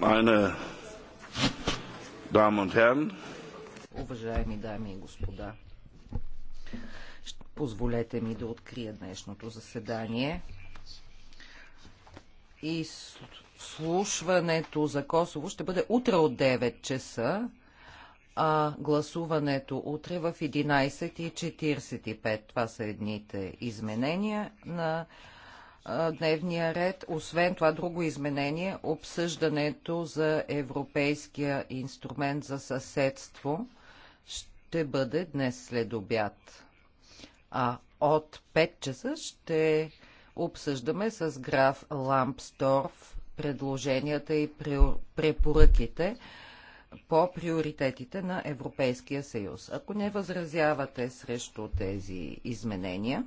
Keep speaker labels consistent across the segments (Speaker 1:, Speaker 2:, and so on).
Speaker 1: Meine Damen und Herren,
Speaker 2: Уважаеми дами и господа, позволете ми да открия днешното заседание и слушването за Косово ще бъде утре от 9 часа, а гласуването утре в 11.45. Това са едните изменения на дневния ред, освен това друго изменение, обсъждането за Европейския инструмент за съседство ще бъде днес след обяд. А от 5 часа ще обсъждаме с граф Лампсторф предложенията и препоръките по приоритетите на Европейския съюз. Ако не възразявате срещу тези изменения,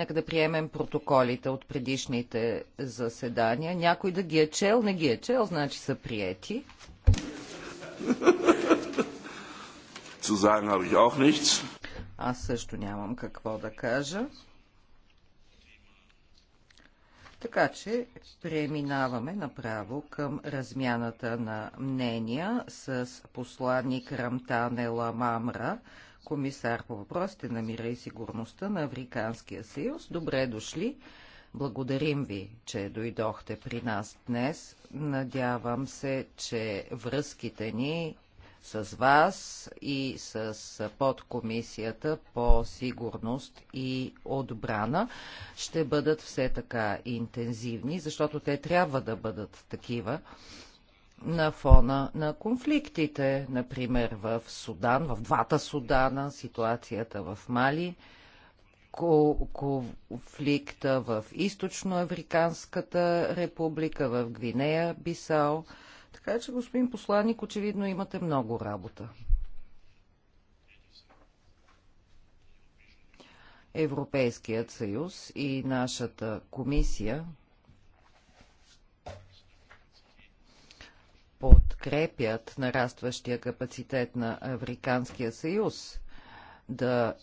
Speaker 2: Нека да приемем протоколите от предишните заседания. Някой да ги е чел, не ги е чел, значи са приети. Аз също нямам какво да кажа. Така че преминаваме направо към размяната на мнения с посланник Рамтане Ламамра, комисар по въпросите на мира и сигурността на Африканския съюз. Добре дошли! Благодарим ви, че дойдохте при нас днес. Надявам се, че връзките ни с вас и с подкомисията по сигурност и отбрана ще бъдат все така интензивни, защото те трябва да бъдат такива, на фона на конфликтите, например в Судан, в двата Судана, ситуацията в Мали, конфликта в Източноафриканската република, в Гвинея, Бисао. Така че, господин посланник, очевидно имате много работа. Европейският съюз и нашата комисия – подкрепят нарастващия капацитет на Африканския съюз да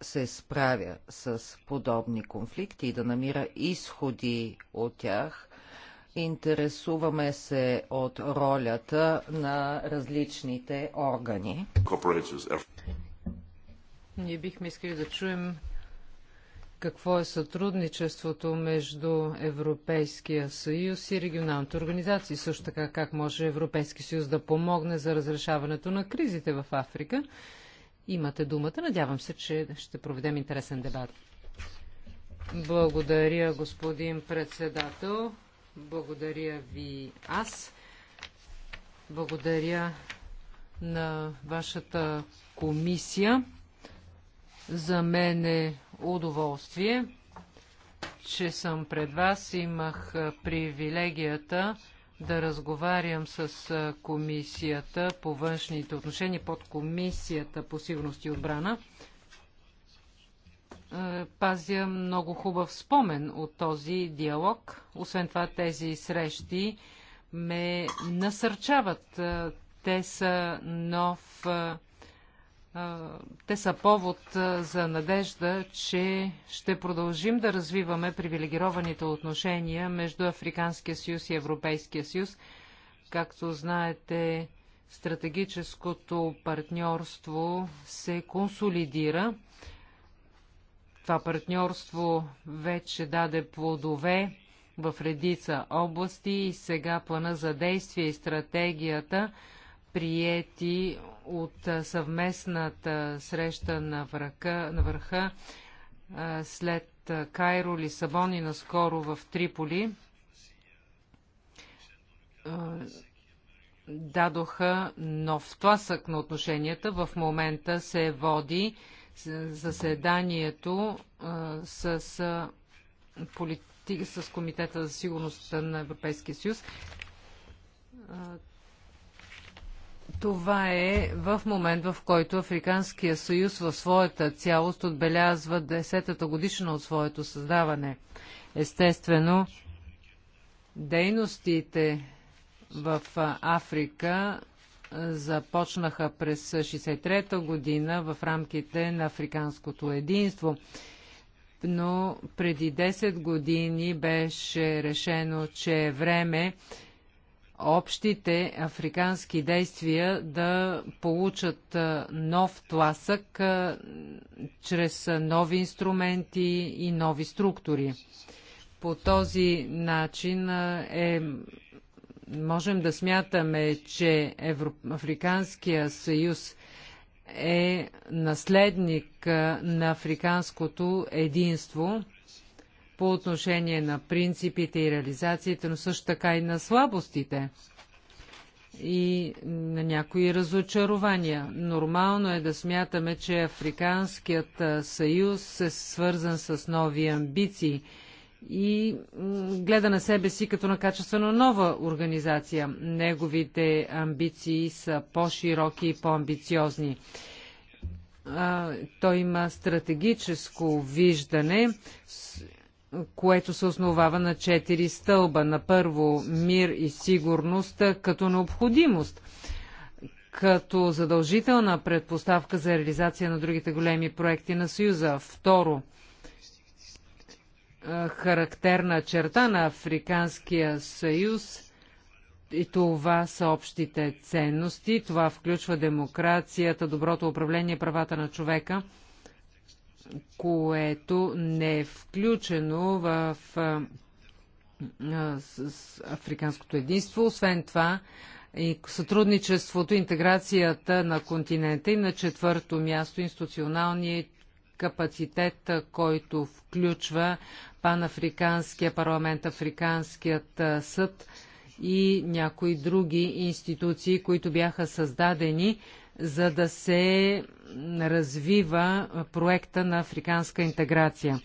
Speaker 2: се справя с подобни конфликти и да намира изходи от тях. Интересуваме се от ролята на различните органи.
Speaker 3: Ние бихме искали да чуем какво е сътрудничеството между Европейския съюз и регионалните организации, също така как може Европейски съюз да помогне за разрешаването на кризите в Африка. Имате думата. Надявам се, че ще проведем интересен дебат. Благодаря, господин председател. Благодаря ви аз. Благодаря на вашата комисия. За мен е удоволствие, че съм пред вас. Имах привилегията да разговарям с комисията по външните отношения, под комисията по сигурност и отбрана. Пазя много хубав спомен от този диалог. Освен това, тези срещи ме насърчават. Те са нов те са повод за надежда, че ще продължим да развиваме привилегированите отношения между Африканския съюз и Европейския съюз. Както знаете, стратегическото партньорство се консолидира. Това партньорство вече даде плодове в редица области и сега плана за действие и стратегията приети от съвместната среща на, върха, на върха след Кайро, Лисабон и наскоро в Триполи дадоха нов тласък на отношенията. В момента се води заседанието с, политика, с Комитета за сигурност на Европейския съюз. Това е в момент, в който Африканския съюз в своята цялост отбелязва 10-та годишна от своето създаване. Естествено, дейностите в Африка започнаха през 1963-та година в рамките на Африканското единство. Но преди 10 години беше решено, че е време общите африкански действия да получат нов тласък чрез нови инструменти и нови структури. По този начин е, можем да смятаме, че Евро... Африканския съюз е наследник на африканското единство по отношение на принципите и реализациите, но също така и на слабостите и на някои разочарования. Нормално е да смятаме, че Африканският съюз е свързан с нови амбиции и гледа на себе си като на качествено нова организация. Неговите амбиции са по-широки и по-амбициозни. Той има стратегическо виждане което се основава на четири стълба. На първо мир и сигурност като необходимост, като задължителна предпоставка за реализация на другите големи проекти на Съюза. Второ, характерна черта на Африканския съюз и това са общите ценности. Това включва демокрацията, доброто управление, правата на човека – което не е включено в с африканското единство. Освен това, и сътрудничеството, интеграцията на континента и на четвърто място институционалния капацитет, който включва Панафриканския парламент, Африканският съд и някои други институции, които бяха създадени за да се развива проекта на африканска интеграция.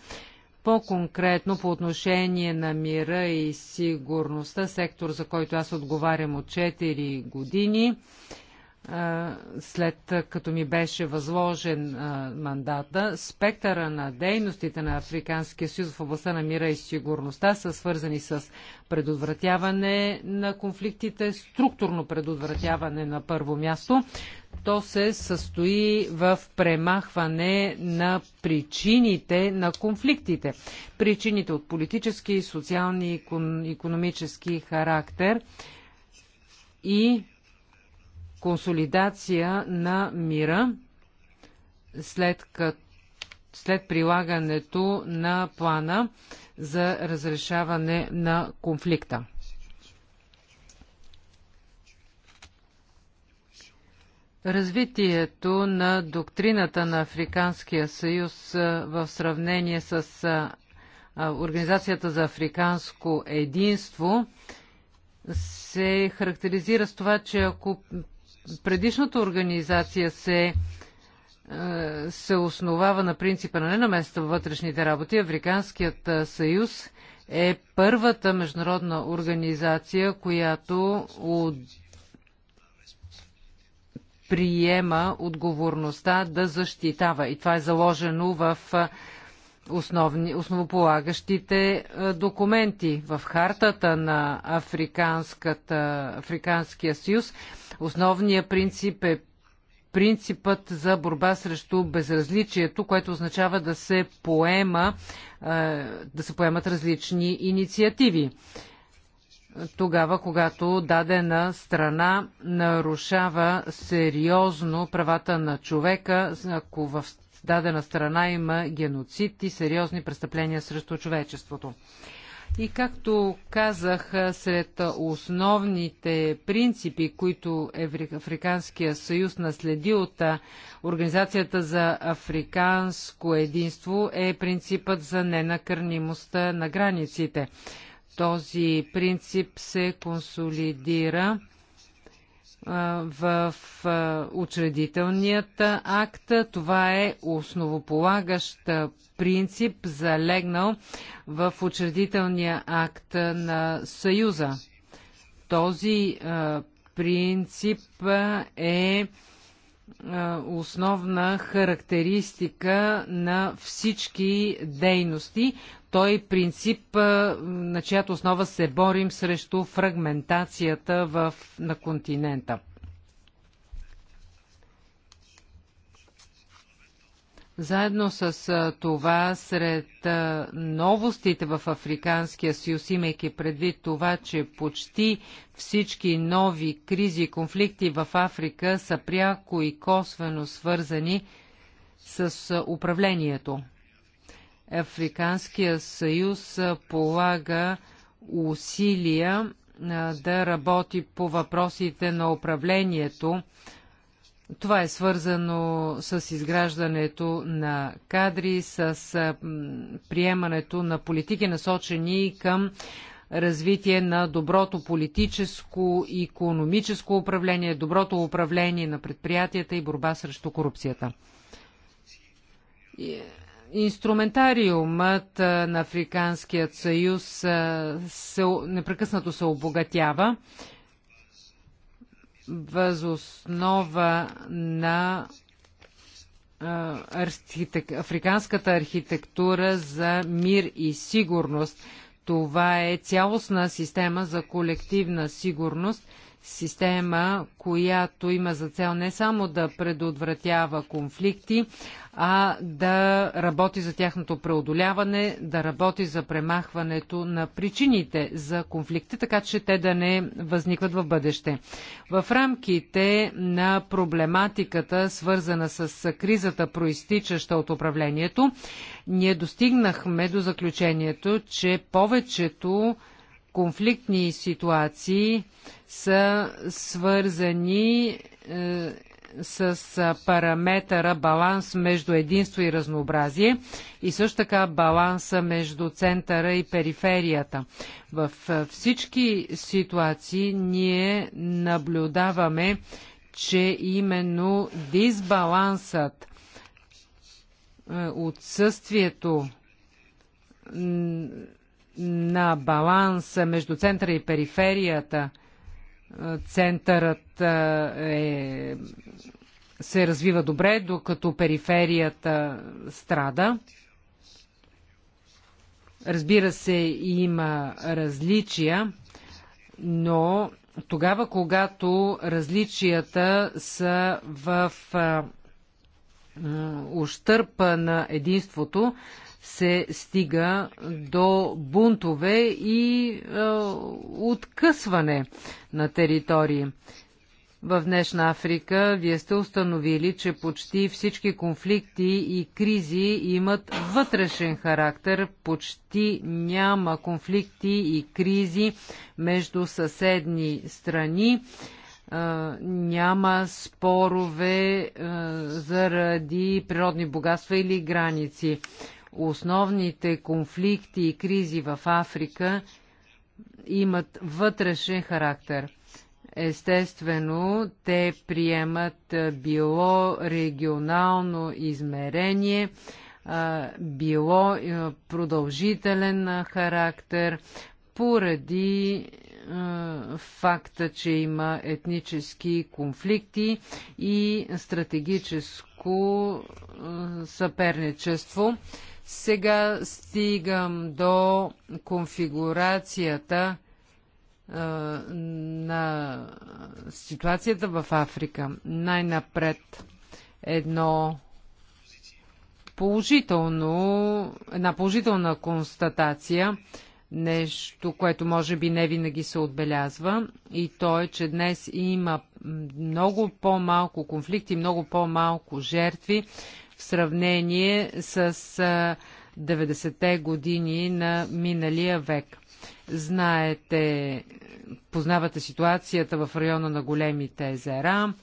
Speaker 3: По-конкретно по отношение на мира и сигурността, сектор, за който аз отговарям от 4 години, след като ми беше възложен мандата, спектъра на дейностите на Африканския съюз в областта на мира и сигурността са свързани с предотвратяване на конфликтите, структурно предотвратяване на първо място, то се състои в премахване на причините на конфликтите. Причините от политически, социални, и економически характер и консолидация на мира след, кът, след прилагането на плана за разрешаване на конфликта. Развитието на доктрината на Африканския съюз в сравнение с Организацията за африканско единство се характеризира с това, че ако предишната организация се, се основава на принципа на ненаместа вътрешните работи, Африканският съюз е първата международна организация, която приема отговорността да защитава. И това е заложено в основни, основополагащите документи в хартата на Африканската, Африканския съюз. Основният принцип е принципът за борба срещу безразличието, което означава да се поема, да се поемат различни инициативи тогава, когато дадена страна нарушава сериозно правата на човека, ако в дадена страна има геноцид и сериозни престъпления срещу човечеството. И както казах, сред основните принципи, които Африканския съюз наследи от Организацията за африканско единство е принципът за ненакърнимостта на границите. Този принцип се консолидира в учредителният акт. Това е основополагащ принцип, залегнал в учредителния акт на Съюза. Този принцип е е, основна характеристика на всички дейности. Той е принцип, е, на чиято основа се борим срещу фрагментацията в, на континента. Заедно с това, сред новостите в Африканския съюз, имайки предвид това, че почти всички нови кризи и конфликти в Африка са пряко и косвено свързани с управлението. Африканския съюз полага усилия да работи по въпросите на управлението това е свързано с изграждането на кадри, с приемането на политики насочени към развитие на доброто политическо и економическо управление, доброто управление на предприятията и борба срещу корупцията. Инструментариумът на Африканският съюз се, непрекъснато се обогатява възоснова на архитек... африканската архитектура за мир и сигурност. Това е цялостна система за колективна сигурност – система, която има за цел не само да предотвратява конфликти, а да работи за тяхното преодоляване, да работи за премахването на причините за конфликти, така че те да не възникват в бъдеще. В рамките на проблематиката, свързана с кризата, проистичаща от управлението, ние достигнахме до заключението, че повечето конфликтни ситуации са свързани е, с параметъра баланс между единство и разнообразие и също така баланса между центъра и периферията. В всички ситуации ние наблюдаваме, че именно дисбалансът, е, отсъствието на баланса между центъра и периферията. Центърът е, се развива добре, докато периферията страда. Разбира се, има различия, но тогава, когато различията са в ущърпа на единството, се стига до бунтове и е, откъсване на територии. В днешна Африка вие сте установили, че почти всички конфликти и кризи имат вътрешен характер, почти няма конфликти и кризи между съседни страни, няма спорове заради природни богатства или граници. Основните конфликти и кризи в Африка имат вътрешен характер. Естествено, те приемат било регионално измерение, било продължителен характер, поради факта, че има етнически конфликти и стратегическо съперничество. Сега стигам до конфигурацията а, на ситуацията в Африка. Най-напред едно положително, една положителна констатация, нещо, което може би не винаги се отбелязва, и то е, че днес има много по-малко конфликти, много по-малко жертви, в сравнение с 90-те години на миналия век. Знаете, познавате ситуацията в района на големите езера,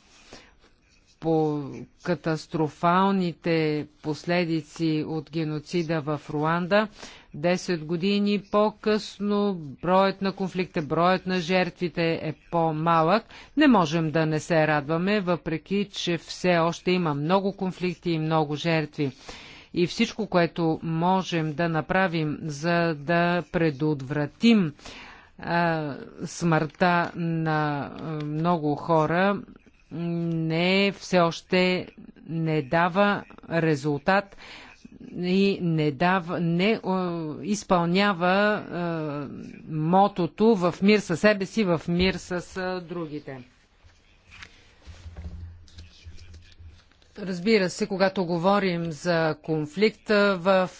Speaker 3: по катастрофалните последици от геноцида в Руанда. 10 години по-късно броят на конфликта, броят на жертвите е по-малък. Не можем да не се радваме, въпреки че все още има много конфликти и много жертви. И всичко, което можем да направим, за да предотвратим а, смъртта на много хора, не все още не дава резултат и не, дава, не изпълнява о, е, мотото в мир със себе си, в мир с о, е, другите. Разбира се, когато говорим за конфликт в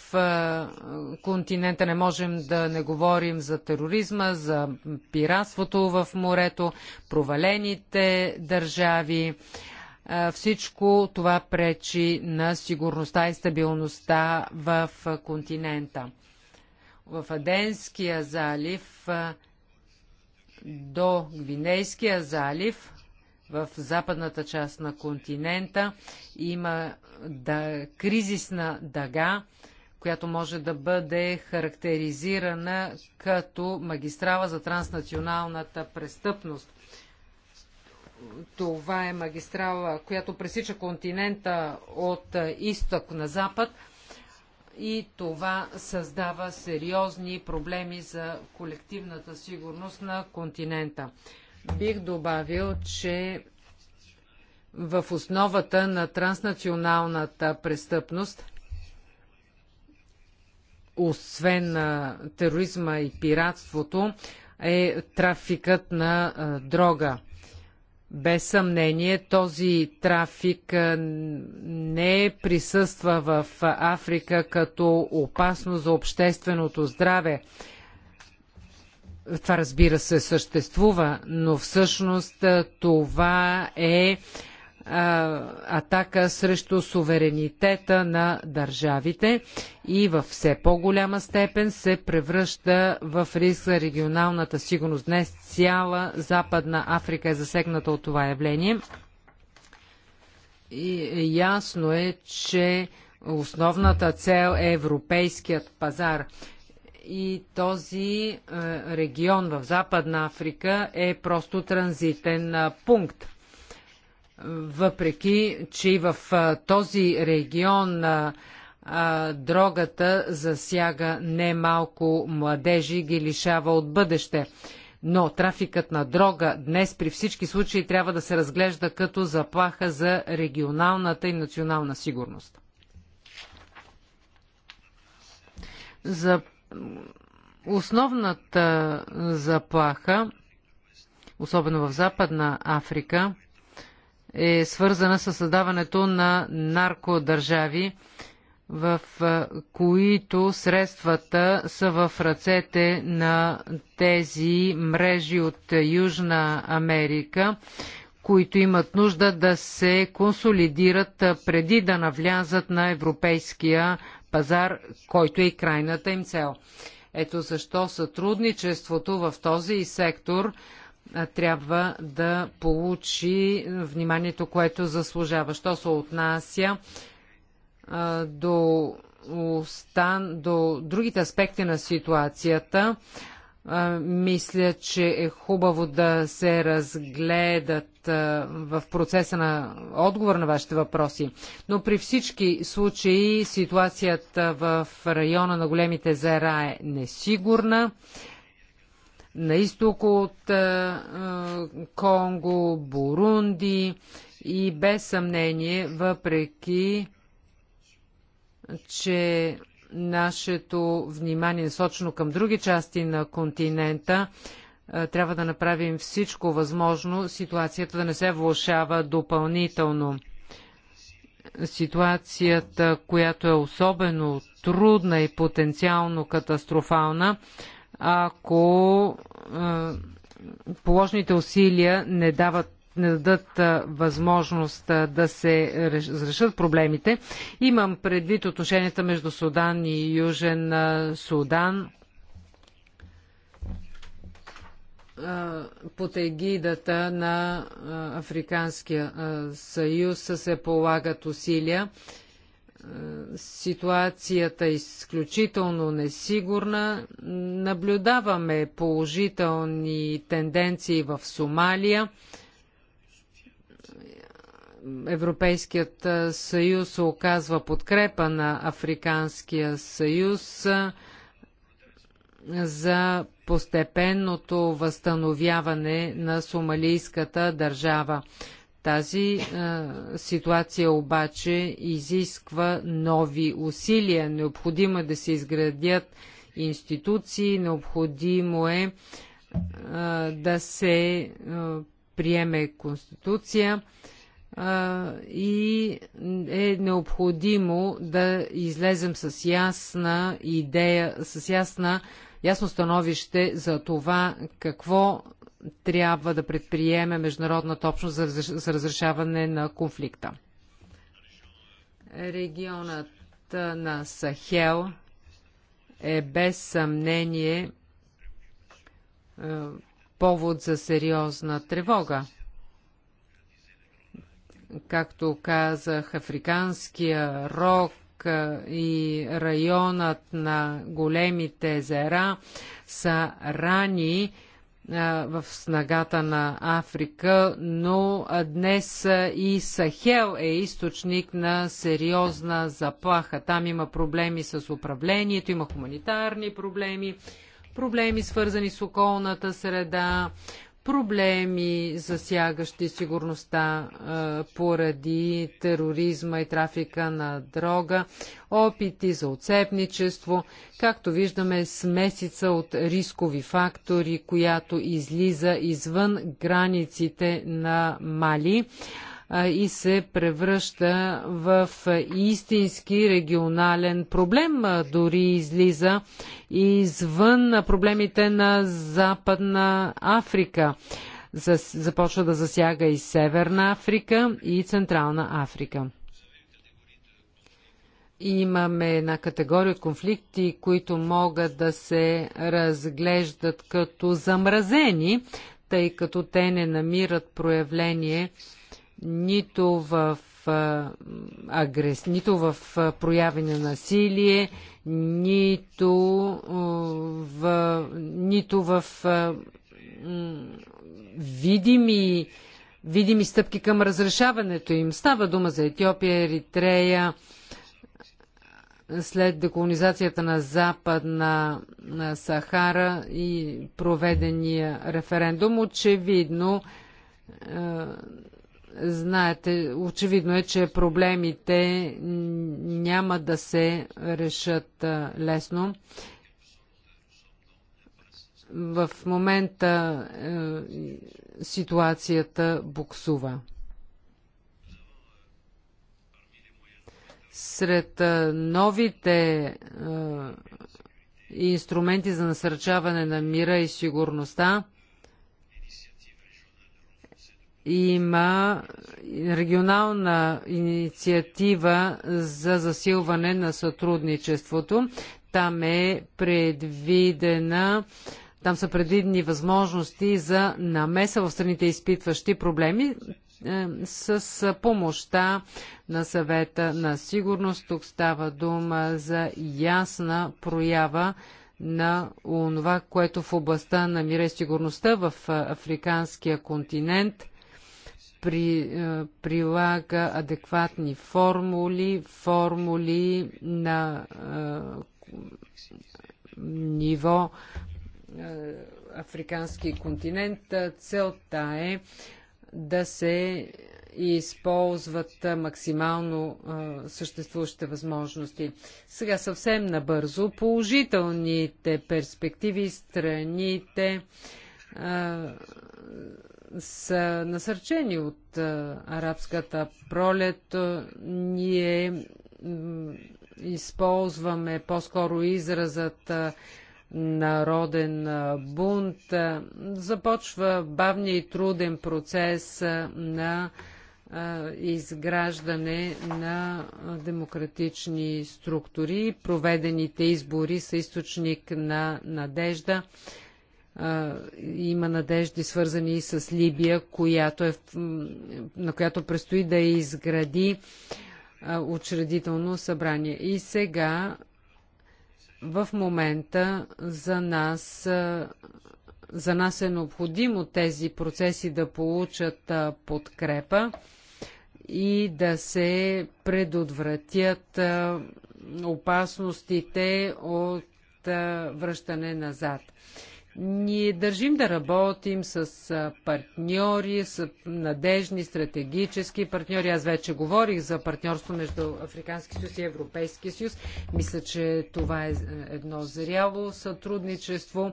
Speaker 3: е, континента, не можем да не говорим за тероризма, за пиратството в морето, провалените държави, всичко това пречи на сигурността и стабилността в континента. В Аденския залив до Гвинейския залив в западната част на континента има да, кризисна дъга, която може да бъде характеризирана като магистрала за транснационалната престъпност това е магистрала, която пресича континента от изток на запад и това създава сериозни проблеми за колективната сигурност на континента. Бих добавил, че в основата на транснационалната престъпност, освен на тероризма и пиратството, е трафикът на дрога. Без съмнение, този трафик не присъства в Африка като опасно за общественото здраве. Това разбира се съществува, но всъщност това е а, атака срещу суверенитета на държавите и в все по-голяма степен се превръща в риск за регионалната сигурност. Днес цяла Западна Африка е засегната от това явление. И ясно е, че основната цел е европейският пазар. И този регион в Западна Африка е просто транзитен пункт въпреки че и в този регион дрогата засяга немалко младежи, ги лишава от бъдеще. Но трафикът на дрога днес при всички случаи трябва да се разглежда като заплаха за регионалната и национална сигурност. За основната заплаха, особено в Западна Африка, е свързана с създаването на наркодържави, в които средствата са в ръцете на тези мрежи от Южна Америка, които имат нужда да се консолидират преди да навлязат на европейския пазар, който е и крайната им цел. Ето защо сътрудничеството в този сектор трябва да получи вниманието, което заслужава. Що се отнася до, остан, до другите аспекти на ситуацията, мисля, че е хубаво да се разгледат в процеса на отговор на вашите въпроси. Но при всички случаи ситуацията в района на големите зера е несигурна на изток от Конго, Бурунди и без съмнение, въпреки че нашето внимание насочено е към други части на континента, трябва да направим всичко възможно ситуацията да не се влушава допълнително. Ситуацията, която е особено трудна и потенциално катастрофална, ако положените усилия не дават не дадат възможност да се разрешат проблемите. Имам предвид отношенията между Судан и Южен Судан под егидата на Африканския съюз се полагат усилия ситуацията е изключително несигурна. Наблюдаваме положителни тенденции в Сомалия. Европейският съюз оказва подкрепа на Африканския съюз за постепенното възстановяване на сомалийската държава. Тази а, е, ситуация обаче изисква нови усилия. Необходимо е да се изградят институции, необходимо е а, е, да се а, е, приеме конституция а, и е необходимо да излезем с ясна идея, с ясна, ясно становище за това какво трябва да предприеме международната общност за, разрешаване на конфликта. Регионът на Сахел е без съмнение е, повод за сериозна тревога. Както казах, африканския рок е, и районът на големите езера са рани, в снагата на Африка, но днес и Сахел е източник на сериозна заплаха. Там има проблеми с управлението, има хуманитарни проблеми, проблеми свързани с околната среда, проблеми, засягащи сигурността поради тероризма и трафика на дрога, опити за отцепничество, както виждаме смесица от рискови фактори, която излиза извън границите на Мали и се превръща в истински регионален проблем, дори излиза извън проблемите на Западна Африка. Започва да засяга и Северна Африка и Централна Африка. Имаме една категория конфликти, които могат да се разглеждат като замразени, тъй като те не намират проявление нито в, агрес, нито в прояви на насилие, нито в, нито в видими, видими стъпки към разрешаването им. Става дума за Етиопия, Еритрея, след деколонизацията на Западна на Сахара и проведения референдум, очевидно Знаете, очевидно е, че проблемите няма да се решат лесно. В момента е, ситуацията буксува. Сред новите е, инструменти за насърчаване на мира и сигурността, има регионална инициатива за засилване на сътрудничеството. Там е предвидена там са предвидени възможности за намеса в страните изпитващи проблеми е, с помощта на съвета на сигурност. Тук става дума за ясна проява на това, което в областта на мира и сигурността в е, африканския континент при, е, прилага адекватни формули, формули на е, ниво е, Африкански континент. Целта е да се използват максимално съществуващите възможности. Сега съвсем набързо. Положителните перспективи страните са насърчени от арабската пролет. Ние използваме по-скоро изразът народен бунт. Започва бавния и труден процес на изграждане на демократични структури. Проведените избори са източник на надежда има надежди свързани и с Либия, която е, на която предстои да изгради учредително събрание. И сега, в момента, за нас, за нас е необходимо тези процеси да получат подкрепа и да се предотвратят опасностите от връщане назад. Ние държим да работим с партньори, с надежни стратегически партньори. Аз вече говорих за партньорство между Африкански съюз и Европейски съюз. Мисля, че това е, е едно зряло сътрудничество.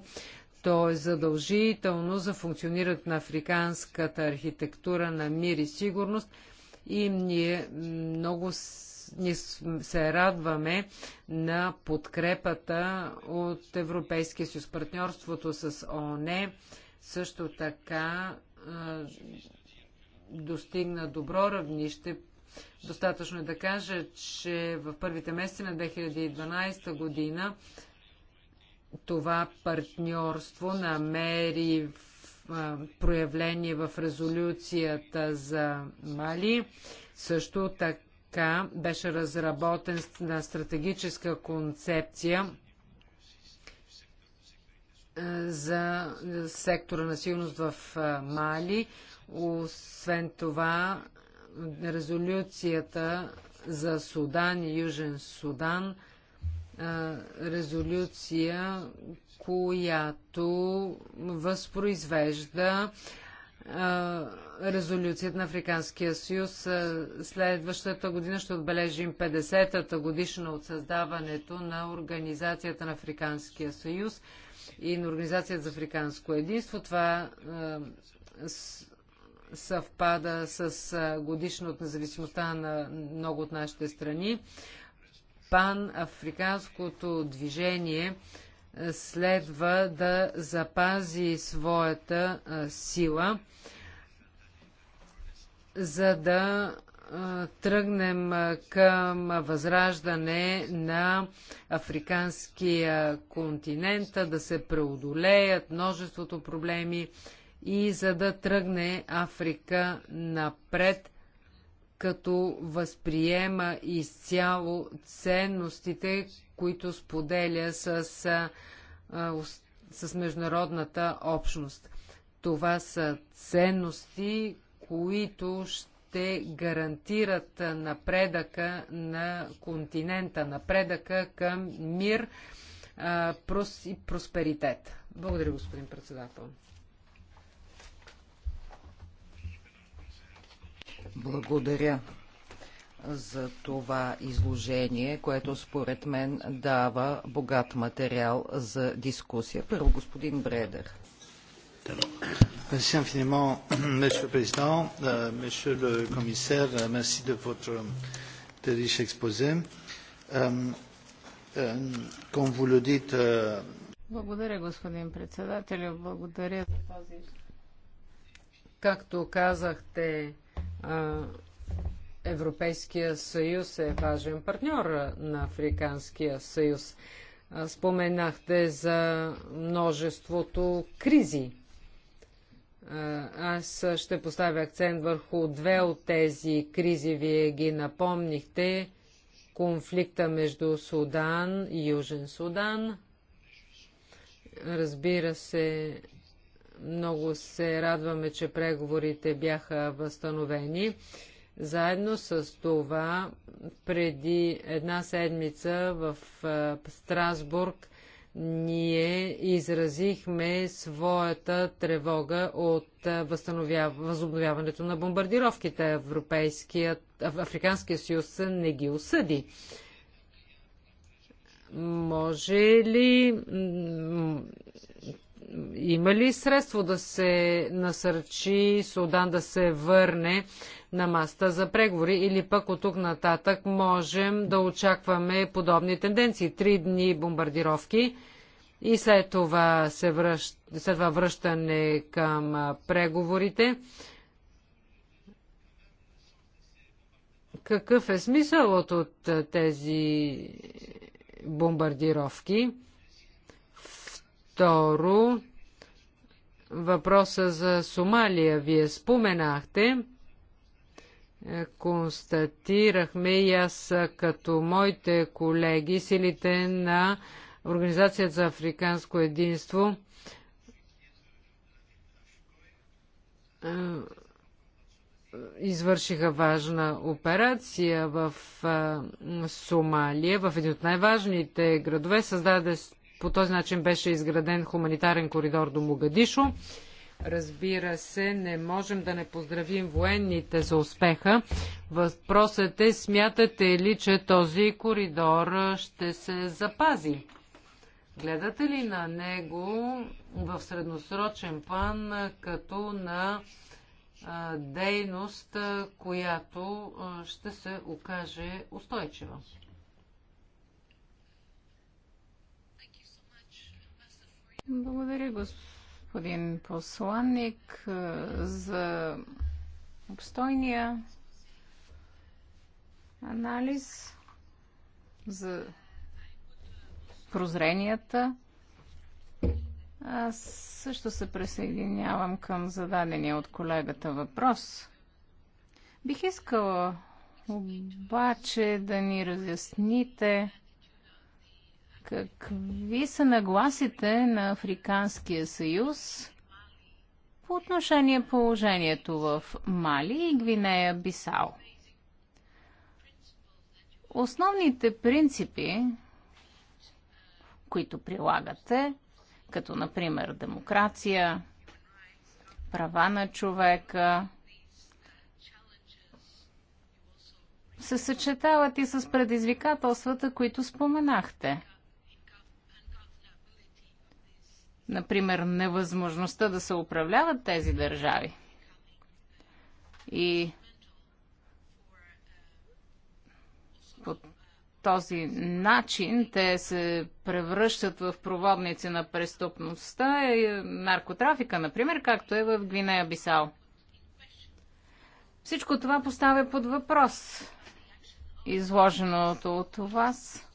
Speaker 3: То е задължително за функционирането на африканската архитектура на мир и сигурност. И ние много ние се радваме на подкрепата от Европейския съюз. Партньорството с ООН също така достигна добро равнище. Достатъчно е да кажа, че в първите месеци на 2012 година това партньорство намери проявление в резолюцията за Мали. Също така така беше разработен на стратегическа концепция за сектора на сигурност в Мали. Освен това, резолюцията за Судан и Южен Судан, резолюция, която възпроизвежда резолюцията на Африканския съюз. Следващата година ще отбележим 50-та годишна от създаването на Организацията на Африканския съюз и на Организацията за африканско единство. Това съвпада с годишна от независимостта на много от нашите страни. Пан-африканското движение следва да запази своята сила, за да тръгнем към възраждане на африканския континент, да се преодолеят множеството проблеми и за да тръгне Африка напред като възприема изцяло ценностите, които споделя с, с международната общност. Това са ценности, които ще гарантират напредъка на континента, напредъка към мир и просперитет. Благодаря, господин председател.
Speaker 2: Благодаря за това изложение, което според мен дава богат материал за дискусия. Първо господин Бредер. Merci
Speaker 1: infiniment, Monsieur le Président, euh, Monsieur le Commissaire, merci de votre euh, riche exposé. Euh, euh, comme vous le dites. Euh... Благодаря, господин председател. Благодаря за този.
Speaker 3: Както казахте, Европейския съюз е важен партньор на Африканския съюз. Споменахте за множеството кризи. Аз ще поставя акцент върху две от тези кризи. Вие ги напомнихте. Конфликта между Судан и Южен Судан. Разбира се, много се радваме, че преговорите бяха възстановени. Заедно с това, преди една седмица в Страсбург ние изразихме своята тревога от възобновяването на бомбардировките. Европейският, Африканския съюз не ги осъди. Може ли има ли средство да се насърчи Судан да се върне на маста за преговори или пък от тук нататък можем да очакваме подобни тенденции? Три дни бомбардировки и след това, се връщ... след това връщане към преговорите. Какъв е смисълът от тези бомбардировки? Второ, въпроса за Сомалия вие споменахте. Е, констатирахме и аз е, като моите колеги, силите на Организацията за африканско единство, е, извършиха важна операция в Сомалия, в един от най-важните градове, създаде по този начин беше изграден хуманитарен коридор до Могадишо. Разбира се, не можем да не поздравим военните за успеха. Въпросът е, смятате ли, че този коридор ще се запази? Гледате ли на него в средносрочен план като на дейност, която ще се окаже устойчива?
Speaker 1: Благодаря, господин посланник, за обстойния анализ, за прозренията. Аз също се присъединявам към зададения от колегата въпрос. Бих искала обаче да ни разясните Какви са нагласите на Африканския съюз по отношение положението в Мали и Гвинея Бисао? Основните принципи, които прилагате, като например демокрация, права на човека, се съчетават и с предизвикателствата, които споменахте – Например, невъзможността да се управляват тези държави. И по този начин те се превръщат в проводници на преступността и наркотрафика, например, както е в Гвинея Бисал. Всичко това поставя под въпрос изложеното от вас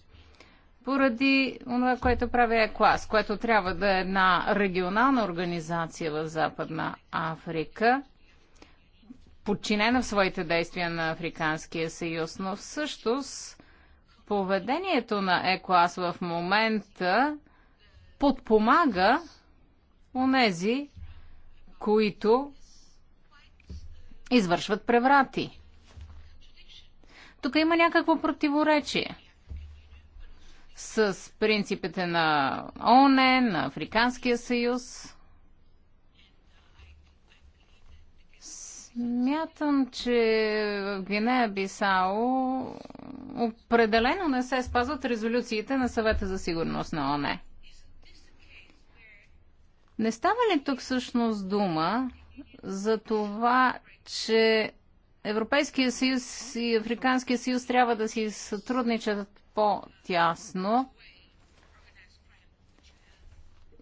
Speaker 1: поради това, което прави ЕКЛАС, което трябва да е една регионална организация в Западна Африка, подчинена в своите действия на Африканския съюз, но всъщност поведението на ЕКЛАС в момента подпомага онези, които извършват преврати. Тук има някакво противоречие – с принципите на ООН, на Африканския съюз. Смятам, че в Гвинея Бисао определено не се спазват резолюциите на съвета за сигурност на ОНЕ. Не става ли тук всъщност дума за това, че Европейския съюз и Африканския съюз трябва да си сътрудничат по-тясно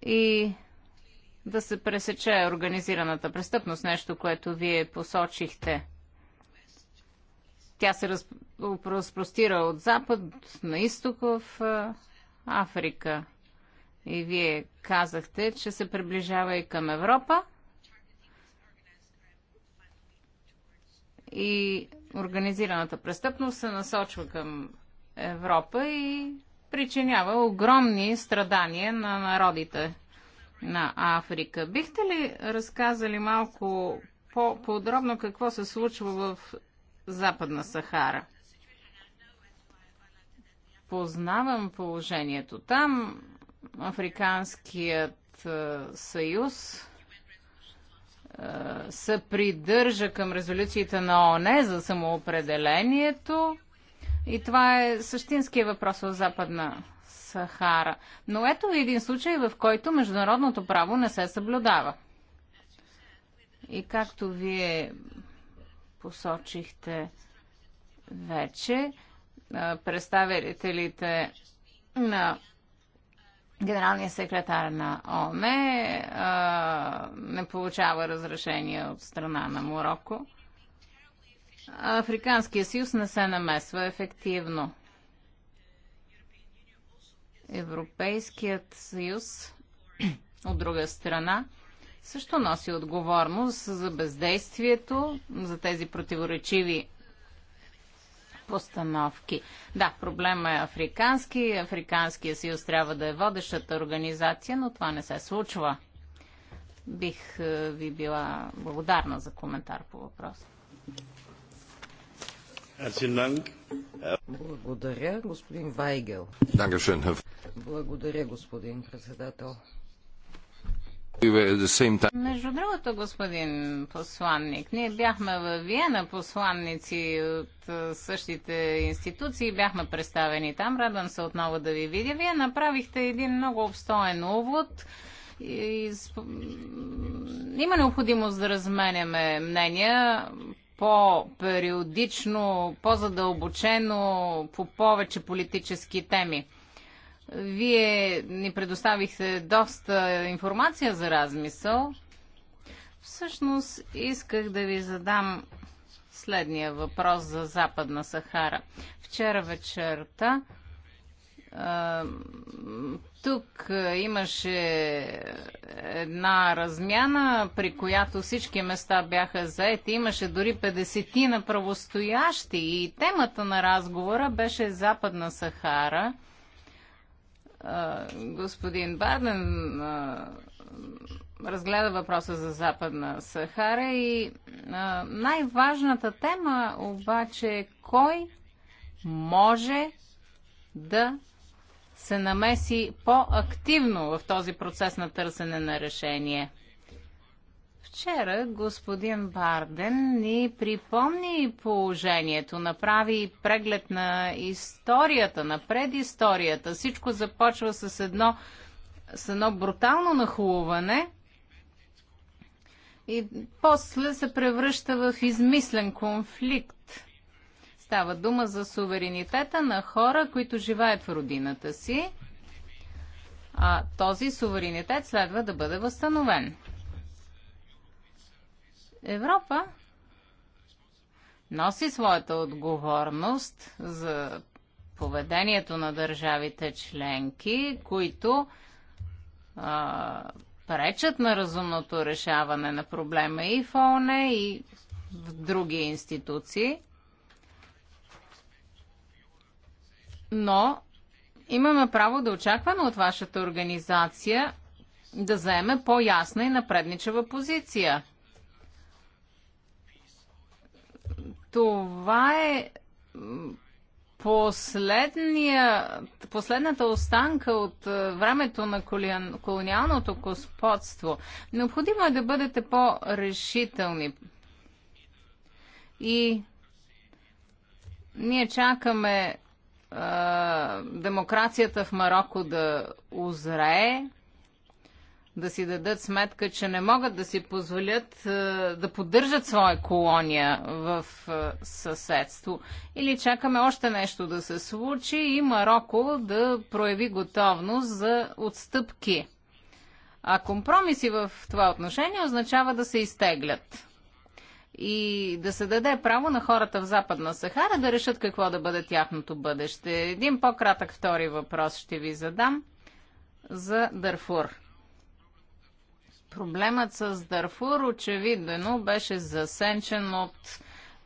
Speaker 1: и да се пресече организираната престъпност, нещо, което вие посочихте. Тя се разпростира от запад на изток в Африка. И вие казахте, че се приближава и към Европа. И организираната престъпност се насочва към Европа и причинява огромни страдания на народите на Африка. Бихте ли разказали малко по-подробно какво се случва в Западна Сахара? Познавам положението там. Африканският съюз се придържа към резолюциите на ОНЕ за самоопределението и това е същинския въпрос в Западна Сахара. Но ето един случай, в който международното право не се съблюдава. И както вие посочихте вече, представителите на генералния секретар на ОНЕ не получава разрешение от страна на Мороко. Африканския съюз не се намесва ефективно. Европейският съюз, от друга страна, също носи отговорност за бездействието, за тези противоречиви постановки. Да, проблема е африкански. Африканския съюз трябва да е водещата организация, но това не се случва. Бих е, ви била благодарна за коментар по въпроса.
Speaker 2: Благодаря, господин Вайгел. Благодаря, господин председател.
Speaker 1: Между другото, господин посланник, ние бяхме в Виена посланници от същите институции, бяхме представени там. Радвам се отново да ви видя. Вие направихте един много обстоен увод. Има необходимост да разменяме мнения по-периодично, по-задълбочено по повече политически теми. Вие ни предоставихте доста информация за размисъл. Всъщност исках да ви задам следния въпрос за Западна Сахара. Вчера вечерта тук имаше една размяна, при която всички места бяха заети. Имаше дори 50 на правостоящи и темата на разговора беше Западна Сахара. Господин Баден разгледа въпроса за Западна Сахара и най-важната тема обаче е кой може да се намеси по-активно в този процес на търсене на решение. Вчера господин Барден ни припомни положението, направи преглед на историята, на предисторията. Всичко започва с едно, с едно брутално нахлуване и после се превръща в измислен конфликт. Става дума за суверенитета на хора, които живеят в родината си, а този суверенитет следва да бъде възстановен. Европа носи своята отговорност за поведението на държавите членки, които а, пречат на разумното решаване на проблема и в ООН, и в други институции. но имаме право да очакваме от вашата организация да заеме по-ясна и напредничева позиция. Това е последната останка от е, времето на колониалното господство. Необходимо е да бъдете по-решителни. И ние чакаме а, демокрацията в Марокко да озрее, да си дадат сметка, че не могат да си позволят а, да поддържат своя колония в а, съседство. Или чакаме още нещо да се случи и Марокко да прояви готовност за отстъпки. А компромиси в това отношение означава да се изтеглят и да се даде право на хората в Западна Сахара да решат какво да бъде тяхното бъдеще. Един по-кратък втори въпрос ще ви задам за Дарфур. Проблемът с Дарфур очевидно беше засенчен от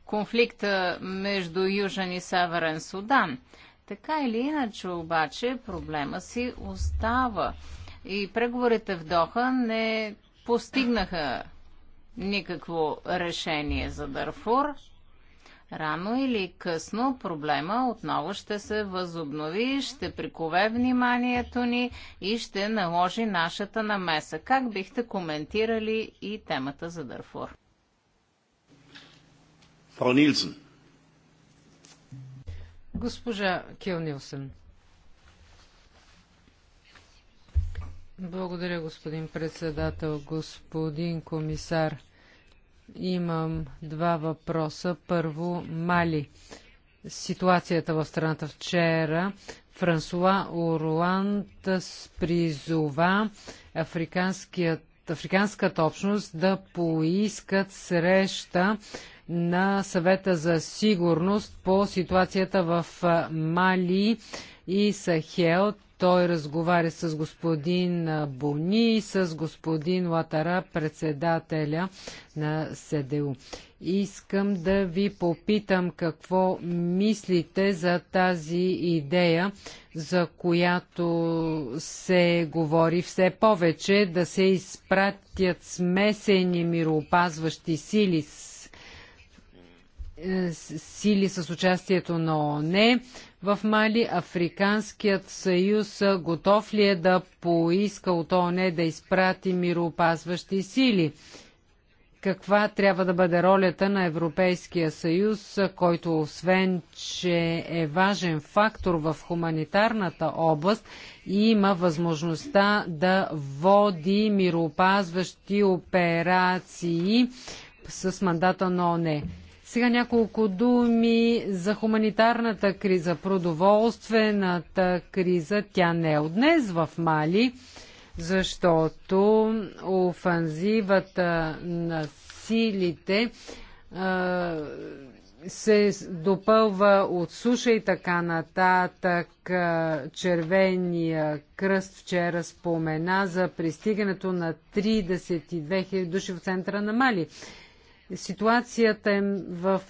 Speaker 1: конфликта между Южен и Северен Судан. Така или иначе обаче проблема си остава. И преговорите в Доха не постигнаха никакво решение за Дарфур. Рано или късно проблема отново ще се възобнови, ще прикове вниманието ни и ще наложи нашата намеса. Как бихте коментирали и темата за Дарфур?
Speaker 3: Госпожа Кил Нилсен. Благодаря, господин председател, господин комисар. Имам два въпроса. Първо, Мали. Ситуацията в страната вчера. Франсуа Орланд призова африканският африканската общност да поискат среща на съвета за сигурност по ситуацията в Мали и Сахел. Той разговаря с господин Бони и с господин Латара, председателя на СДУ. Искам да ви попитам какво мислите за тази идея, за която се говори все повече, да се изпратят смесени мироопазващи сили с сили с участието на ООН в Мали. Африканският съюз готов ли е да поиска от ООН да изпрати мироопазващи сили? Каква трябва да бъде ролята на Европейския съюз, който освен, че е важен фактор в хуманитарната област, и има възможността да води мироопазващи операции с мандата на ОНЕ? Сега няколко думи за хуманитарната криза, продоволствената криза. Тя не е от днес в Мали, защото офанзивата на силите се допълва от суша и така нататък. Червения кръст вчера спомена за пристигането на 32 000 души в центъра на Мали. Ситуацията в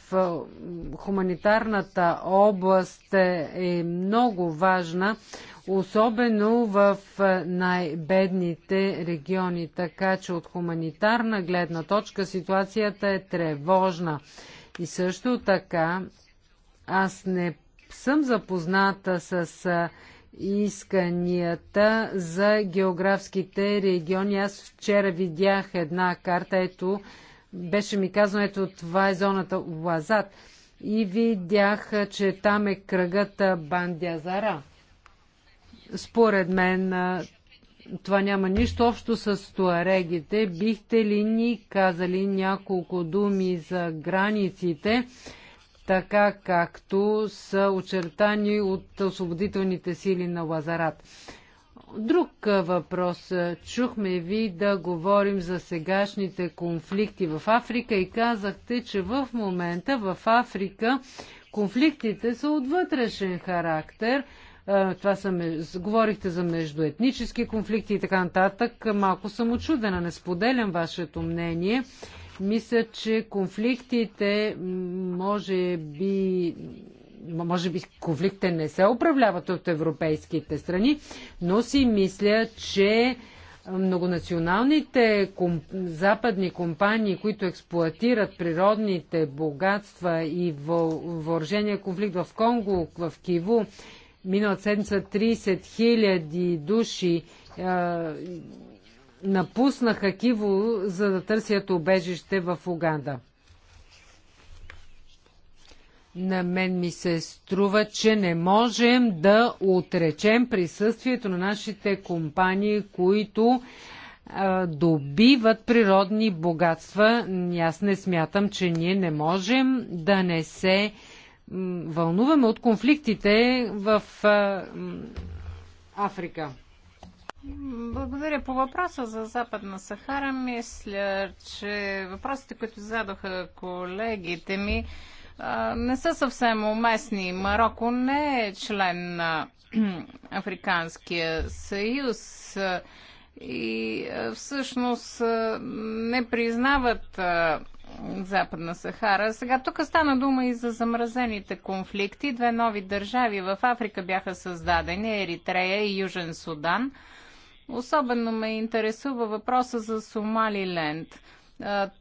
Speaker 3: хуманитарната област е, е много важна, особено в най-бедните региони, така че от хуманитарна гледна точка ситуацията е тревожна. И също така аз не съм запозната с исканията за географските региони. Аз вчера видях една карта, ето беше ми казано, ето това е зоната Лазат. И видях, че там е кръгът Бандязара. Според мен това няма нищо общо с туарегите. Бихте ли ни казали няколко думи за границите, така както са очертани от освободителните сили на Лазарат? друг въпрос. Чухме ви да говорим за сегашните конфликти в Африка и казахте, че в момента в Африка конфликтите са от вътрешен характер. Това са, говорихте за междуетнически конфликти и така нататък. Малко съм очудена, не споделям вашето мнение. Мисля, че конфликтите може би може би конфликта не се управляват от европейските страни, но си мисля, че многонационалните комп... западни компании, които експлуатират природните богатства и въоръжения конфликт в Конго, в Киву, миналата седмица 30 хиляди души е, напуснаха Киво, за да търсят убежище в Уганда. На мен ми се струва, че не можем да отречем присъствието на нашите компании, които добиват природни богатства. Аз не смятам, че ние не можем да не се вълнуваме от конфликтите в Африка.
Speaker 1: Благодаря по въпроса за Западна Сахара. Мисля, че въпросите, които задоха колегите ми, не са съвсем уместни. Марокко не е член на Африканския съюз и всъщност не признават Западна Сахара. Сега тук стана дума и за замразените конфликти. Две нови държави в Африка бяха създадени Еритрея и Южен Судан. Особено ме интересува въпроса за Сомалиленд. Ленд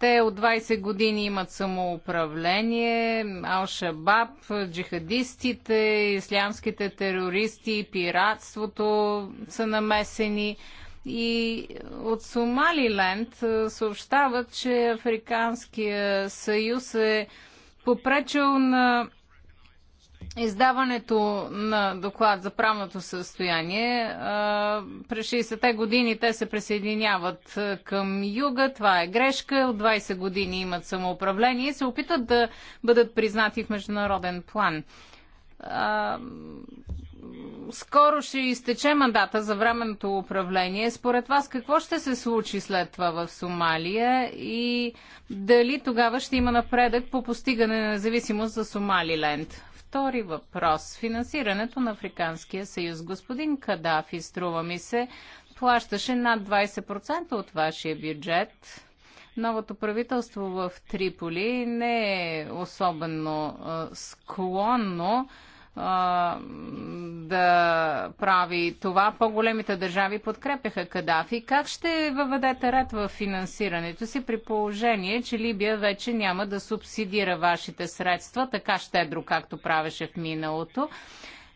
Speaker 1: те от 20 години имат самоуправление, Ал-Шабаб, джихадистите, ислямските терористи, пиратството са намесени. И от Сомалиленд съобщават, че Африканския съюз е попречил на Издаването на доклад за правното състояние. През 60-те години те се присъединяват към юга. Това е грешка. От 20 години имат самоуправление и се опитат да бъдат признати в международен план. Скоро ще изтече мандата за временното управление. Според вас какво ще се случи след това в Сомалия и дали тогава ще има напредък по постигане на независимост за Сомалиленд? Втори въпрос. Финансирането на Африканския съюз. Господин Кадафи, струва ми се, плащаше над 20% от вашия бюджет. Новото правителство в Триполи не е особено склонно да прави това. По-големите държави подкрепяха Кадафи. Как ще въведете ред в финансирането си при положение, че Либия вече няма да субсидира вашите средства така щедро, както правеше в миналото?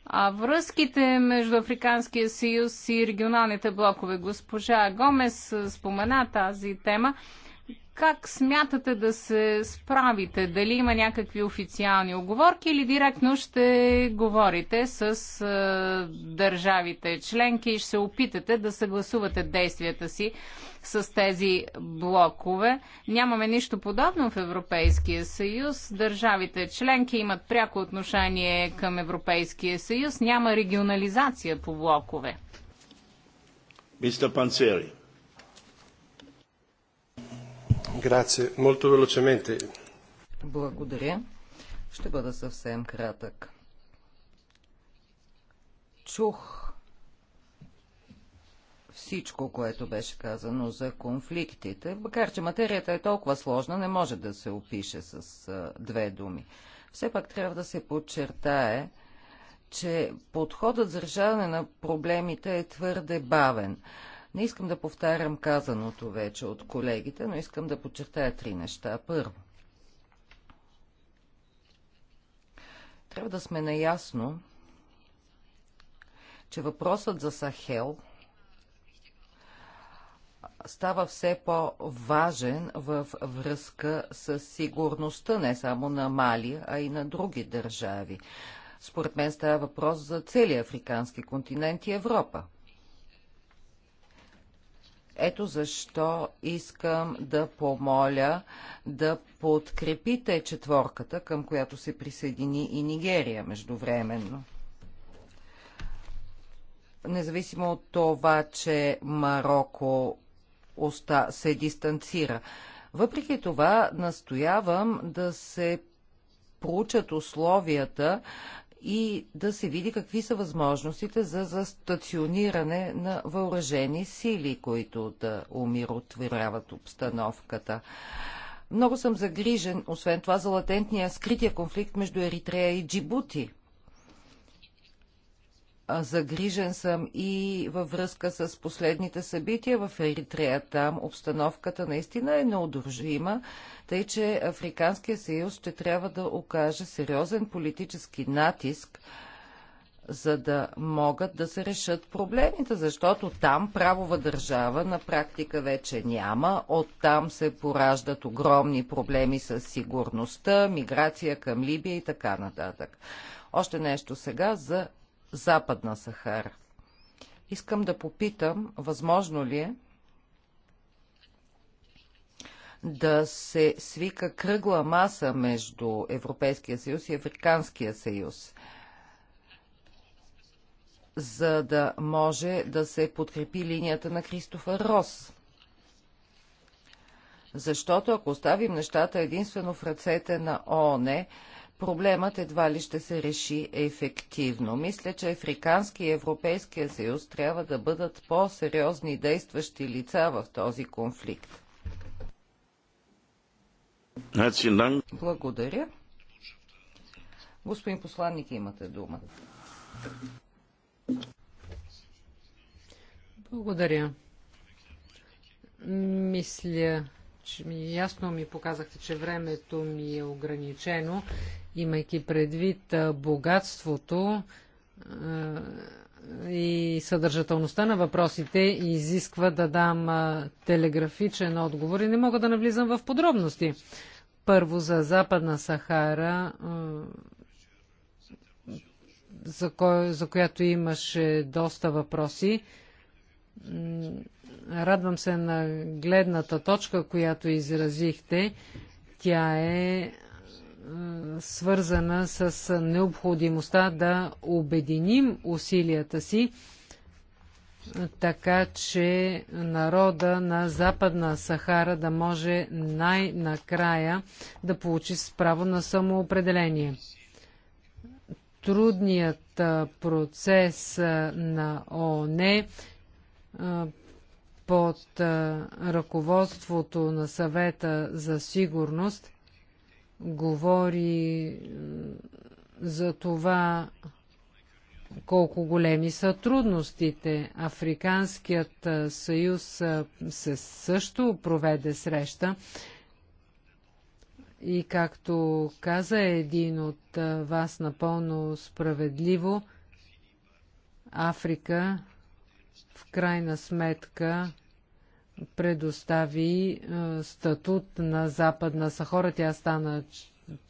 Speaker 1: А връзките между Африканския съюз и регионалните блокове, госпожа Гомес спомена тази тема. Как смятате да се справите? Дали има някакви официални оговорки или директно ще говорите с е, държавите членки и ще се опитате да съгласувате действията си с тези блокове? Нямаме нищо подобно в Европейския съюз. Държавите членки имат пряко отношение към Европейския съюз. Няма регионализация по блокове. Мистер Панцери.
Speaker 2: Благодаря. Ще бъда съвсем кратък. Чух всичко, което беше казано за конфликтите, макар че материята е толкова сложна, не може да се опише с а, две думи. Все пак трябва да се подчертае, че подходът за решаване на проблемите е твърде бавен. Не искам да повтарям казаното вече от колегите, но искам да подчертая три неща. Първо, трябва да сме наясно, че въпросът за Сахел става все по-важен в връзка с сигурността не само на Мали, а и на други държави. Според мен става въпрос за целия африкански континент и Европа. Ето защо искам да помоля да подкрепите четворката, към която се присъедини и Нигерия междувременно. Независимо от това, че Марокко оста... се дистанцира. Въпреки това настоявам да се проучат условията и да се види какви са възможностите за, за стациониране на въоръжени сили, които да умиротворяват обстановката. Много съм загрижен, освен това, за латентния скрития конфликт между Еритрея и Джибути – Загрижен съм и във връзка с последните събития в Еритрея. Там обстановката наистина е неудържима, тъй че Африканския съюз ще трябва да окаже сериозен политически натиск, за да могат да се решат проблемите, защото там правова държава на практика вече няма. Оттам се пораждат огромни проблеми с сигурността, миграция към Либия и така нататък. Още нещо сега за Западна Сахара. Искам да попитам, възможно ли е да се свика кръгла маса между Европейския съюз и Африканския съюз, за да може да се подкрепи линията на Кристофър Рос. Защото ако оставим нещата единствено в ръцете на ООН, проблемът едва ли ще се реши ефективно. Мисля, че Африкански и Европейския съюз трябва да бъдат по-сериозни действащи лица в този конфликт. Благодаря. Господин посланник, имате дума. Благодаря.
Speaker 3: Мисля, че ми ясно ми показахте, че времето ми е ограничено, имайки предвид богатството и съдържателността на въпросите и изисква да дам телеграфичен отговор и не мога да навлизам в подробности. Първо за Западна Сахара, за, кой, за която имаше доста въпроси Радвам се на гледната точка, която изразихте. Тя е, е свързана с необходимостта да обединим усилията си, така че народа на Западна Сахара да може най-накрая да получи право на самоопределение. Трудният процес на ООН под ръководството на съвета за сигурност говори за това колко големи са трудностите. Африканският съюз се също проведе среща и както каза един от вас напълно справедливо, Африка в крайна сметка предостави е, статут на Западна Сахара. Тя стана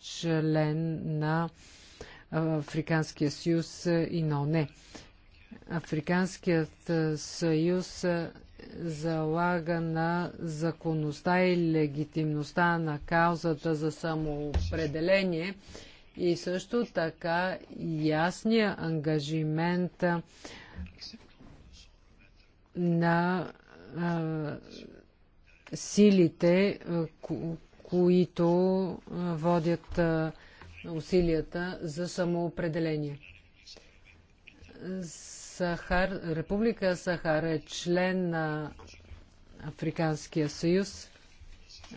Speaker 3: член на е, Африканския съюз е, и на ОНЕ. Африканският съюз залага на законността и легитимността на каузата за самоопределение и също така ясния ангажимент на силите, които водят усилията за самоопределение. Сахар, Република Сахар е член на Африканския съюз.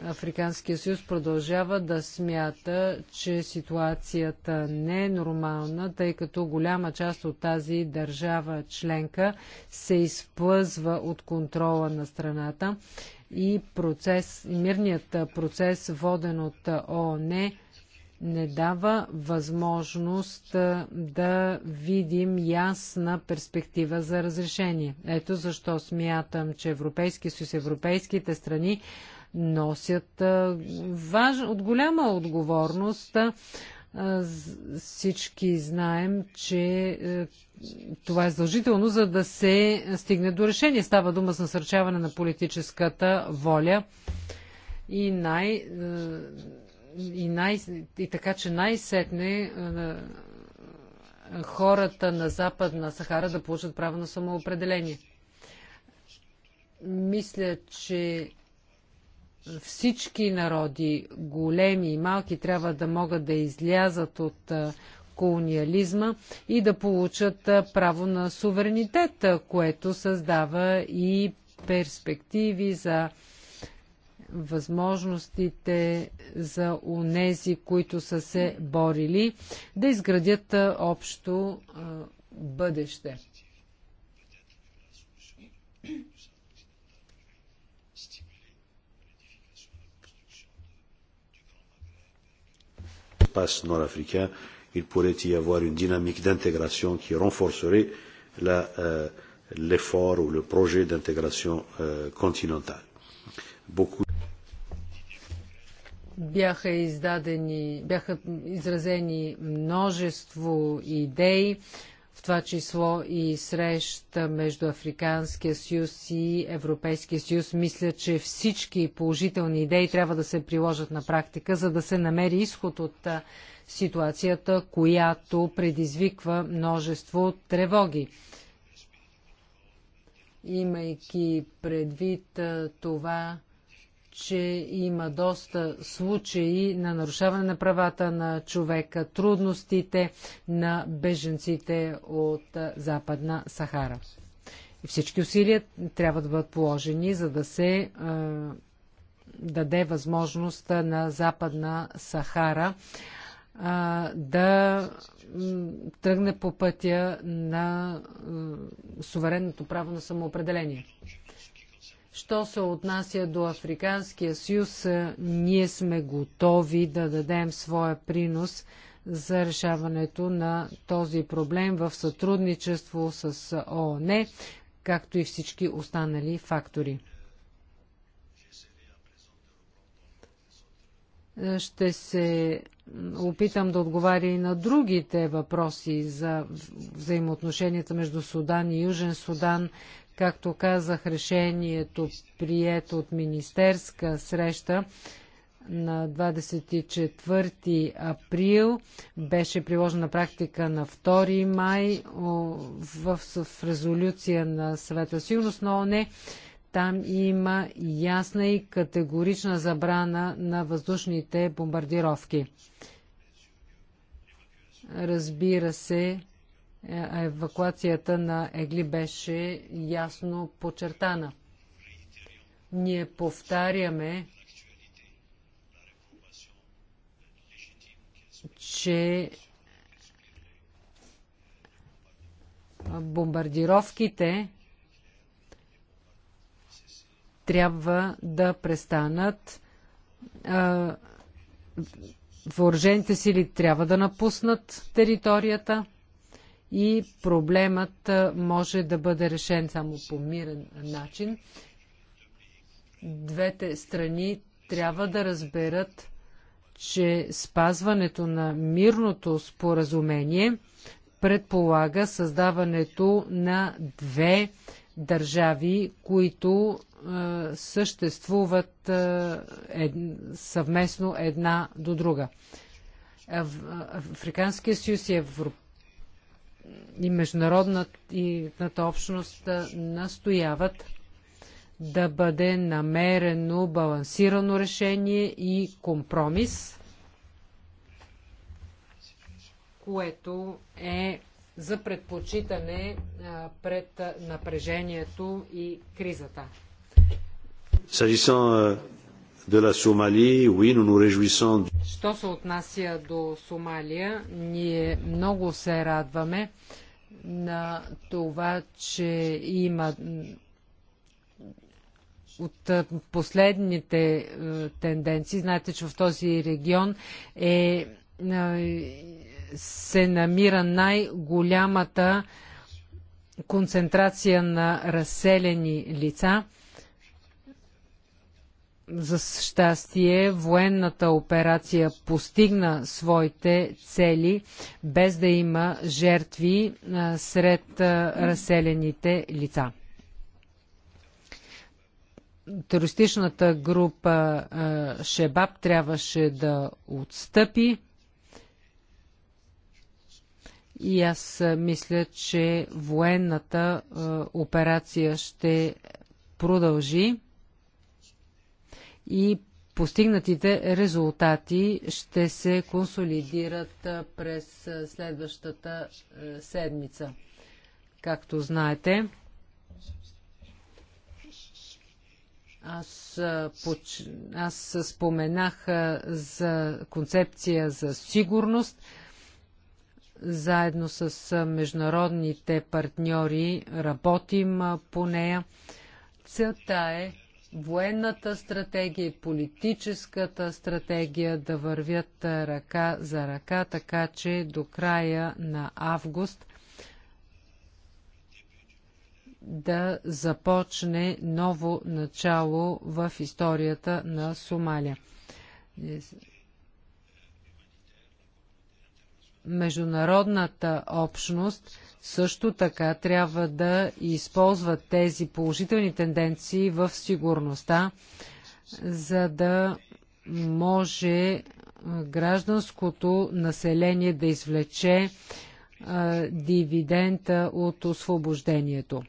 Speaker 3: Африканския съюз продължава да смята, че ситуацията не е нормална, тъй като голяма част от тази държава членка се изплъзва от контрола на страната и процес, мирният процес, воден от ООН, не дава възможност да видим ясна перспектива за разрешение. Ето защо смятам, че Европейски съюз, европейските страни носят важ... от голяма отговорност. Всички знаем, че е, това е задължително, за да се стигне до решение. Става дума с насърчаване на политическата воля и най... Е, и, най, и така, че най-сетне е, хората на Западна Сахара да получат право на самоопределение. Мисля, че всички народи, големи и малки, трябва да могат да излязат от колониализма и да получат право на суверенитет, което създава и перспективи за възможностите за унези, които са се борили, да изградят общо бъдеще.
Speaker 1: l'espace nord-africain, il pourrait y avoir une dynamique d'intégration qui renforcerait l'effort ou le projet d'intégration continentale. Beaucoup
Speaker 3: бяха издадени, бяха изразени множество идеи, в това число и среща между Африканския съюз и Европейския съюз. Мисля, че всички положителни идеи трябва да се приложат на практика, за да се намери изход от ситуацията, която предизвиква множество тревоги. Имайки предвид това, че има доста случаи на нарушаване на правата на човека, трудностите на беженците от Западна Сахара. И всички усилия трябва да бъдат положени, за да се е, даде възможност на Западна Сахара е, да тръгне по пътя на е, суверенното право на самоопределение. Що се отнася до Африканския съюз, е, ние сме готови да дадем своя принос за решаването на този проблем в сътрудничество с ООН, както и всички останали фактори. Е, ще се опитам да отговаря и на другите въпроси за взаимоотношенията между Судан и Южен Судан, Както казах, решението прието от министерска среща на 24 април беше приложена практика на 2 май в, в резолюция на съвета сигурност но не Там има ясна и категорична забрана на въздушните бомбардировки. Разбира се, е, евакуацията на Егли беше ясно подчертана. Ние повтаряме, че бомбардировките трябва да престанат. Е, въоръжените сили трябва да напуснат територията и проблемът може да бъде решен само по мирен начин. Двете страни трябва да разберат, че спазването на мирното споразумение предполага създаването на две държави, които е, съществуват е, съвместно една до друга. Африканския съюз и Европейския и международната общност настояват да бъде намерено балансирано решение и компромис, което е за предпочитане пред напрежението и кризата.
Speaker 1: S'agissant de la Somalie, oui, nous nous réjouissons
Speaker 3: Що се отнася до Сомалия, ние много се радваме на това, че има от последните е, тенденции. Знаете, че в този регион е, е, се намира най-голямата концентрация на разселени лица – за щастие, военната операция постигна своите цели, без да има жертви сред разселените лица. Терористичната група Шебаб трябваше да отстъпи. И аз мисля, че военната операция ще продължи и постигнатите резултати ще се консолидират през следващата седмица. Както знаете, аз, поч... аз споменах за концепция за сигурност. Заедно с международните партньори работим по нея. Целта е военната стратегия и политическата стратегия да вървят ръка за ръка, така че до края на август да започне ново начало в историята на Сомалия. Международната общност също така трябва да използват тези положителни тенденции в сигурността, за да може гражданското население да извлече дивидента от освобождението.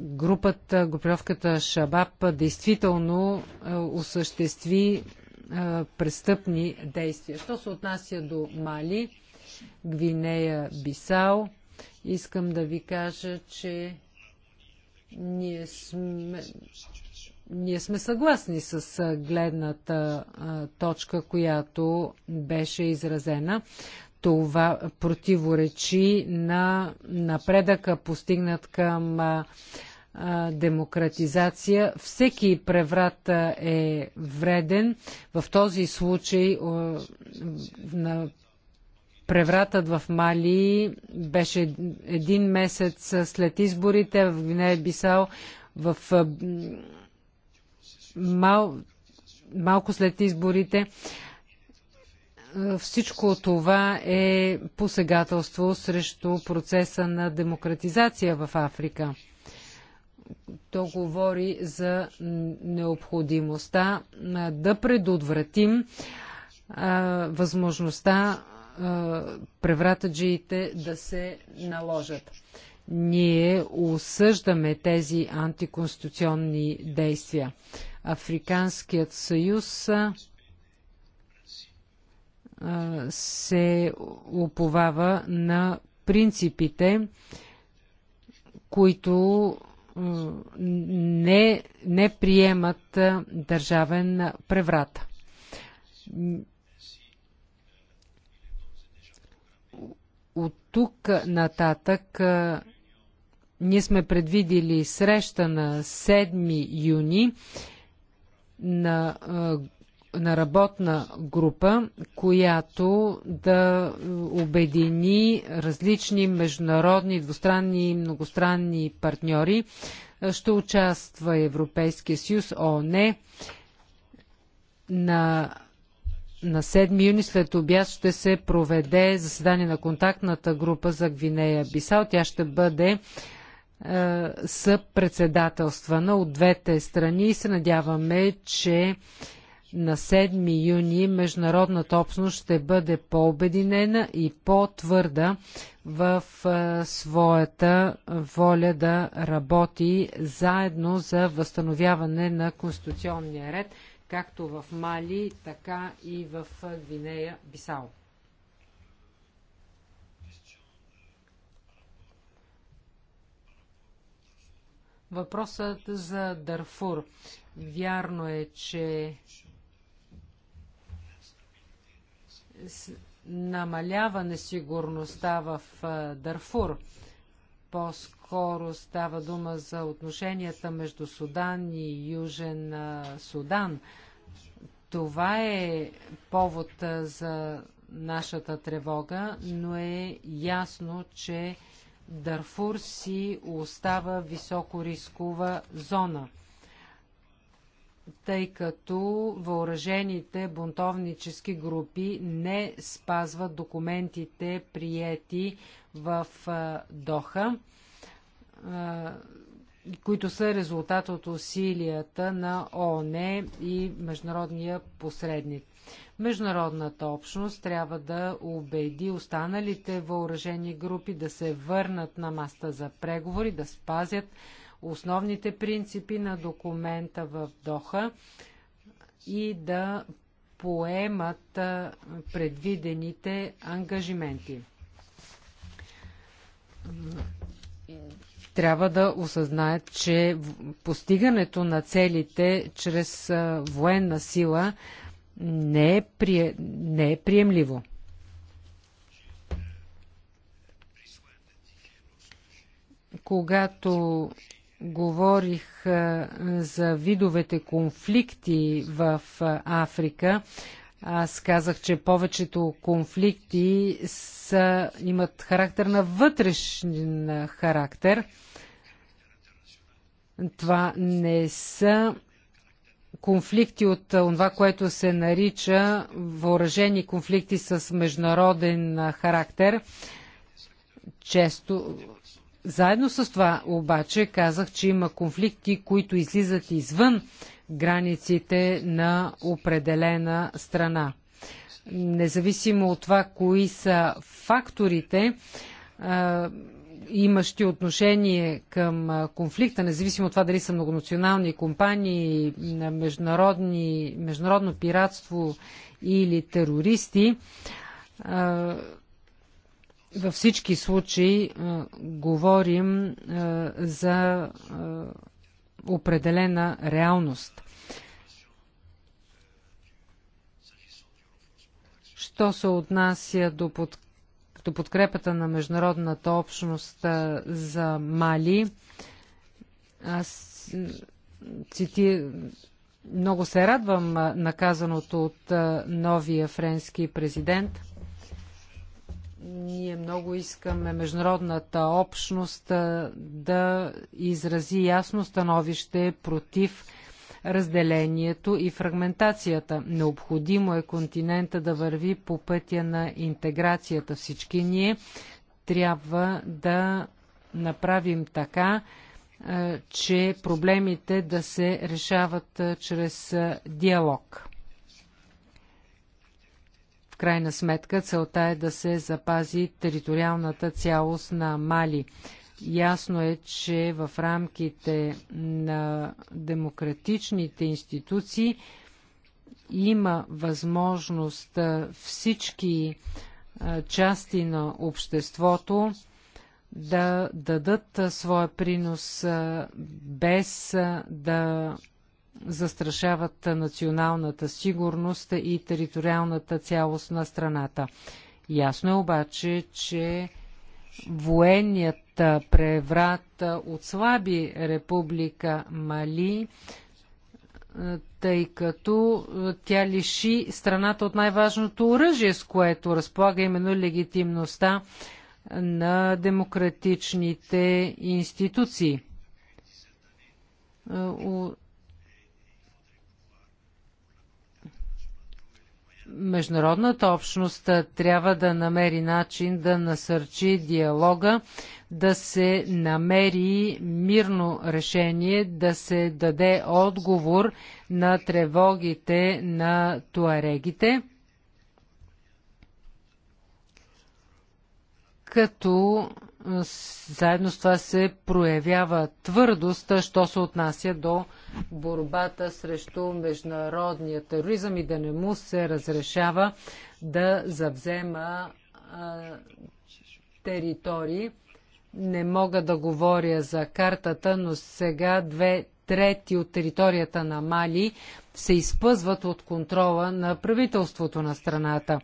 Speaker 3: групата, групировката Шабаб действително осъществи престъпни действия. Що се отнася до Мали, Гвинея, Бисао, искам да ви кажа, че ние сме, ние сме съгласни с гледната точка, която беше изразена. Това противоречи на напредъка, постигнат към а, демократизация. Всеки преврат е вреден. В този случай на превратът в Мали беше един месец след изборите в Гвинея Бисал в мал, малко след изборите. Всичко това е посегателство срещу процеса на демократизация в Африка то говори за необходимостта да предотвратим а, възможността а, превратаджиите да се наложат. Ние осъждаме тези антиконституционни действия. Африканският съюз а, се оповава на принципите, които не, не приемат държавен преврат. От тук нататък ние сме предвидили среща на 7 юни на на работна група, която да обедини различни международни, двустранни и многостранни партньори. Ще участва Европейския съюз, ООН. На, на 7 юни след обяд ще се проведе заседание на контактната група за Гвинея Бисал. Тя ще бъде е, съпредседателствана от двете страни и се надяваме, че на 7 юни международната общност ще бъде по-обединена и по-твърда в своята воля да работи заедно за възстановяване на конституционния ред, както в Мали, така и в Гвинея Бисао. Въпросът за Дарфур. Вярно е, че намалява несигурността в Дарфур. По-скоро става дума за отношенията между Судан и Южен Судан. Това е повод за нашата тревога, но е ясно, че Дарфур си остава високо рискова зона тъй като въоръжените бунтовнически групи не спазват документите, приети в Доха, които са резултат от усилията на ООН и международния посредник. Международната общност трябва да убеди останалите въоръжени групи да се върнат на маста за преговори, да спазят основните принципи на документа в Доха и да поемат предвидените ангажименти. Трябва да осъзнаят, че постигането на целите чрез военна сила не е, при... не е приемливо. Когато говорих за видовете конфликти в Африка, аз казах, че повечето конфликти са, имат характер на вътрешен характер. Това не са конфликти от това, което се нарича въоръжени конфликти с международен характер. Често заедно с това обаче казах, че има конфликти, които излизат извън границите на определена страна. Независимо от това, кои са факторите, имащи отношение към конфликта, независимо от това дали са многонационални компании, международно пиратство или терористи, във всички случаи а, говорим а, за а, определена реалност. Що се отнася до, под, до подкрепата на международната общност а, за Мали, аз цити, много се радвам наказаното от новия френски президент – ние много искаме международната общност да изрази ясно становище против разделението и фрагментацията. Необходимо е континента да върви по пътя на интеграцията. Всички ние трябва да направим така, че проблемите да се решават чрез диалог крайна сметка целта е да се запази териториалната цялост на Мали. Ясно е, че в рамките на демократичните институции има възможност всички части на обществото да дадат своя принос без да застрашават националната сигурност и териториалната цялост на страната. Ясно е обаче, че военният преврат отслаби Република Мали, тъй като тя лиши страната от най-важното оръжие, с което разполага именно легитимността на демократичните институции. международната общност трябва да намери начин да насърчи диалога, да се намери мирно решение, да се даде отговор на тревогите на туарегите, като заедно с това се проявява твърдост, що се отнася до борбата срещу международния тероризъм и да не му се разрешава да завзема територии. Не мога да говоря за картата, но сега две трети от територията на Мали се изпъзват от контрола на правителството на страната.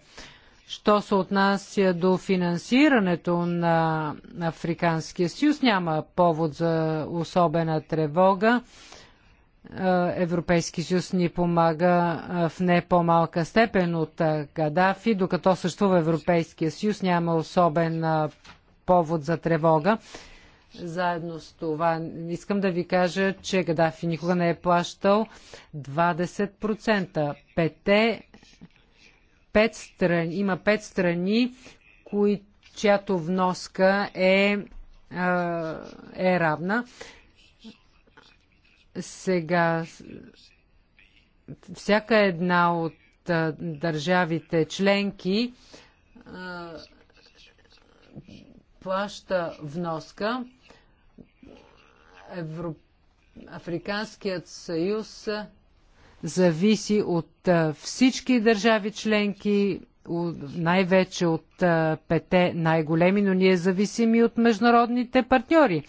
Speaker 3: Що се отнася до финансирането на Африканския съюз, няма повод за особена тревога. Е, Европейски съюз ни помага е, в не по-малка степен от е, Гадафи, Докато съществува Европейския съюз, няма особен повод за тревога. Заедно с това искам да ви кажа, че Гадафи никога не е плащал 20%. Пете пет страни, има пет страни, кои, чиято вноска е, е равна. Сега, всяка една от държавите членки плаща вноска. Европ... Африканският съюз зависи от всички държави членки, най-вече от пете най-големи, но ние зависим и от международните партньори.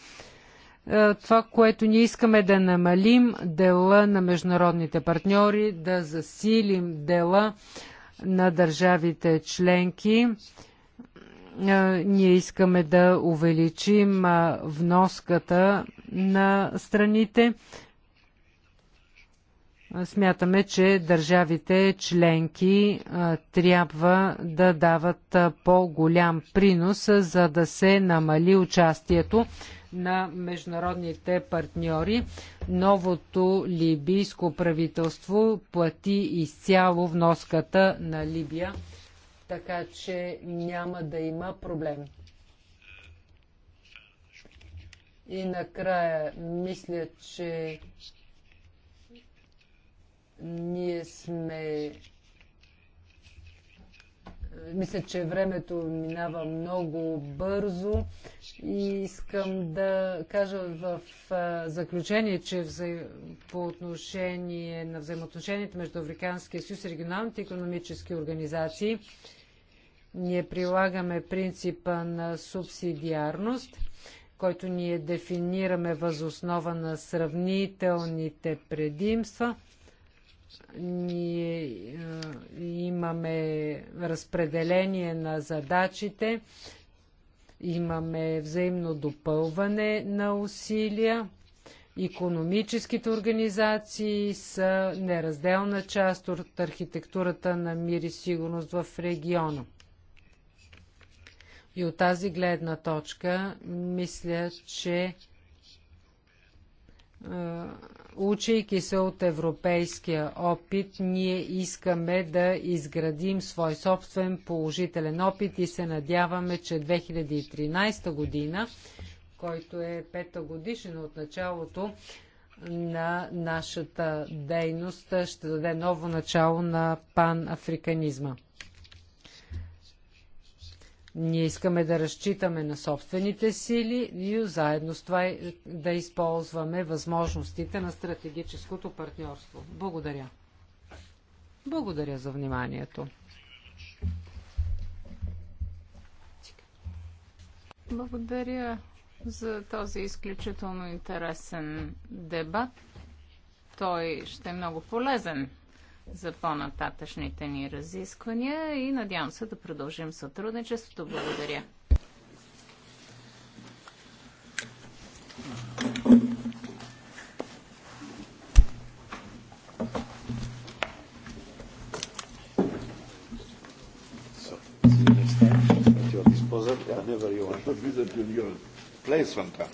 Speaker 3: Това, което ние искаме да намалим дела на международните партньори, да засилим дела на държавите членки. Ние искаме да увеличим вноската на страните. Смятаме, че държавите членки трябва да дават по-голям принос, за да се намали участието на международните партньори. Новото либийско правителство плати изцяло вноската на Либия, така че няма да има проблем. И накрая, мисля, че ние сме мисля, че времето минава много бързо и искам да кажа в заключение, че по отношение на взаимоотношенията между Африканския съюз и регионалните економически организации, ние прилагаме принципа на субсидиарност, който ние дефинираме възоснова на сравнителните предимства – ние е, имаме разпределение на задачите, имаме взаимно допълване на усилия. Економическите организации са неразделна част от архитектурата на мир и сигурност в региона. И от тази гледна точка мисля, че е, учейки се от европейския опит, ние искаме да изградим свой собствен положителен опит и се надяваме, че 2013 година, който е пета годишна от началото на нашата дейност, ще даде ново начало на панафриканизма. Ние искаме да разчитаме на собствените сили и заедно с това да използваме възможностите на стратегическото партньорство. Благодаря. Благодаря за вниманието.
Speaker 1: Благодаря за този изключително интересен дебат. Той ще е много полезен за по-нататъчните ни разисквания и надявам се да продължим сътрудничеството. Благодаря. disposal, one time.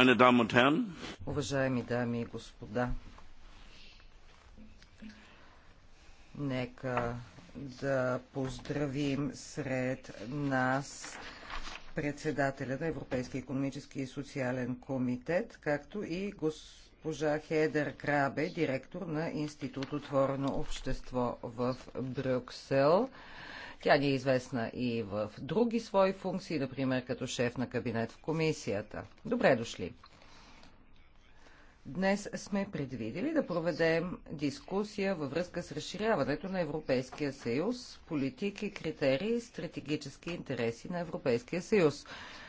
Speaker 1: Meine Damen und Herren,
Speaker 2: уважаеми дами и господа, нека да поздравим сред нас председателя на Европейския економически и социален комитет, както и госпожа Хедер Крабе, директор на Институт Отворено общество в Брюксел. Тя ни е известна и в други свои функции, например като шеф на кабинет в комисията. Добре дошли! Днес сме предвидели да проведем дискусия във връзка с разширяването на Европейския съюз, политики, критерии и стратегически интереси на Европейския съюз,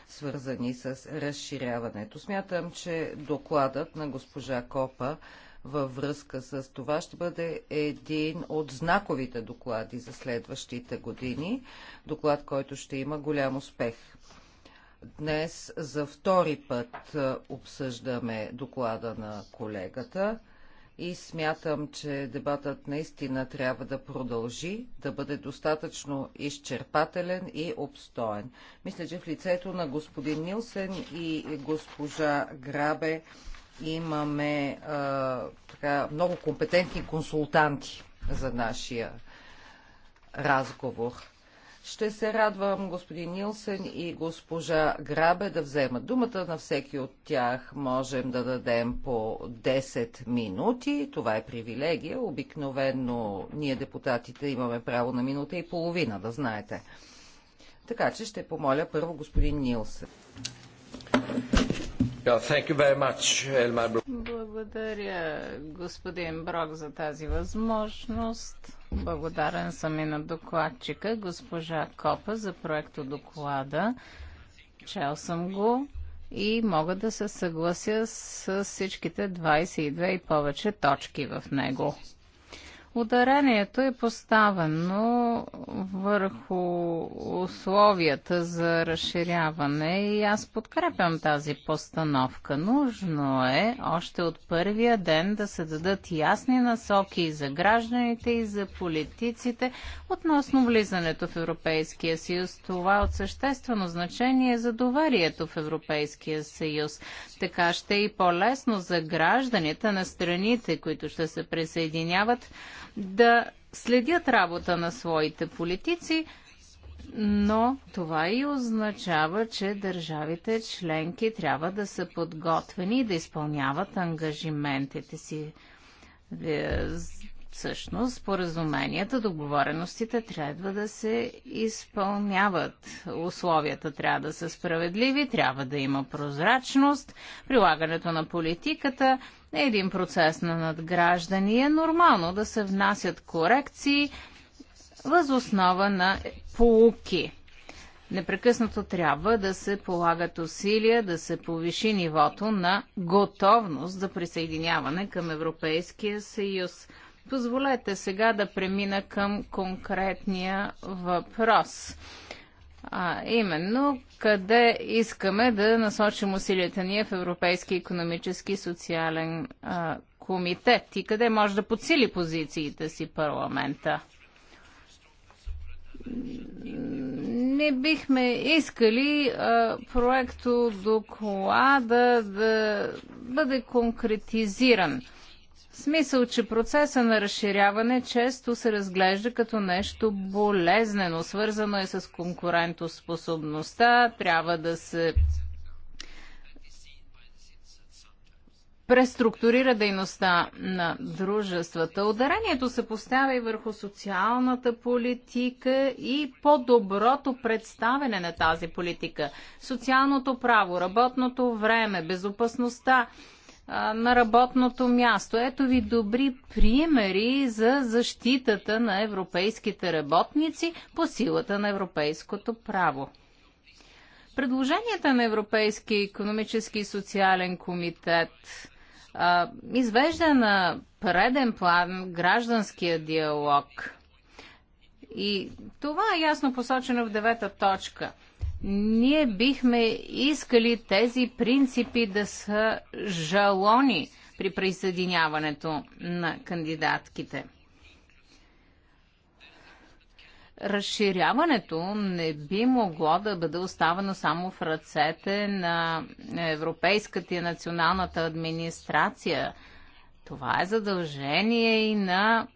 Speaker 2: свързани с разширяването. Смятам, че докладът на госпожа Копа във връзка с това ще бъде един от знаковите доклади за следващите години, доклад, който ще има голям успех. Днес за втори път обсъждаме доклада на колегата и смятам, че дебатът наистина трябва да продължи, да бъде достатъчно изчерпателен и обстоен. Мисля, че в лицето на господин Нилсен и госпожа Грабе имаме а, така, много компетентни консултанти за нашия разговор. Ще се радвам господин Нилсен и госпожа Грабе да вземат думата. На всеки от тях можем да дадем по 10 минути. Това е привилегия. Обикновено ние депутатите имаме право на минута и половина, да знаете. Така че ще помоля първо господин Нилсен.
Speaker 1: Благодаря, господин Брок, за тази възможност. Благодарен съм и на докладчика, госпожа Копа, за проекто доклада. Чел съм го и мога да се съглася с всичките 22 и повече точки в него. Ударението е поставено върху условията за разширяване и аз подкрепям тази постановка. Нужно е още от първия ден да се дадат ясни насоки и за гражданите, и за политиците относно влизането в Европейския съюз. Това е от съществено значение за доверието в Европейския съюз. Така ще е и по-лесно за гражданите на страните, които ще се присъединяват да следят работа на своите политици, но това и означава, че държавите членки трябва да са подготвени и да изпълняват ангажиментите си. Е, Всъщност, споразуменията, договореностите трябва да се изпълняват. Условията трябва да са справедливи, трябва да има прозрачност. Прилагането на политиката е един процес на надграждане. Е нормално да се внасят корекции възоснова на полуки. Непрекъснато трябва да се полагат усилия да се повиши нивото на готовност за присъединяване към Европейския съюз. Позволете сега да премина към конкретния въпрос. А, именно, къде искаме да насочим усилията ни в Европейски економически и социален а, комитет и къде може да подсили позициите си парламента? не бихме искали а, проекто доклада да бъде конкретизиран смисъл, че процеса на разширяване често се разглежда като нещо болезнено, свързано е с конкурентоспособността, трябва да се преструктурира дейността на дружествата. Ударението се поставя и върху социалната политика и по-доброто представене на тази политика. Социалното право, работното време, безопасността, на работното място. Ето ви добри примери за защитата на европейските работници по силата на европейското право. Предложенията на Европейския економически и социален комитет а, извежда на преден план гражданския диалог. И това е ясно посочено в девета точка – ние бихме искали тези принципи да са жалони при присъединяването на кандидатките. Разширяването не би могло да бъде оставено само в ръцете на Европейската и националната администрация. Това е задължение и на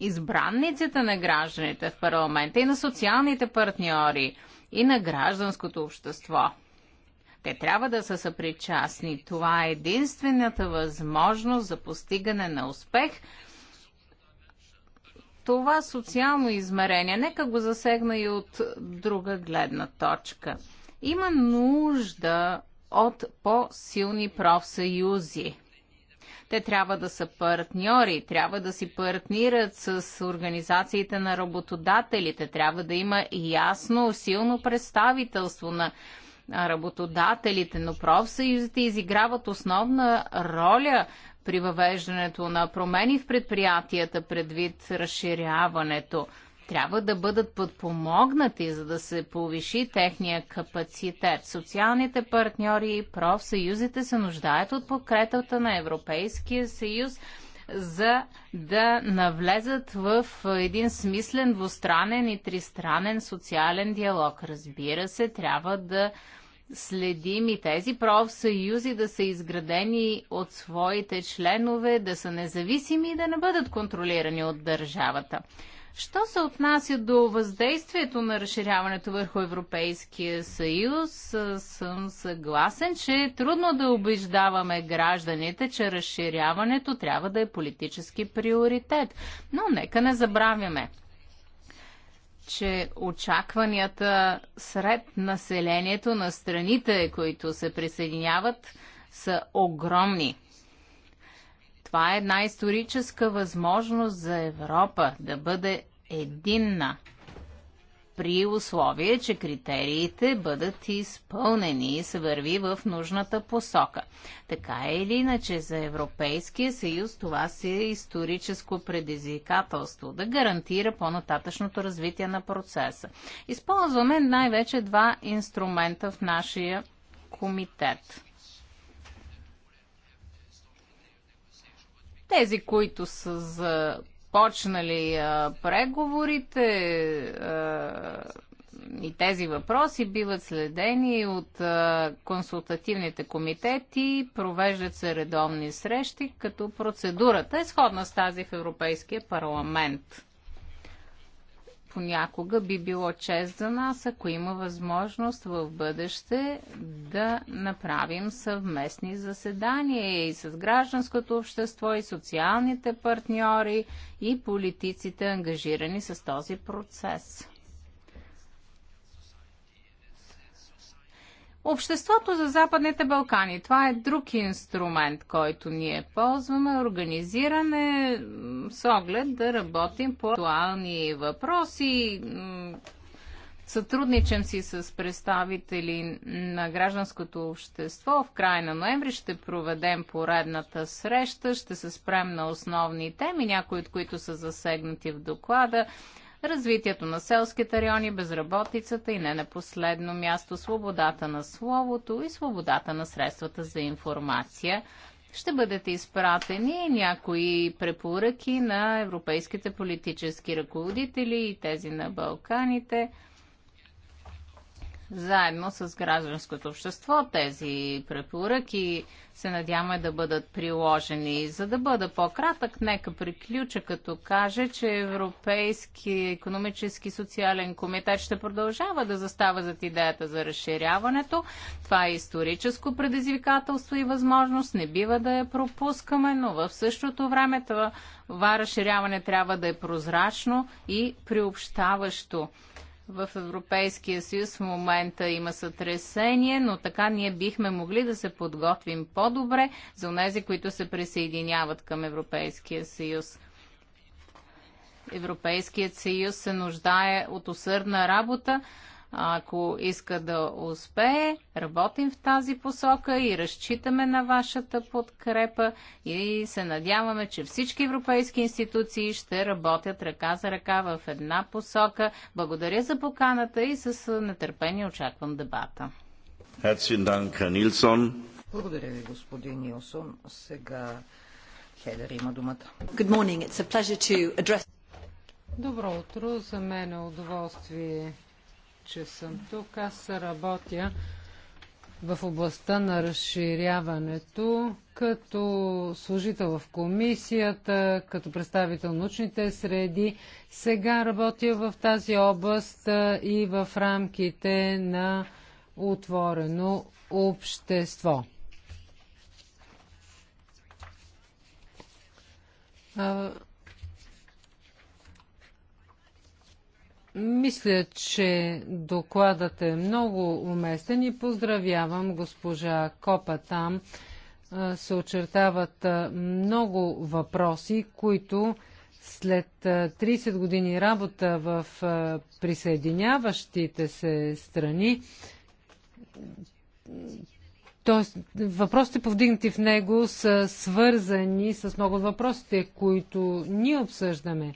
Speaker 1: избранниците на гражданите в парламента и на социалните партньори – и на гражданското общество. Те трябва да са съпричастни. Това е единствената възможност за постигане на успех. Това социално измерение, нека го засегна и от друга гледна точка. Има нужда от по-силни профсъюзи те трябва да са партньори, трябва да си партнират с организациите на работодателите, трябва да има ясно, силно представителство на работодателите, но профсъюзите изиграват основна роля при въвеждането на промени в предприятията предвид разширяването трябва да бъдат подпомогнати, за да се повиши техния капацитет. Социалните партньори и профсъюзите се нуждаят от подкрепата на Европейския съюз, за да навлезат в един смислен двустранен и тристранен социален диалог. Разбира се, трябва да следим и тези профсъюзи да са изградени от своите членове, да са независими и да не бъдат контролирани от държавата. Що се отнася до въздействието на разширяването върху Европейския съюз, съм съгласен, че е трудно да убеждаваме гражданите, че разширяването трябва да е политически приоритет. Но нека не забравяме че очакванията сред населението на страните, които се присъединяват, са огромни. Това е една историческа възможност за Европа да бъде единна при условие, че критериите бъдат изпълнени и се върви в нужната посока. Така или иначе за Европейския съюз това си е историческо предизвикателство да гарантира по-нататъчното развитие на процеса. Използваме най-вече два инструмента в нашия комитет. Тези, които са започнали а, преговорите а, и тези въпроси биват следени от а, консултативните комитети, провеждат се редовни срещи, като процедурата е сходна с тази в Европейския парламент понякога би било чест за нас, ако има възможност в бъдеще да направим съвместни заседания и с гражданското общество, и социалните партньори, и политиците, ангажирани с този процес. Обществото за Западните Балкани. Това е друг инструмент, който ние ползваме. Организиране с оглед да работим по актуални въпроси. Сътрудничам си с представители на гражданското общество. В края на ноември ще проведем поредната среща, ще се спрем на основни теми, някои от които са засегнати в доклада развитието на селските райони, безработицата и не на последно място свободата на словото и свободата на средствата за информация. Ще бъдете изпратени някои препоръки на европейските политически ръководители и тези на Балканите – заедно с гражданското общество. Тези препоръки се надяваме да бъдат приложени. За да бъда по-кратък, нека приключа като каже, че Европейски економически и социален комитет ще продължава да застава зад идеята за разширяването. Това е историческо предизвикателство и възможност. Не бива да я пропускаме, но в същото време това разширяване трябва да е прозрачно и приобщаващо в Европейския съюз в момента има сътресение, но така ние бихме могли да се подготвим по-добре за тези, които се присъединяват към Европейския съюз. Европейският съюз се нуждае от усърдна работа, ако иска да успее, работим в тази посока и разчитаме на вашата подкрепа и се надяваме, че всички европейски институции ще работят ръка за ръка в една посока. Благодаря за поканата и с нетърпение очаквам дебата.
Speaker 2: Благодаря ви, господин Нилсон. Сега Хедер има думата. Good morning. It's a pleasure to address...
Speaker 3: Добро утро. За мен е удоволствие че съм тук. Аз работя в областта на разширяването като служител в комисията, като представител на научните среди. Сега работя в тази област и в рамките на отворено общество. Мисля, че докладът е много уместен и поздравявам госпожа Копа там. Се очертават много въпроси, които след 30 години работа в присъединяващите се страни, т.е. въпросите повдигнати в него са свързани с много въпросите, които ние обсъждаме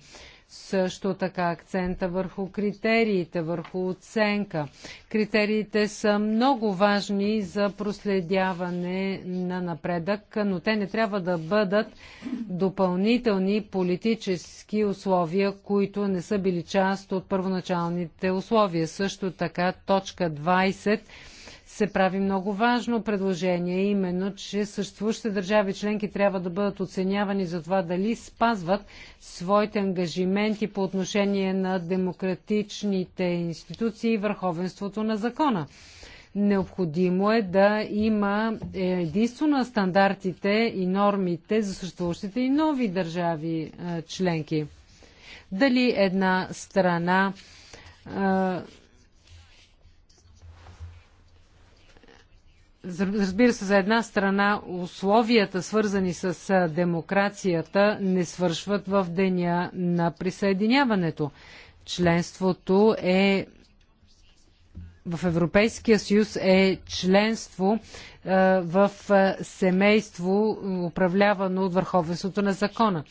Speaker 3: също така акцента върху критериите, върху оценка. Критериите са много важни за проследяване на напредък, но те не трябва да бъдат допълнителни политически условия, които не са били част от първоначалните условия. Също така точка 20 се прави много важно предложение, именно, че съществуващите държави членки трябва да бъдат оценявани за това дали спазват своите ангажименти по отношение на демократичните институции и върховенството на закона. Необходимо е да има е, единство на стандартите и нормите за съществуващите и нови държави е, членки. Дали една страна е, Разбира се, за една страна условията, свързани с демокрацията, не свършват в деня на присъединяването. Членството е в Европейския съюз е членство е, в семейство, управлявано от върховенството на закона.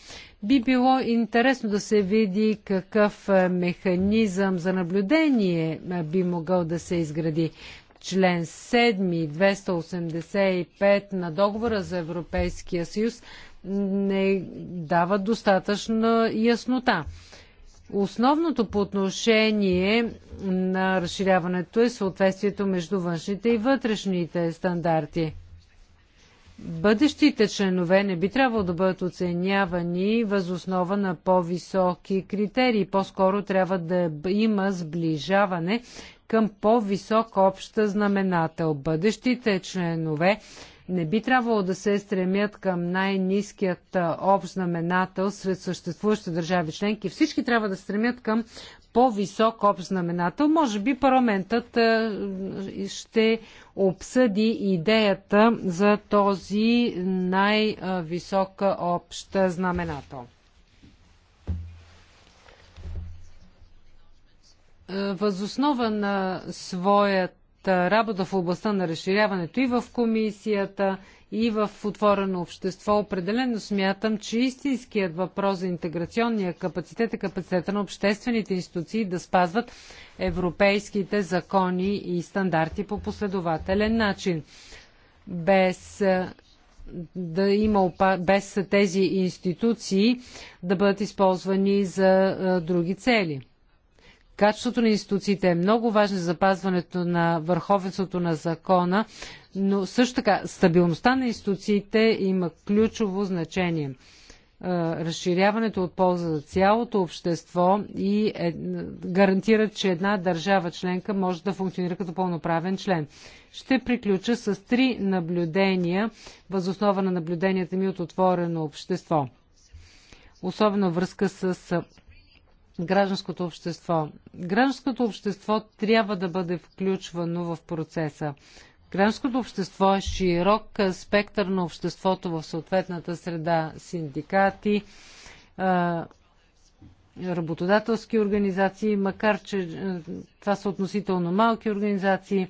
Speaker 3: Би било интересно да се види какъв механизъм за наблюдение би могъл да се изгради член 7 285 на договора за Европейския съюз не дава достатъчна яснота. Основното по отношение на разширяването е съответствието между външните и вътрешните стандарти. Бъдещите членове не би трябвало да бъдат оценявани възоснова на по-високи критерии. По-скоро трябва да има сближаване към по-висок обща знаменател. Бъдещите членове не би трябвало да се стремят към най-низкият общ знаменател сред съществуващите държави членки. Всички трябва да стремят към по-висок общ знаменател. Може би парламентът ще обсъди идеята за този най-висок общ знаменател. Е, възоснова на своята работа в областта на разширяването и в комисията, и в отворено общество, определено смятам, че истинският въпрос за интеграционния капацитет е капацитета на обществените институции да спазват европейските закони и стандарти по последователен начин. Без е, да има без тези институции да бъдат използвани за е, други цели. Качеството на институциите е много важно за запазването на върховенството на закона, но също така стабилността на институциите има ключово значение. Е, разширяването от полза за цялото общество и е, гарантира, че една държава членка може да функционира като пълноправен член. Ще приключа с три наблюдения, възоснова на наблюденията ми от отворено общество особено връзка с гражданското общество. Гражданското общество трябва да бъде включвано в процеса. Гражданското общество е широк спектър на обществото в съответната среда. Синдикати, работодателски организации, макар че това са относително малки организации,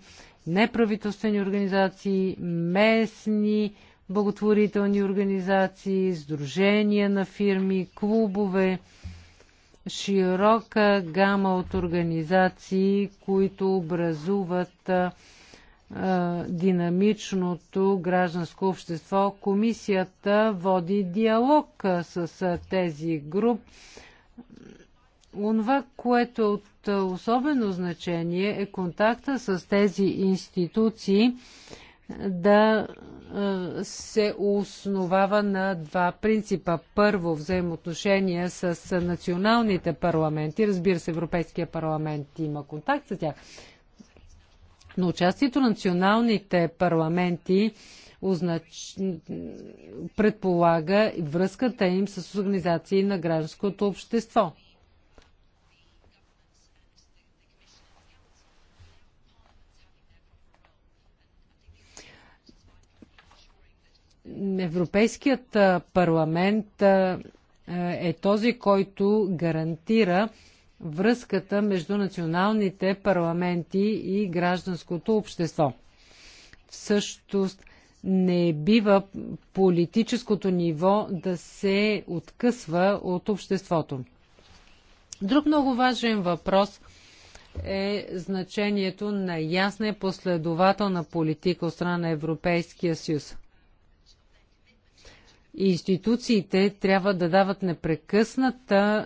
Speaker 3: неправителствени организации, местни благотворителни организации, сдружения на фирми, клубове, широка гама от организации, които образуват а, динамичното гражданско общество. Комисията води диалог а, с а, тези груп. Онова, което е от особено значение е контакта с тези институции да се основава на два принципа. Първо, взаимоотношения с националните парламенти. Разбира се, Европейския парламент има контакт с тях. Но участието на националните парламенти означ... предполага връзката им с организации на гражданското общество. Европейският парламент е този, който гарантира връзката между националните парламенти и гражданското общество. Всъщност не бива политическото ниво да се откъсва от обществото. Друг много важен въпрос е значението на ясна и последователна политика от страна на Европейския съюз. И институциите трябва да дават непрекъснато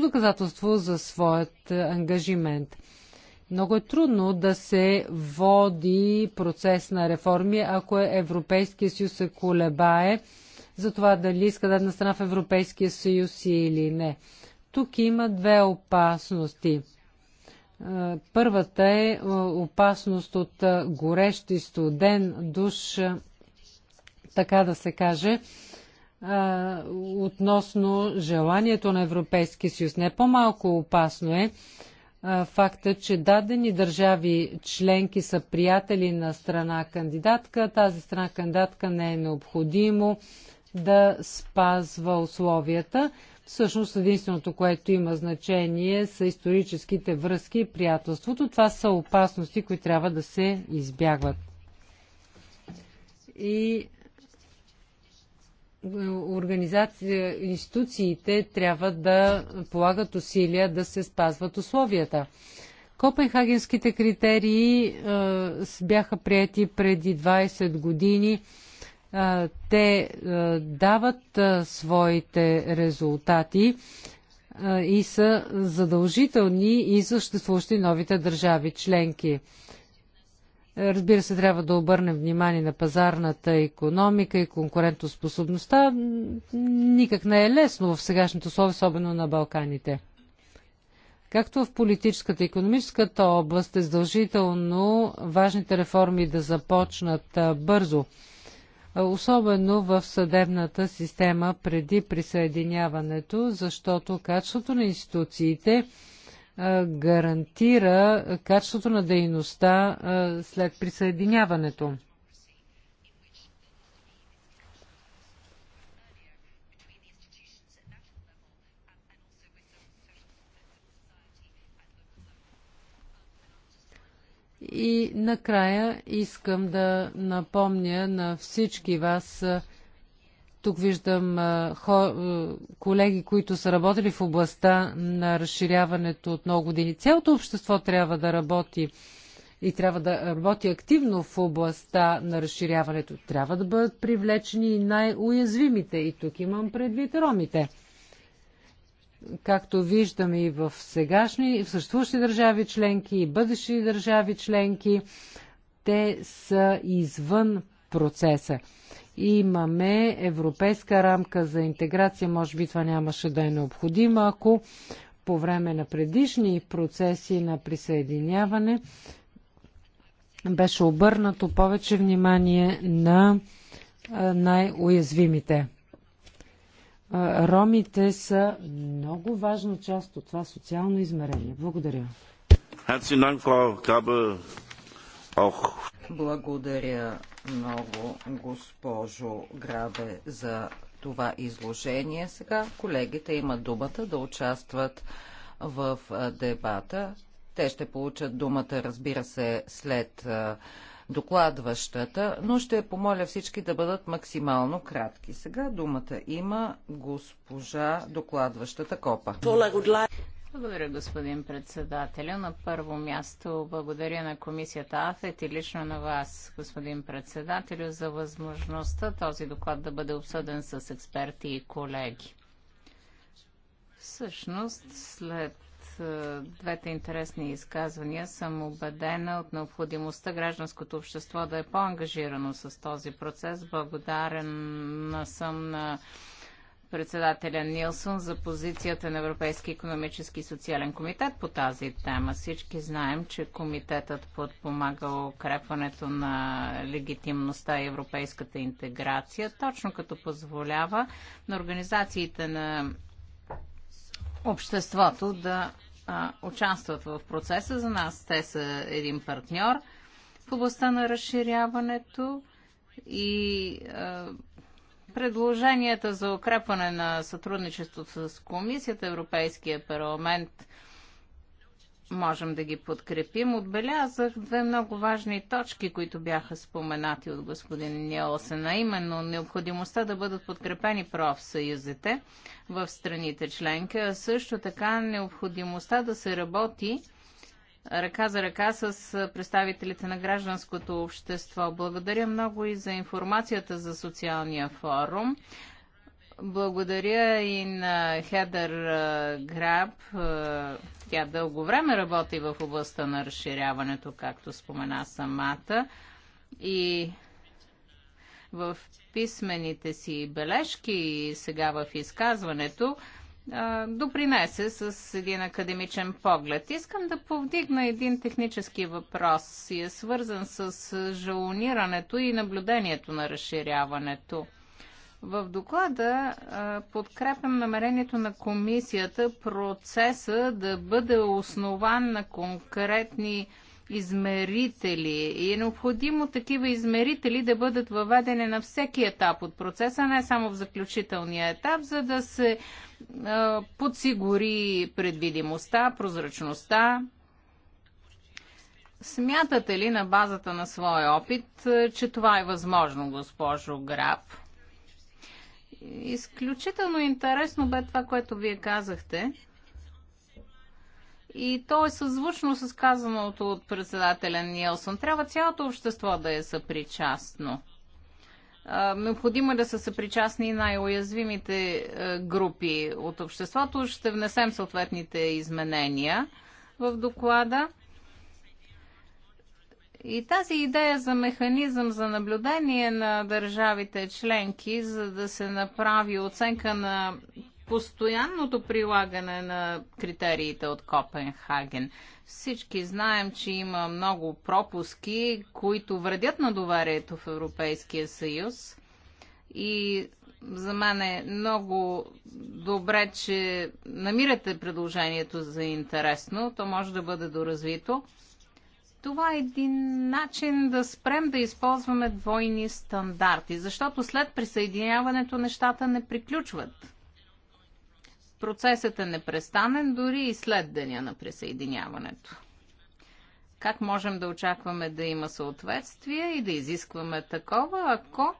Speaker 3: доказателство за своят е, ангажимент. Много е трудно да се води процес на реформи, ако е Европейския съюз се колебае за това дали иска дадена страна в Европейския съюз или не. Тук има две опасности. Е, първата е опасност от горещ и студен душ, така да се каже, а, относно желанието на Европейския съюз. Не по-малко опасно е а, факта, че дадени държави членки са приятели на страна кандидатка. Тази страна кандидатка не е необходимо да спазва условията. Всъщност единственото, което има значение са историческите връзки и приятелството. Това са опасности, които трябва да се избягват. И Организации, институциите трябва да полагат усилия да се спазват условията. Копенхагенските критерии е, бяха прияти преди 20 години. Е, те е, дават е, своите резултати е, и са задължителни и съществуващи новите държави членки. Разбира се, трябва да обърнем внимание на пазарната економика и конкурентоспособността. Никак не е лесно в сегашното условие, особено на Балканите. Както в политическата и економическата област е задължително важните реформи да започнат бързо, особено в съдебната система преди присъединяването, защото качеството на институциите гарантира качеството на дейността след присъединяването. И накрая искам да напомня на всички вас, тук виждам хо, колеги, които са работили в областта на разширяването от много години. Цялото общество трябва да работи и трябва да работи активно в областта на разширяването. Трябва да бъдат привлечени и най-уязвимите. И тук имам предвид ромите. Както виждаме и в сегашни, и в съществуващи държави членки, и бъдещи държави членки, те са извън процеса имаме европейска рамка за интеграция. Може би това нямаше да е необходимо, ако по време на предишни процеси на присъединяване беше обърнато повече внимание на най-уязвимите. Ромите са много важна част от това социално измерение. Благодаря
Speaker 1: auch...
Speaker 2: Благодаря много, госпожо Грабе, за това изложение. Сега колегите имат думата да участват в дебата. Те ще получат думата, разбира се, след докладващата, но ще помоля всички да бъдат максимално кратки. Сега думата има госпожа докладващата Копа.
Speaker 1: Благодаря, господин председателя. На първо място благодаря на комисията АФЕТ и лично на вас, господин председателю, за възможността този доклад да бъде обсъден с експерти и колеги. Всъщност, след е, двете интересни изказвания съм убедена от необходимостта гражданското общество да е по-ангажирано с този процес. Благодарен съм на председателя Нилсон за позицията на Европейски економически и социален комитет по тази тема. Всички знаем, че комитетът подпомага укрепването на легитимността и европейската интеграция, точно като позволява на организациите на обществото да а, участват в процеса. За нас те са един партньор в областта на разширяването и а, Предложенията за укрепване на сътрудничеството с Комисията, Европейския парламент, можем да ги подкрепим. Отбелязах две много важни точки, които бяха споменати от господин Ниелсен, а именно необходимостта да бъдат подкрепени профсъюзите в страните членки, а също така необходимостта да се работи ръка за ръка с представителите на гражданското общество. Благодаря много и за информацията за социалния форум. Благодаря и на Хедър Граб. Тя дълго време работи в областта на разширяването, както спомена самата. И в писмените си бележки и сега в изказването допринесе с един академичен поглед. Искам да повдигна един технически въпрос и е свързан с жалонирането и наблюдението на разширяването. В доклада подкрепям намерението на комисията процеса да бъде основан на конкретни измерители. И е необходимо такива измерители да бъдат въведени на всеки етап от процеса, не само в заключителния етап, за да се е, подсигури предвидимостта, прозрачността. Смятате ли на базата на своя опит, че това е възможно, госпожо Граб? Изключително интересно бе това, което вие казахте и то е съзвучно с казаното от председателя Нилсон. Трябва цялото общество да е съпричастно. Необходимо е да са съпричастни и най-уязвимите е, групи от обществото. Ще внесем съответните изменения в доклада. И тази идея за механизъм за наблюдение на държавите членки, за да се направи оценка на постоянното прилагане на критериите от Копенхаген. Всички знаем, че има много пропуски, които вредят на доверието в Европейския съюз. И за мен е много добре, че намирате предложението за интересно. То може да бъде доразвито. Това е един начин да спрем да използваме двойни стандарти, защото след присъединяването нещата не приключват. Процесът е непрестанен дори и след деня на присъединяването. Как можем да очакваме да има съответствие и да изискваме такова, ако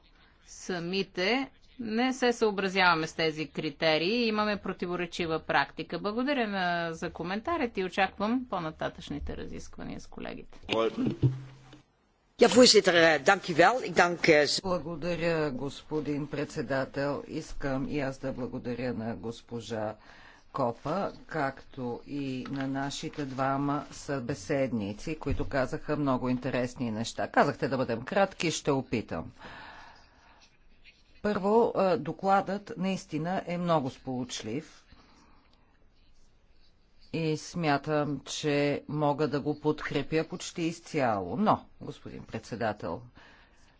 Speaker 1: самите не се съобразяваме с тези критерии и имаме противоречива практика. Благодаря на, за коментарите и очаквам по-нататъчните разисквания с колегите
Speaker 2: voorzitter, eh, dank u wel. Ik dank... Eh, благодаря, господин председател. Искам и аз да благодаря на госпожа Копа, както и на нашите двама събеседници, които казаха много интересни неща. Казахте да бъдем кратки, ще опитам. Първо, е, докладът наистина е много сполучлив и смятам, че мога да го подкрепя почти изцяло. Но, господин председател,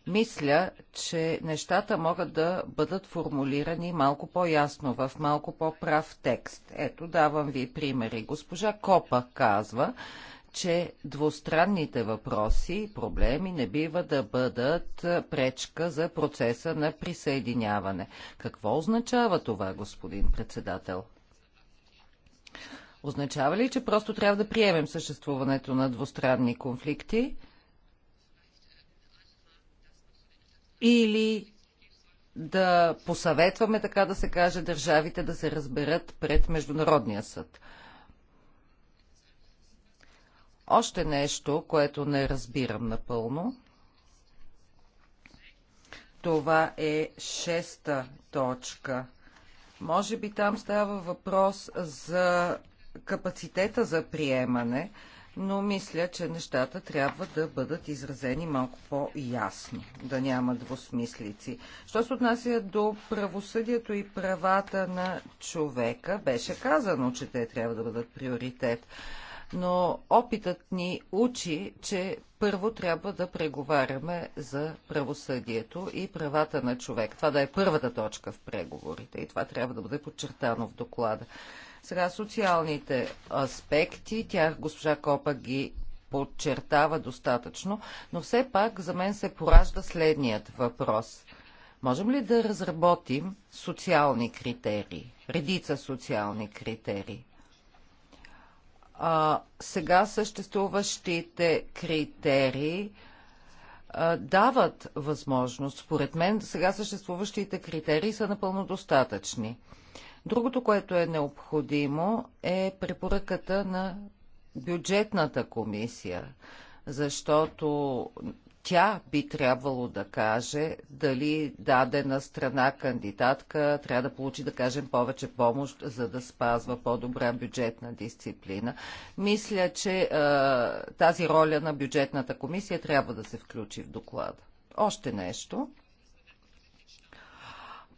Speaker 2: мисля, че нещата могат да бъдат формулирани малко по-ясно, в малко по-прав текст. Ето, давам ви примери. Госпожа Копа казва, че двустранните въпроси и проблеми не бива да бъдат пречка за процеса на присъединяване. Какво означава това, господин председател? Означава ли, че просто трябва да приемем съществуването на двустранни конфликти? Или да посъветваме, така да се каже, държавите да се разберат пред Международния съд? Още нещо, което не разбирам напълно. Това е шеста точка. Може би там става въпрос за капацитета за приемане, но мисля, че нещата трябва да бъдат изразени малко по-ясно, да няма двусмислици. Що се отнася до правосъдието и правата на човека, беше казано, че те трябва да бъдат приоритет. Но опитът ни учи, че първо трябва да преговаряме за правосъдието и правата на човек. Това да е първата точка в преговорите и това трябва да бъде подчертано в доклада. Сега социалните аспекти, тях госпожа Копа ги подчертава достатъчно, но все пак за мен се поражда следният въпрос. Можем ли да разработим социални критерии, редица социални критерии? А, сега съществуващите критерии а, дават възможност. Според мен сега съществуващите критерии са напълно достатъчни. Другото, което е необходимо, е препоръката на бюджетната комисия, защото тя би трябвало да каже дали дадена страна кандидатка трябва да получи, да кажем, повече помощ, за да спазва по-добра бюджетна дисциплина. Мисля, че е, тази роля на бюджетната комисия трябва да се включи в доклада. Още нещо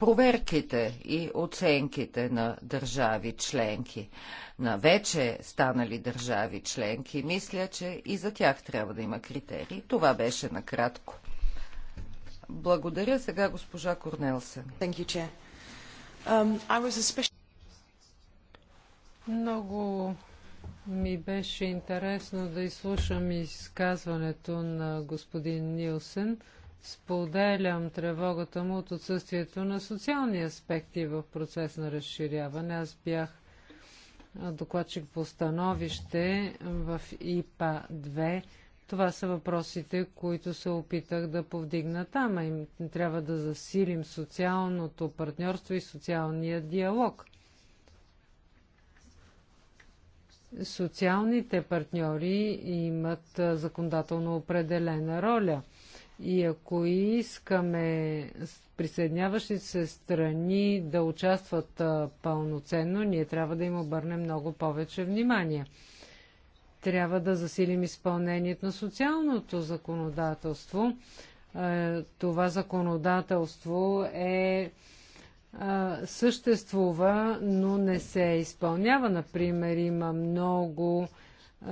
Speaker 2: проверките и оценките на държави членки, на вече станали държави членки. Мисля, че и за тях трябва да има критерии. Това беше накратко. Благодаря сега госпожа Корнелсен. Um,
Speaker 3: Много ми беше интересно да изслушам изказването на господин Нилсен. Споделям тревогата му от отсъствието на социални аспекти в процес на разширяване. Аз бях докладчик по становище в ИПА 2. Това са въпросите, които се опитах да повдигна там. Им трябва да засилим социалното партньорство и социалния диалог. Социалните партньори имат законодателно определена роля – и ако искаме присъединяващи се страни да участват пълноценно, ние трябва да им обърнем много повече внимание. Трябва да засилим изпълнението на социалното законодателство. Е, това законодателство е, е съществува, но не се изпълнява. Например, има много е,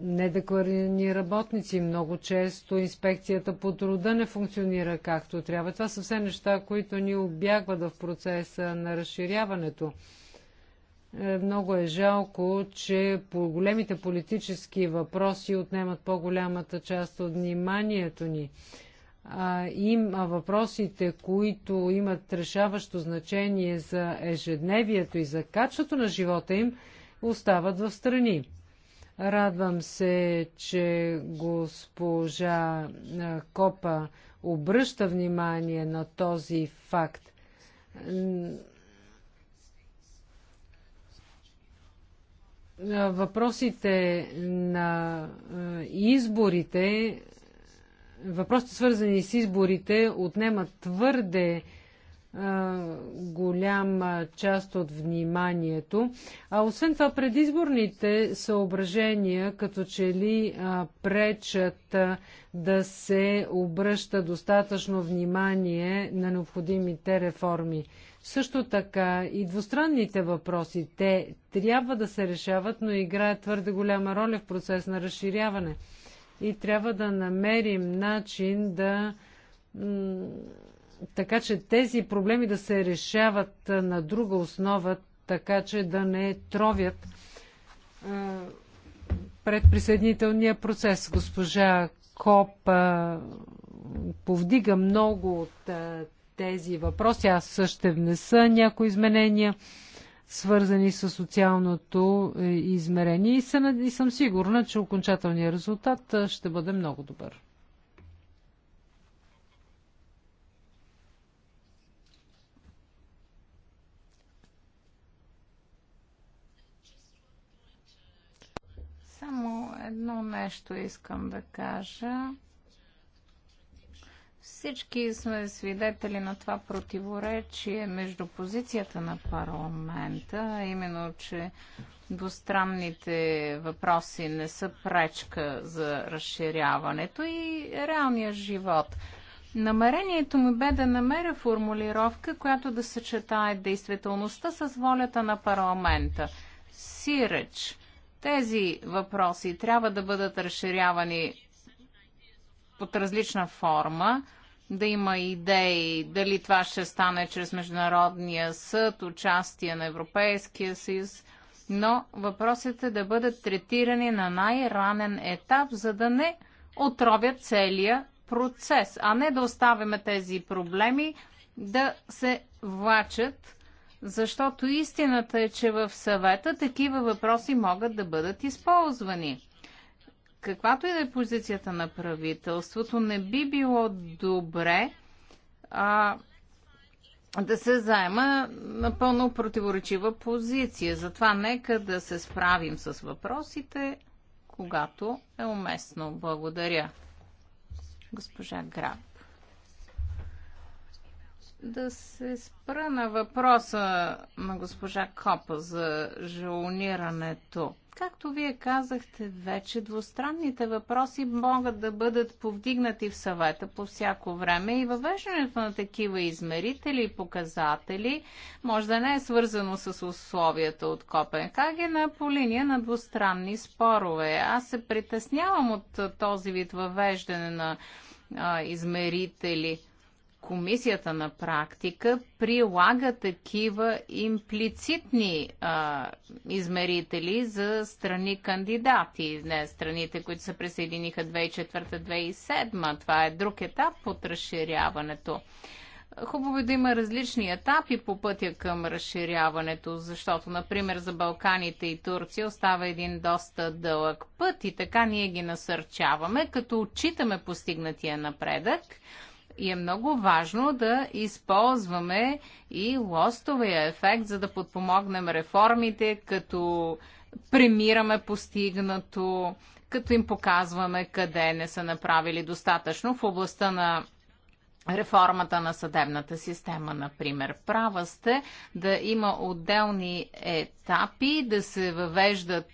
Speaker 3: недекларирани работници. Много често инспекцията по труда не функционира както трябва. Това са все неща, които ни обягват в процеса на разширяването. Е, много е жалко, че по големите политически въпроси отнемат по-голямата част от вниманието ни. А, им, а въпросите, които имат решаващо значение за ежедневието и за качеството на живота им, остават в страни. Радвам се, че госпожа Копа обръща внимание на този факт. Въпросите на изборите, въпросите свързани с изборите, отнемат твърде голяма част от вниманието. А освен това, предизборните съображения като че ли а, пречат а, да се обръща достатъчно внимание на необходимите реформи. Също така и двустранните въпроси, те трябва да се решават, но играят твърде голяма роля в процес на разширяване. И трябва да намерим начин да така че тези проблеми да се решават на друга основа, така че да не тровят пред присъединителния процес. Госпожа Коп повдига много от тези въпроси. Аз ще внеса някои изменения, свързани с социалното измерение и съм сигурна, че окончателният резултат ще бъде много добър.
Speaker 1: Само едно нещо искам да кажа. Всички сме свидетели на това противоречие между позицията на парламента, именно, че двустранните въпроси не са пречка за разширяването и реалния живот. Намерението ми бе да намеря формулировка, която да съчетае действителността с волята на парламента. Сиреч тези въпроси трябва да бъдат разширявани под различна форма, да има идеи дали това ще стане чрез Международния съд, участие на Европейския съюз, но въпросът е да бъдат третирани на най-ранен етап, за да не отровят целия процес, а не да оставяме тези проблеми да се влачат защото истината е, че в съвета такива въпроси могат да бъдат използвани. Каквато и да е позицията на правителството, не би било добре а, да се заема напълно противоречива позиция. Затова нека да се справим с въпросите, когато е уместно. Благодаря. Госпожа Граб да се спра на въпроса на госпожа Копа за жалонирането. Както вие казахте вече, двустранните въпроси могат да бъдат повдигнати в съвета по всяко време и въвеждането на такива измерители и показатели може да не е свързано с условията от Копенхаген, а по линия на двустранни спорове. Аз се притеснявам от този вид въвеждане на а, измерители – комисията на практика прилага такива имплицитни а, измерители за страни кандидати. Не, страните, които се присъединиха 2004-2007. Това е друг етап от разширяването. Хубаво е да има различни етапи по пътя към разширяването, защото, например, за Балканите и Турция остава един доста дълъг път и така ние ги насърчаваме, като отчитаме постигнатия напредък и е много важно да използваме и лостовия ефект, за да подпомогнем реформите, като премираме постигнато, като им показваме къде не са направили достатъчно в областта на реформата на съдебната система, например. Права сте да има отделни етапи, да се въвеждат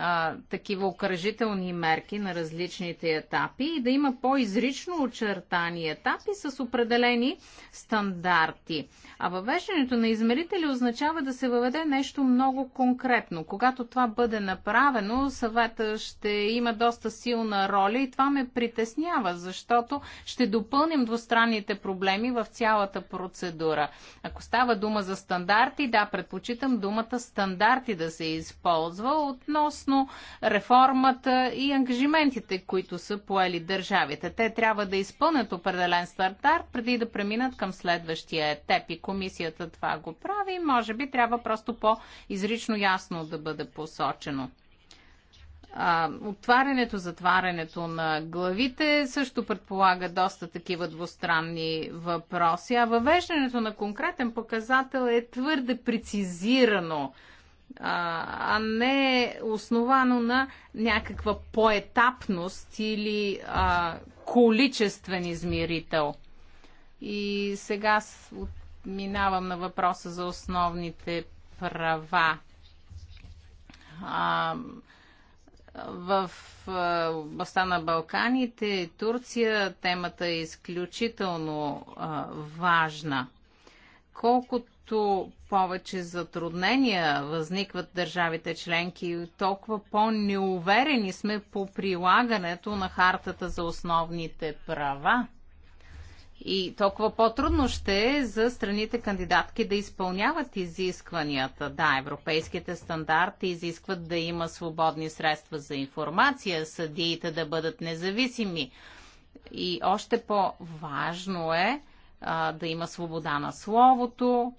Speaker 1: а, такива окръжителни мерки на различните етапи и да има по-изрично очертани етапи с определени стандарти. А въвеждането на измерители означава да се въведе нещо много конкретно. Когато това бъде направено, съвета ще има доста силна роля и това ме притеснява, защото ще допълним двустранните проблеми в цялата процедура. Ако става дума за стандарти, да, предпочитам думата стандарти да се използва относно относно реформата и ангажиментите, които са поели държавите. Те трябва да изпълнят определен стартар, преди да преминат към следващия етап и комисията това го прави. Може би трябва просто по-изрично ясно да бъде посочено. А, отварянето, затварянето на главите също предполага доста такива двустранни въпроси, а въвеждането на конкретен показател е твърде прецизирано а не основано на някаква поетапност или а, количествен измерител. И сега минавам на въпроса за основните права. А, в областта на Балканите, Турция, темата е изключително а, важна. Колкото колкото повече затруднения възникват държавите членки, толкова по-неуверени сме по прилагането на хартата за основните права. И толкова по-трудно ще е за страните кандидатки да изпълняват изискванията. Да, европейските стандарти изискват да има свободни средства за информация, съдиите да бъдат независими. И още по-важно е а, да има свобода на словото,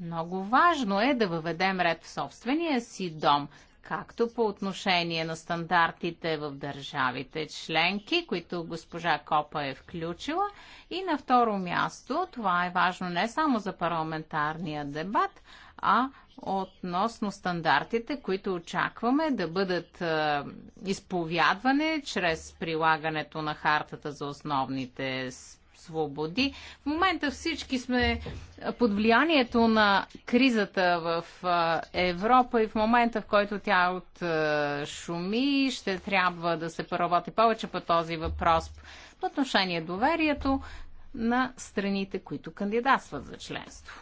Speaker 1: много важно е да въведем ред в собствения си дом, както по отношение на стандартите в държавите членки, които госпожа Копа е включила. И на второ място, това е важно не само за парламентарния дебат, а относно стандартите, които очакваме да бъдат е, изповядване чрез прилагането на хартата за основните свободи. В момента всички сме под влиянието на кризата в Европа и в момента, в който тя от шуми, ще трябва да се поработи повече по този въпрос по отношение доверието на страните, които кандидатстват за членство.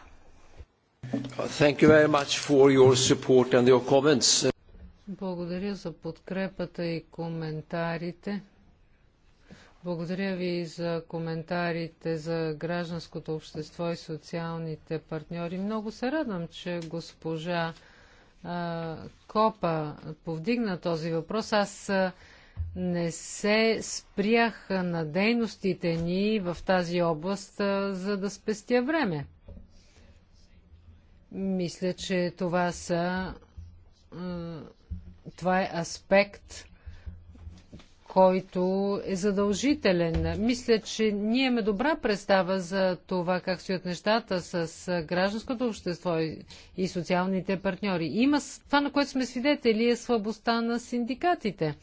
Speaker 1: Благодаря за подкрепата и
Speaker 3: коментарите. Благодаря ви за коментарите за гражданското общество и социалните партньори. Много се радвам, че госпожа а, Копа повдигна този въпрос. Аз не се спрях на дейностите ни в тази област, а, за да спестя време. Мисля, че това са. А, това е аспект който е задължителен. Мисля, че ние имаме добра представа за това как стоят нещата с гражданското общество и социалните партньори. Има това, на което сме свидетели, е слабостта на синдикатите.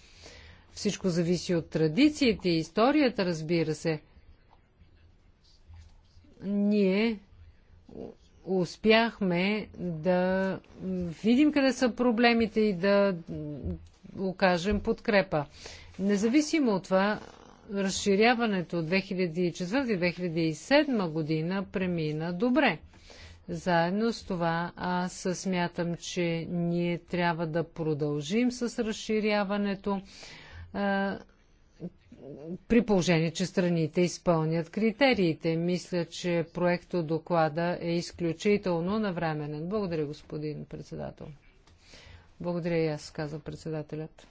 Speaker 3: Всичко зависи от традициите и историята, разбира се. Ние успяхме да видим къде са проблемите и да окажем подкрепа. Независимо от това, разширяването от 2004-2007 година премина добре. Заедно с това аз смятам, че ние трябва да продължим с разширяването при положение, че страните изпълнят критериите. Мисля, че проекто доклада е изключително навременен. Благодаря, господин председател. Благодаря и аз, каза председателят.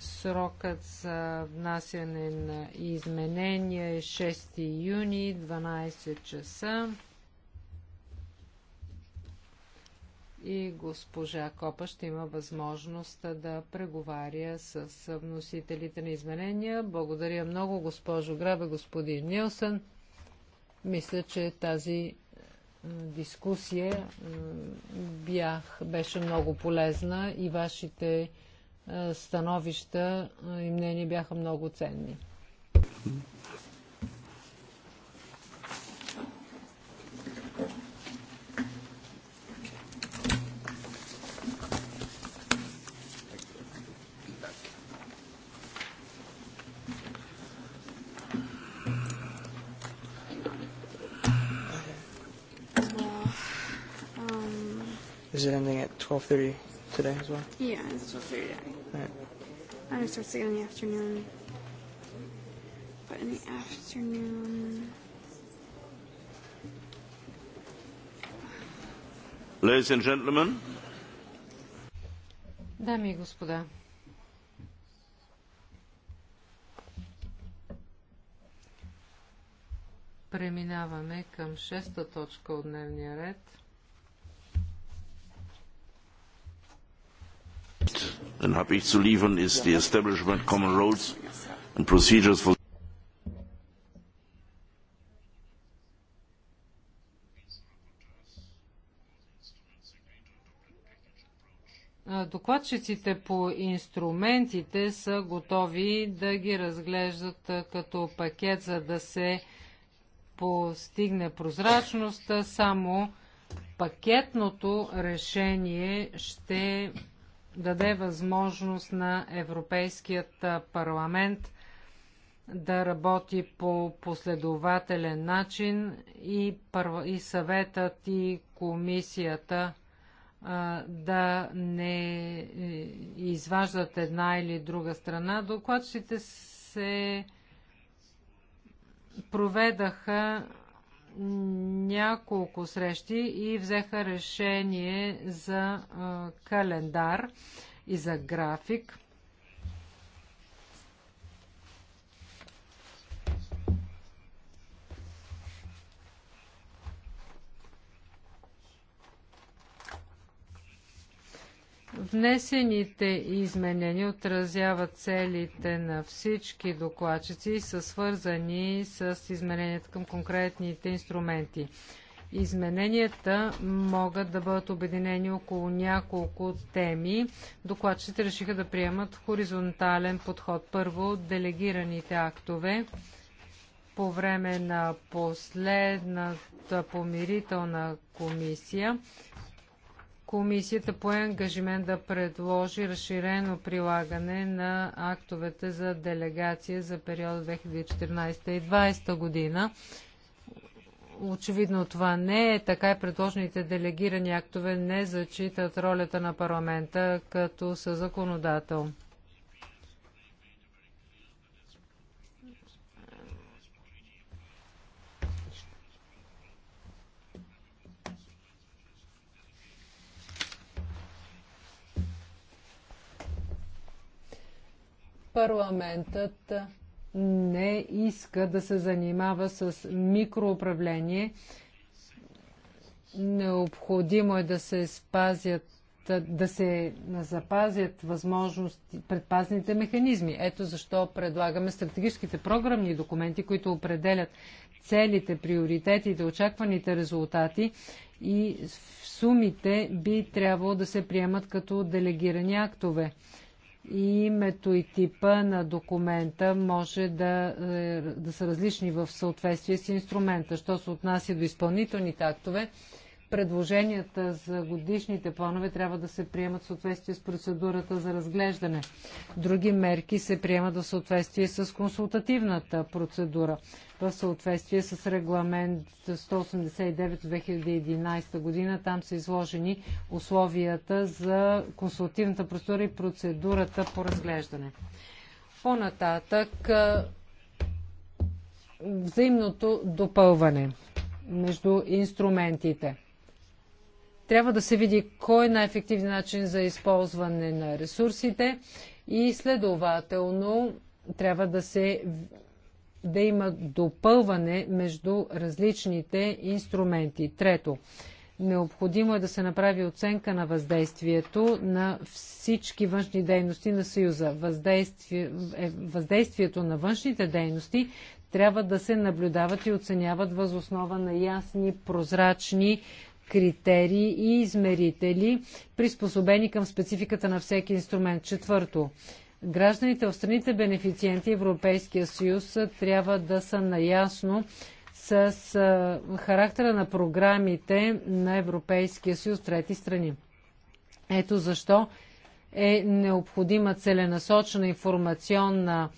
Speaker 3: Срокът за внасяне на изменения е 6 юни, 12 часа. И госпожа Копа ще има възможност да преговаря с вносителите на изменения. Благодаря много, госпожо Грабе, господин Нилсън. Мисля, че тази е, дискусия бях, беше много полезна и вашите становища и мнения бяха много ценни.
Speaker 2: Is it ending at 12.30? today as well? Yeah, It's what I figured out. Right. I'm gonna start like in the afternoon. But in the afternoon.
Speaker 1: Ladies and gentlemen.
Speaker 3: Дами и господа. Преминаваме към шеста точка от дневния ред –
Speaker 1: dann habe ich zu liefern, ist die establishment common rules and procedures for
Speaker 3: Докладчиците по инструментите са готови да ги разглеждат като пакет, за да се постигне прозрачност. Само пакетното решение ще даде възможност на Европейският парламент да работи по последователен начин и, първо, и съветът и комисията а, да не е, изваждат една или друга страна. Докладчите се проведаха няколко срещи и взеха решение за календар и за график. Внесените изменения отразяват целите на всички докладчици и са свързани с измененията към конкретните инструменти. Измененията могат да бъдат обединени около няколко теми. Докладчите решиха да приемат хоризонтален подход. Първо, делегираните актове. По време на последната помирителна комисия Комисията по ангажимент да предложи разширено прилагане на актовете за делегация за периода 2014 и 2020 година. Очевидно това не е така и предложените делегирани актове не зачитат ролята на парламента като съзаконодател. парламентът не иска да се занимава с микроуправление. Необходимо е да се спазят да се запазят възможности, предпазните механизми. Ето защо предлагаме стратегическите програмни документи, които определят целите, приоритетите, очакваните резултати и сумите би трябвало да се приемат като делегирани актове името и типа на документа може да, е, да са различни в съответствие с инструмента. Що се отнася до изпълнителните актове, предложенията за годишните планове трябва да се приемат в съответствие с процедурата за разглеждане. Други мерки се приемат в съответствие с консултативната процедура, в съответствие с регламент 189-2011 година. Там са изложени условията за консултативната процедура и процедурата по разглеждане. По-нататък взаимното допълване между инструментите. Трябва да се види кой е най ефективен начин за използване на ресурсите и следователно трябва да се да има допълване между различните инструменти. Трето, необходимо е да се направи оценка на въздействието на всички външни дейности на Съюза. Въздействие, е, въздействието на външните дейности трябва да се наблюдават и оценяват възоснова на ясни, прозрачни критерии и измерители, приспособени към спецификата на всеки инструмент. Четвърто, гражданите в страните бенефициенти Европейския съюз трябва да са наясно с характера на програмите на Европейския съюз трети страни. Ето защо е необходима целенасочена информационна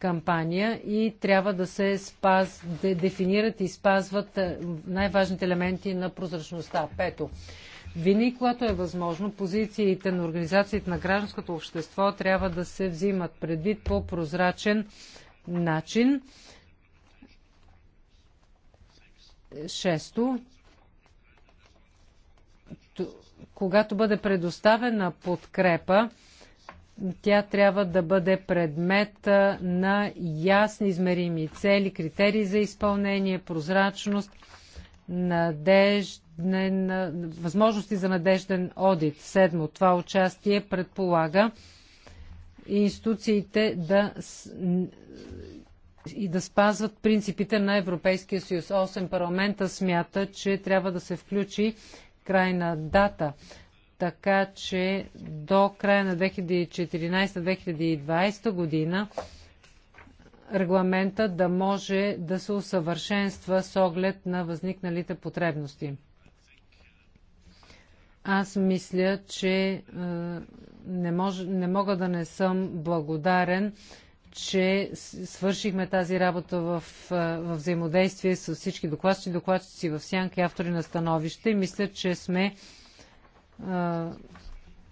Speaker 3: кампания и трябва да се спаз, да дефинират и спазват е, най-важните елементи на прозрачността. Пето. Винаги, когато е възможно, позициите на организациите на гражданското общество трябва да се взимат предвид по прозрачен начин. Шесто, когато бъде предоставена подкрепа тя трябва да бъде предмет на ясни измерими цели, критерии за изпълнение, прозрачност, надежден, възможности за надежден одит. Седмо, това участие предполага институциите да, и да спазват принципите на Европейския съюз. Осем парламента смята, че трябва да се включи крайна дата така че до края на 2014-2020 година регламента да може да се усъвършенства с оглед на възникналите потребности. Аз мисля, че не, мож, не мога да не съм благодарен, че свършихме тази работа в, в взаимодействие с всички докладчици, докладчици в сянка и автори на становище. Мисля, че сме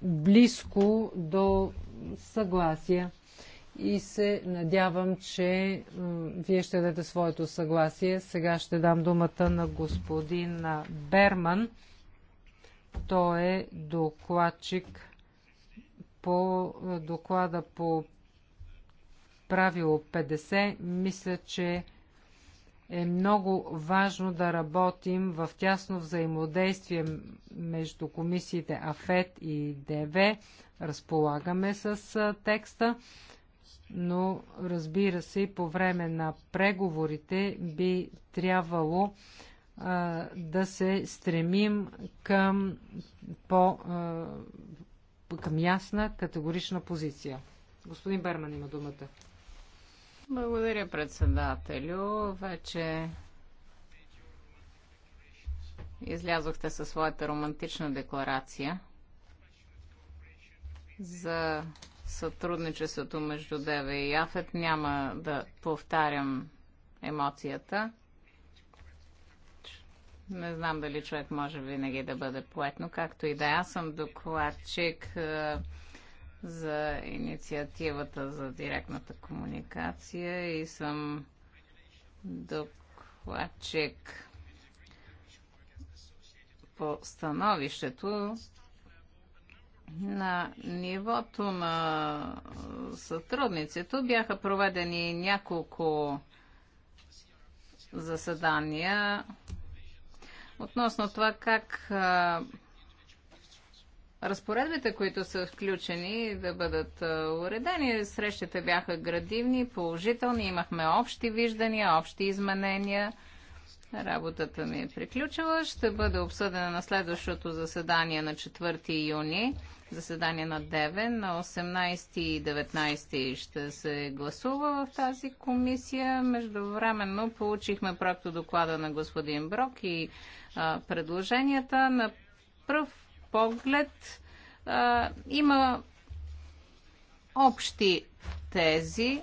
Speaker 3: близко до съгласие и се надявам, че вие ще дадете своето съгласие. Сега ще дам думата на господин Берман. Той е докладчик по доклада по правило 50. Мисля, че е много важно да работим в тясно взаимодействие между комисиите АФЕТ и ДВ. Разполагаме с текста, но разбира се, по време на преговорите би трябвало а, да се стремим към, по, а, към ясна категорична позиция. Господин Берман има думата.
Speaker 1: Благодаря, председателю. Вече излязохте със своята романтична декларация за сътрудничеството между Деве и АФЕТ. Няма да повтарям емоцията. Не знам дали човек може винаги да бъде поетно, както и да е. аз съм докладчик е, за инициативата за директната комуникация и съм докладчик по становището на нивото на сътрудниците бяха проведени няколко заседания относно това как разпоредбите, които са включени да бъдат уредени. Срещите бяха градивни, положителни, имахме общи виждания, общи изменения. Работата ми е приключила. Ще бъде обсъдена на следващото заседание на 4 юни, заседание на 9, на 18 и 19 ще се гласува в тази комисия. Междувременно получихме проекто доклада на господин Брок и а, предложенията на пръв поглед а, има общи тези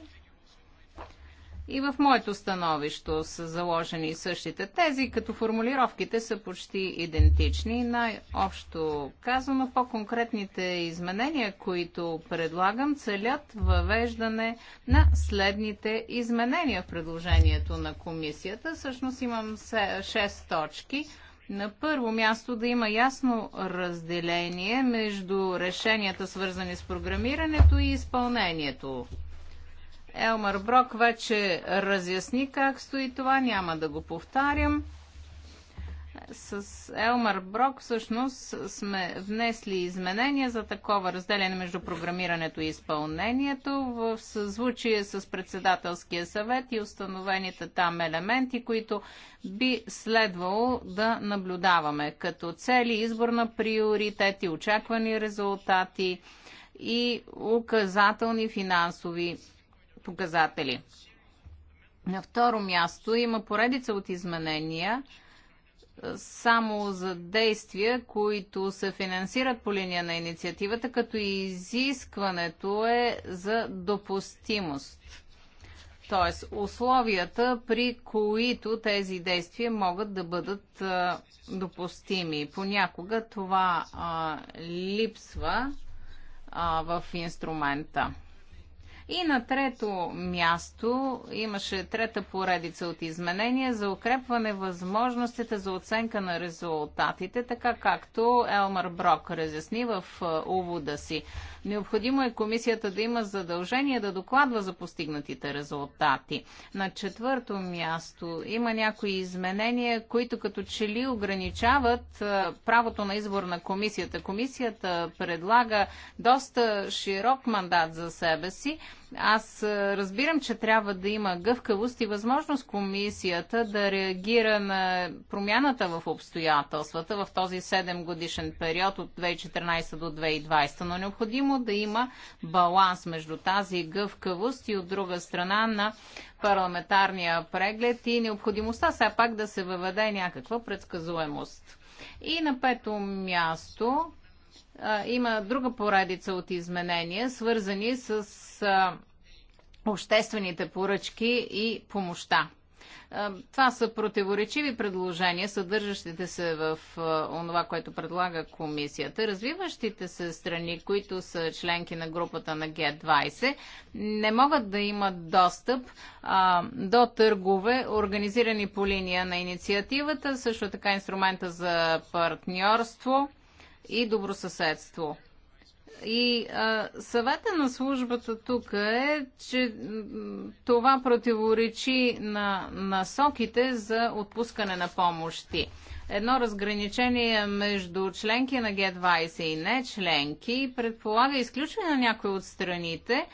Speaker 1: и в моето становище са заложени същите тези, като формулировките са почти идентични. Най-общо казано, по-конкретните изменения, които предлагам, целят въвеждане на следните изменения в предложението на комисията. Всъщност имам 6 точки – на първо място да има ясно разделение между решенията, свързани с програмирането и изпълнението. Елмар Брок вече разясни как стои това, няма да го повтарям с Елмар Брок всъщност сме внесли изменения за такова разделяне между програмирането и изпълнението в съзвучие с председателския съвет и установените там елементи, които би следвало да наблюдаваме като цели, избор на приоритети, очаквани резултати и указателни финансови показатели. На второ място има поредица от изменения – само за действия, които се финансират по линия на инициативата, като изискването е за допустимост. Тоест, условията, при които тези действия могат да бъдат а, допустими. Понякога това а, липсва а, в инструмента. И на трето място имаше трета поредица от изменения за укрепване възможностите за оценка на резултатите, така както Елмар Брок разясни в е, увода си. Необходимо е комисията да има задължение да докладва за постигнатите резултати. На четвърто място има някои изменения, които като че ли ограничават правото на избор на комисията. Комисията предлага доста широк мандат за себе си, аз разбирам, че трябва да има гъвкавост и възможност комисията да реагира на промяната в обстоятелствата в този 7 годишен период от 2014 до 2020, но необходимо да има баланс между тази гъвкавост и от друга страна на парламентарния преглед и необходимостта все пак да се въведе някаква предсказуемост. И на пето място има друга поредица от изменения, свързани с обществените поръчки и помощта. Това са противоречиви предложения, съдържащите се в това, което предлага комисията. Развиващите се страни, които са членки на групата на Г20, не могат да имат достъп а, до търгове, организирани по линия на инициативата, също така инструмента за партньорство и добросъседство. И а, съвета на службата тук е, че това противоречи на насоките за отпускане на помощи. Едно разграничение между членки на Г20 и не членки предполага изключване на някои от страните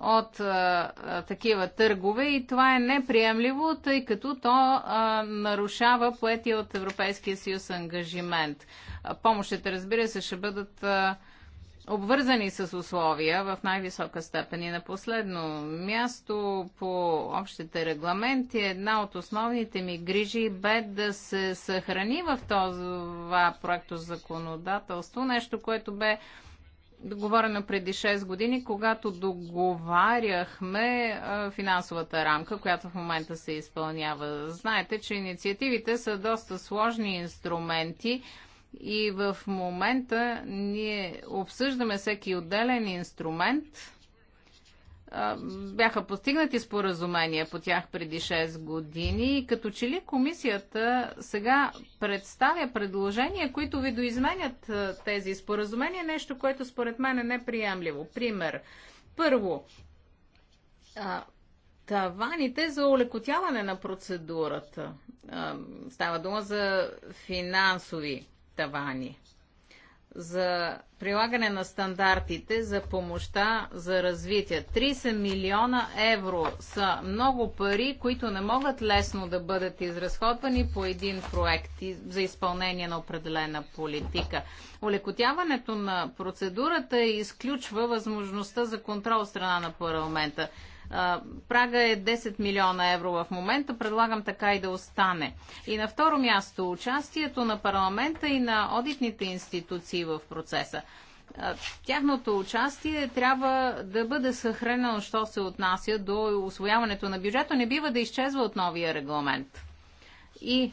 Speaker 1: от а, а, такива търгове и това е неприемливо, тъй като то а, нарушава поетия от Европейския съюз ангажимент. А, помощите, разбира се, ще бъдат. А, обвързани с условия в най-висока степен. И на последно място по общите регламенти една от основните ми грижи бе да се съхрани в това проекто законодателство, нещо, което бе договорено преди 6 години, когато договаряхме финансовата рамка, която в момента се изпълнява. Знаете, че инициативите са доста сложни инструменти, и в момента ние обсъждаме всеки отделен инструмент. Бяха постигнати споразумения по тях преди 6 години. Като че ли комисията сега представя предложения, които ви доизменят тези споразумения, нещо, което според мен е неприемливо. Пример. Първо, таваните за улекотяване на процедурата. Става дума за финансови тавани за прилагане на стандартите за помощта за развитие. 30 милиона евро са много пари, които не могат лесно да бъдат изразходвани по един проект за изпълнение на определена политика. Олекотяването на процедурата изключва възможността за контрол страна на парламента. Прага е 10 милиона евро в момента. Предлагам така и да остане. И на второ място участието на парламента и на одитните институции в процеса тяхното участие трябва да бъде съхранено, що се отнася до освояването на бюджета. Не бива да изчезва от новия регламент. И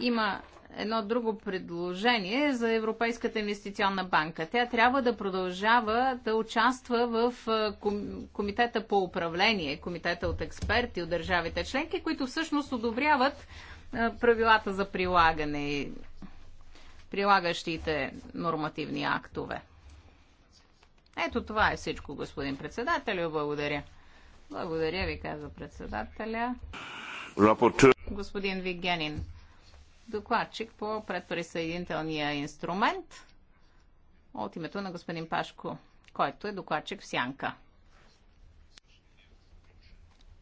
Speaker 1: има едно друго предложение за Европейската инвестиционна банка. Тя трябва да продължава да участва в е, комитета по управление, комитета от експерти от държавите членки, които всъщност одобряват е, правилата за прилагане и прилагащите нормативни актове. Ето това е всичко, господин председател, Благодаря. Благодаря ви, каза председателя. Господин Вигенин докладчик по предприсъединителния инструмент от името на господин Пашко, който е докладчик в Сянка.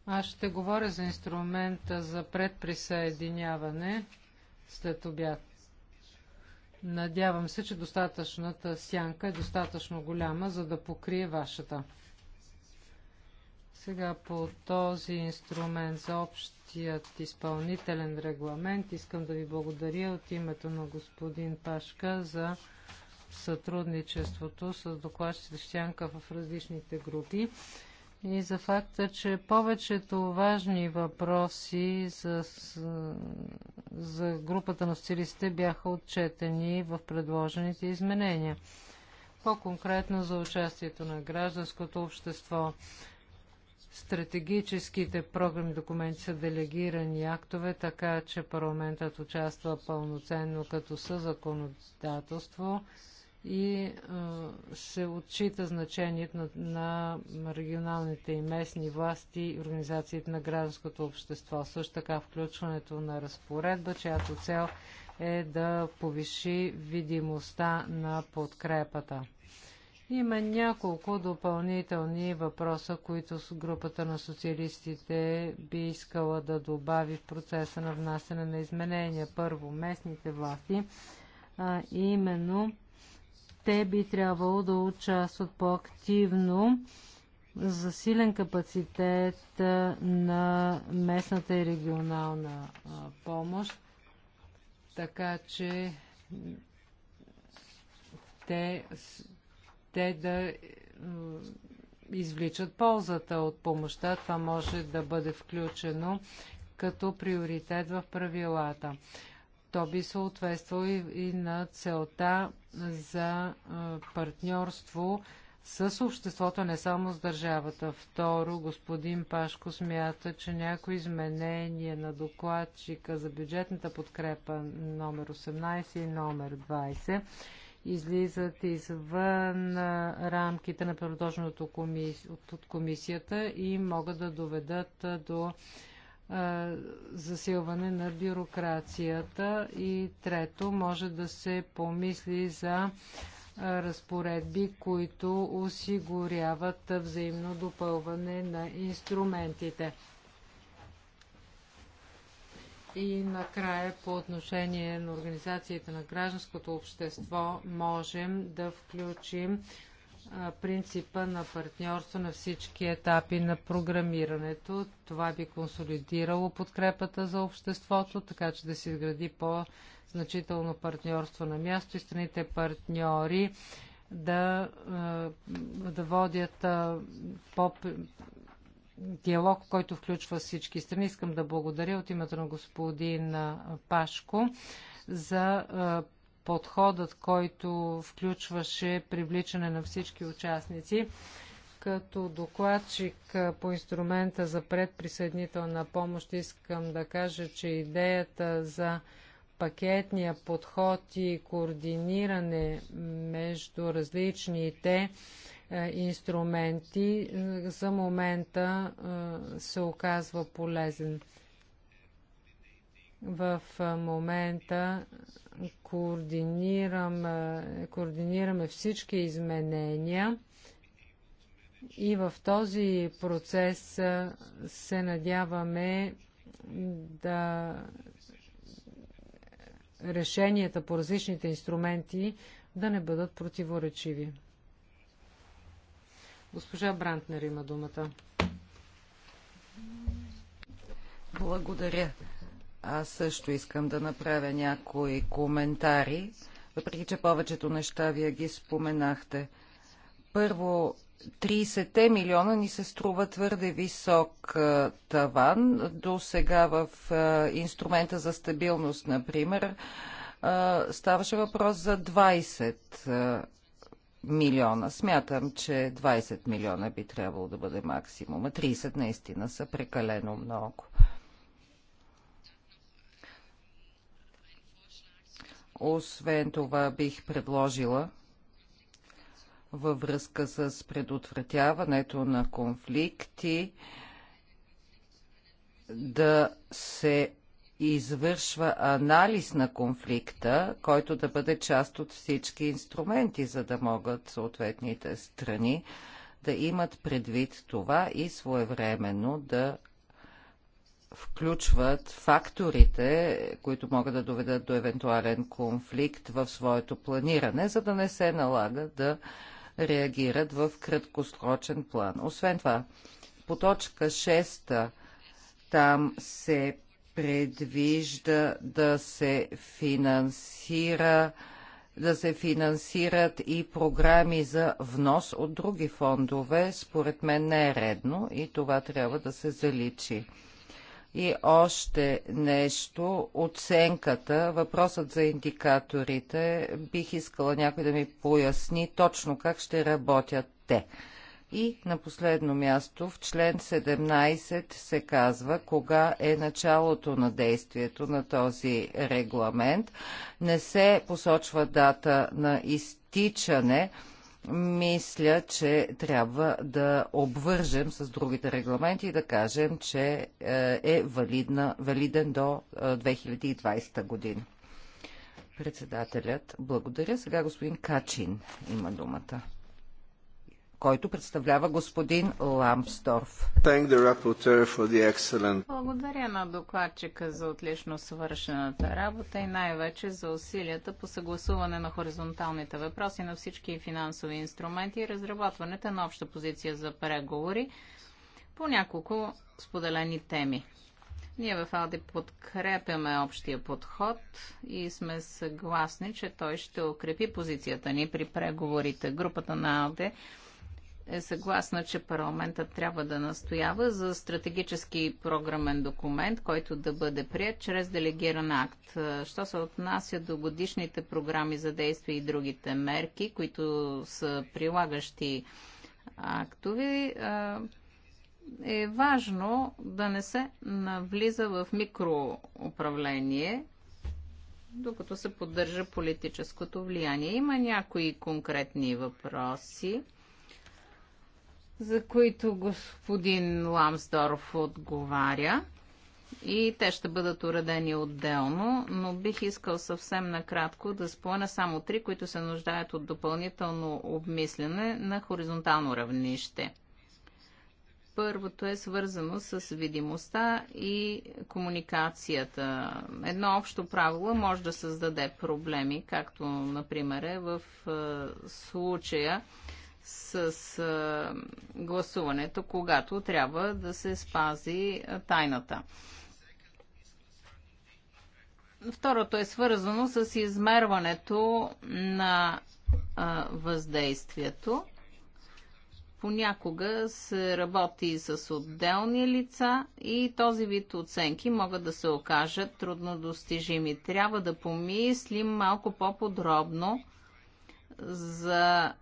Speaker 1: Аз ще говоря
Speaker 3: за инструмента за предприсъединяване след обяд. Надявам се, че достатъчната сянка е достатъчно голяма, за да покрие вашата. Сега по този инструмент за общият изпълнителен регламент искам да ви благодаря от името на господин Пашка за сътрудничеството с докладчите Щянка в различните групи и за факта, че повечето важни въпроси за, за групата на стилистите бяха отчетени в предложените изменения. По-конкретно за участието на гражданското общество. Стратегическите програмни документи са делегирани актове, така че парламентът участва пълноценно като съзаконодателство и се отчита значението на, на регионалните и местни власти и организациите на гражданското общество. Също така включването на разпоредба, чиято цел е да повиши видимостта на подкрепата. Има няколко допълнителни въпроса, които с групата на социалистите би искала да добави в процеса на внасяне на изменения. Първо, местните власти, а именно те би трябвало да участват по-активно за силен капацитет на местната и регионална помощ, така че те те да е, извличат ползата от помощта. Това може да бъде включено като приоритет в правилата. То би съответствало и, на целта за е, партньорство с обществото, не само с държавата. Второ, господин Пашко смята, че някои изменения на докладчика за бюджетната подкрепа номер 18 и номер 20 излизат извън рамките на предложеното от комисията и могат да доведат до засилване на бюрокрацията и трето може да се помисли за разпоредби, които осигуряват взаимно допълване на инструментите. И накрая, по отношение на организацията на гражданското общество, можем да включим принципа на партньорство на всички етапи на програмирането. Това би консолидирало подкрепата за обществото, така че да се изгради по-значително партньорство на място и страните партньори да, да водят по диалог, който включва всички страни. Искам да благодаря от името на господин Пашко за подходът, който включваше привличане на всички участници. Като докладчик по инструмента за предприсъединителна помощ искам да кажа, че идеята за пакетния подход и координиране между различните е, инструменти, е, за момента е, се оказва полезен. В момента координираме, координираме всички изменения и в този процес се надяваме да решенията по различните инструменти да не бъдат противоречиви. Госпожа Брантнер има думата.
Speaker 2: Благодаря. Аз също искам да направя някои коментари, въпреки че повечето неща вие ги споменахте. Първо, 30 милиона ни се струва твърде висок таван. До сега в инструмента за стабилност, например, ставаше въпрос за 20 милиона. Смятам, че 20 милиона би трябвало да бъде максимума. 30 наистина са прекалено много. Освен това бих предложила във връзка с предотвратяването на конфликти да се извършва анализ на конфликта, който да бъде част от всички инструменти, за да могат съответните страни да имат предвид това и своевременно да включват факторите, които могат да доведат до евентуален конфликт в своето планиране, за да не се налага да реагират в краткосрочен план. Освен това, по точка 6 там се предвижда да се финансира да се финансират и програми за внос от други фондове, според мен не е редно и това трябва да се заличи. И още нещо, оценката, въпросът за индикаторите, бих искала някой да ми поясни точно как ще работят те. И на последно място в член 17 се казва кога е началото на действието на този регламент. Не се посочва дата на изтичане. Мисля, че трябва да обвържем с другите регламенти и да кажем, че е, е валидна, валиден до 2020 е, година. Председателят, благодаря. Сега господин Качин има думата който представлява господин Ламсторф.
Speaker 1: Благодаря на докладчика за отлично свършената работа и най-вече за усилията по съгласуване на хоризонталните въпроси на всички финансови инструменти и разработването на обща позиция за преговори по няколко споделени теми. Ние в АЛДИ подкрепяме общия подход и сме съгласни, че той ще укрепи позицията ни при преговорите. Групата на АЛДИ е съгласна, че парламентът трябва да настоява за стратегически програмен документ, който да бъде прият чрез делегиран акт. Е, Що се отнася до годишните програми за действие и другите мерки, които са прилагащи актови, е, е важно да не се навлиза в микроуправление, докато се поддържа политическото влияние. Има някои конкретни въпроси за които господин Ламсдорф отговаря и те ще бъдат уредени отделно, но бих искал съвсем накратко да спомена само три, които се нуждаят от допълнително обмислене на хоризонтално равнище. Първото е свързано с видимостта и комуникацията. Едно общо правило може да създаде проблеми, както, например, е в е, случая с а, гласуването, когато трябва да се спази а, тайната. Второто е свързано с измерването на а, въздействието. Понякога се работи с отделни лица и този вид оценки могат да се окажат труднодостижими. Трябва да помислим малко по-подробно за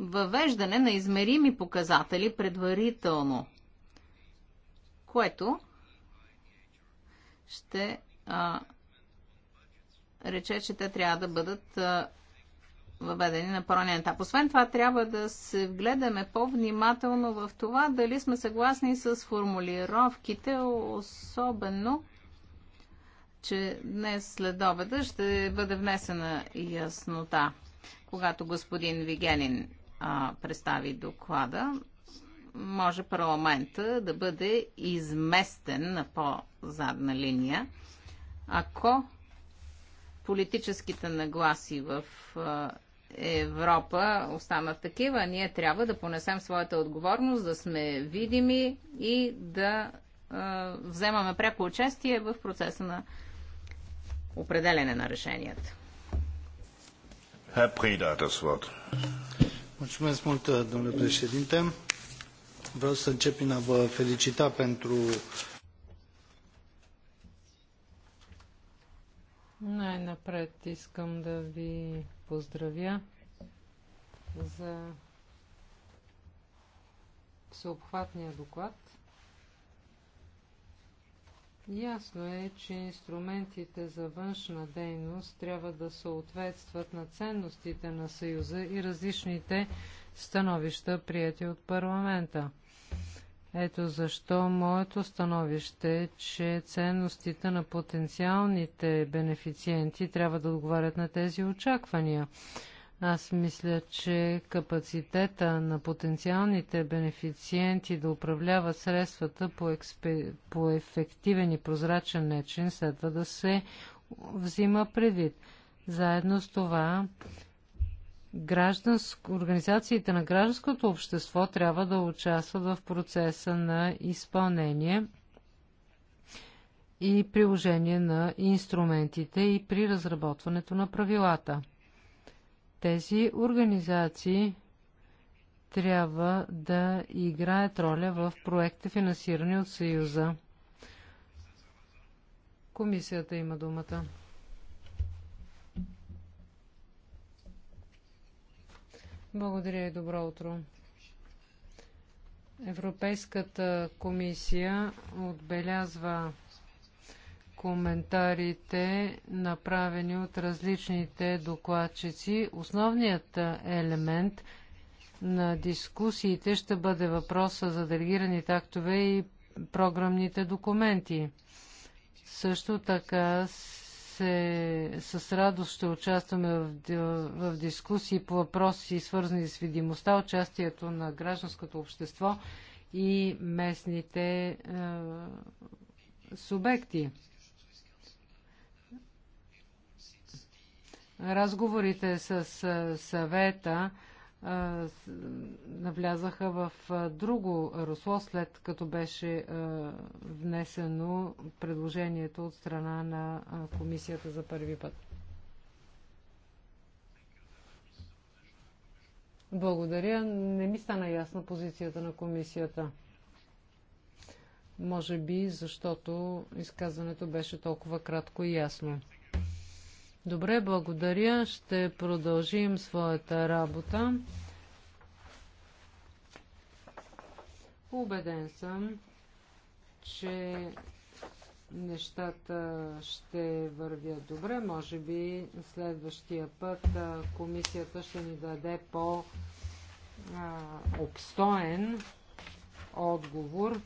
Speaker 1: въвеждане на измерими показатели предварително, което ще а, рече, че те трябва да бъдат а, въведени на пълен етап. Освен това, трябва да се вгледаме по-внимателно в това дали сме съгласни с формулировките, особено че днес след обеда ще бъде внесена яснота, когато господин Вигенин а, представи доклада, може парламента да бъде изместен на по-задна линия, ако политическите нагласи в Европа останат такива, ние трябва да понесем своята отговорност, да сме видими и да а, вземаме пряко участие в процеса на определене на решенията. Herr Preda, das Wort.
Speaker 2: Mulțumesc mult, domnule președinte. Vreau să încep prin a vă felicita pentru
Speaker 3: Най-напред искам да ви поздравя за всеобхватния доклад. Ясно е, че инструментите за външна дейност трябва да съответстват на ценностите на Съюза и различните становища, прияти от парламента. Ето защо моето становище е, че ценностите на потенциалните бенефициенти трябва да отговарят на тези очаквания. Аз мисля, че капацитета на потенциалните бенефициенти да управляват средствата по, експе... по ефективен и прозрачен начин следва да се взима предвид. Заедно с това, гражданск... организациите на гражданското общество трябва да участват в процеса на изпълнение и приложение на инструментите и при разработването на правилата. Тези организации трябва да играят роля в проекти, финансирани от Съюза. Комисията има думата. Благодаря и добро утро. Европейската комисия отбелязва коментарите, направени от различните докладчици. Основният елемент на дискусиите ще бъде въпроса за делегираните актове и програмните документи. Също така се, с радост ще участваме в, в дискусии по въпроси, свързани с видимостта, участието на гражданското общество и местните е, субекти. Разговорите с съвета навлязаха в друго русло, след като беше внесено предложението от страна на комисията за първи път. Благодаря. Не ми стана ясна позицията на комисията. Може би, защото изказването беше толкова кратко и ясно. Добре, благодаря. Ще продължим своята работа. Убеден съм, че нещата ще вървят добре. Може би следващия път комисията ще ни даде по-обстоен отговор.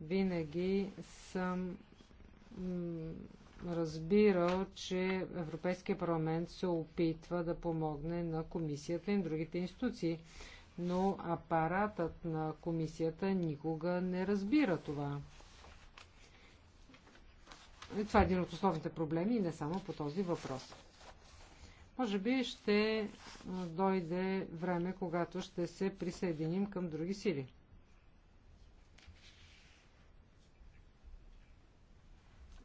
Speaker 3: Винаги съм разбирал, че Европейския парламент се опитва да помогне на комисията и на другите институции, но апаратът на комисията никога не разбира това. И това е един от основните проблеми и не само по този въпрос. Може би ще дойде време, когато ще се присъединим към други сили.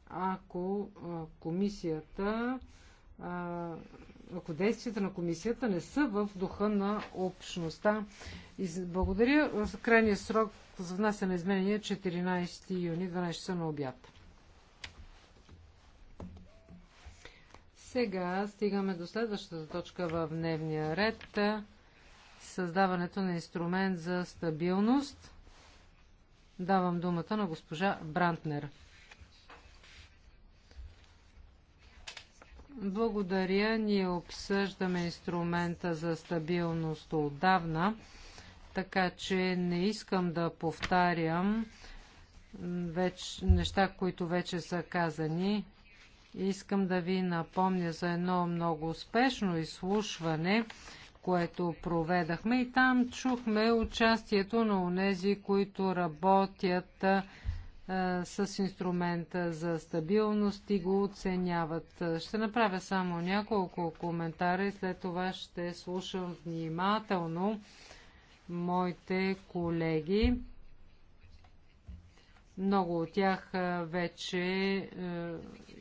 Speaker 3: ако комисията ако действията на комисията не са в духа на общността. И благодаря. В крайния срок за внасяне изменения 14 е юни 12 часа на обяд. Сега стигаме до следващата точка в дневния ред. Създаването на инструмент за стабилност. Давам думата на госпожа Брантнер. Благодаря. Ние обсъждаме инструмента за стабилност отдавна, така че не искам да повтарям неща, които вече са казани. Искам да ви напомня за едно много успешно изслушване, което проведахме и там чухме участието на онези, които работят а, с инструмента за стабилност и го оценяват. Ще направя само няколко коментара и след това ще слушам внимателно моите колеги. Много от тях вече е,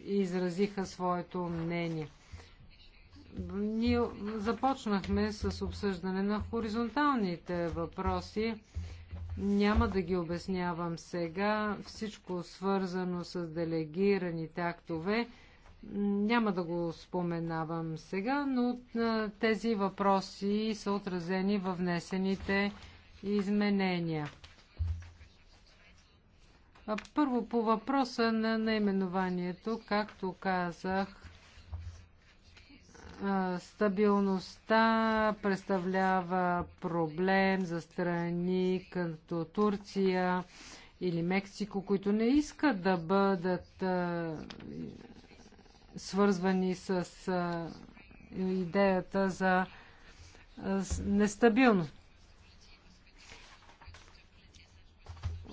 Speaker 3: изразиха своето мнение. Ние започнахме с обсъждане на хоризонталните въпроси няма да ги обяснявам сега. Всичко свързано с делегираните актове. Няма да го споменавам сега, но тези въпроси са отразени във внесените изменения. Първо по въпроса на наименованието, както казах, Стабилността представлява проблем за страни като Турция или Мексико, които не искат да бъдат свързвани с идеята за нестабилност.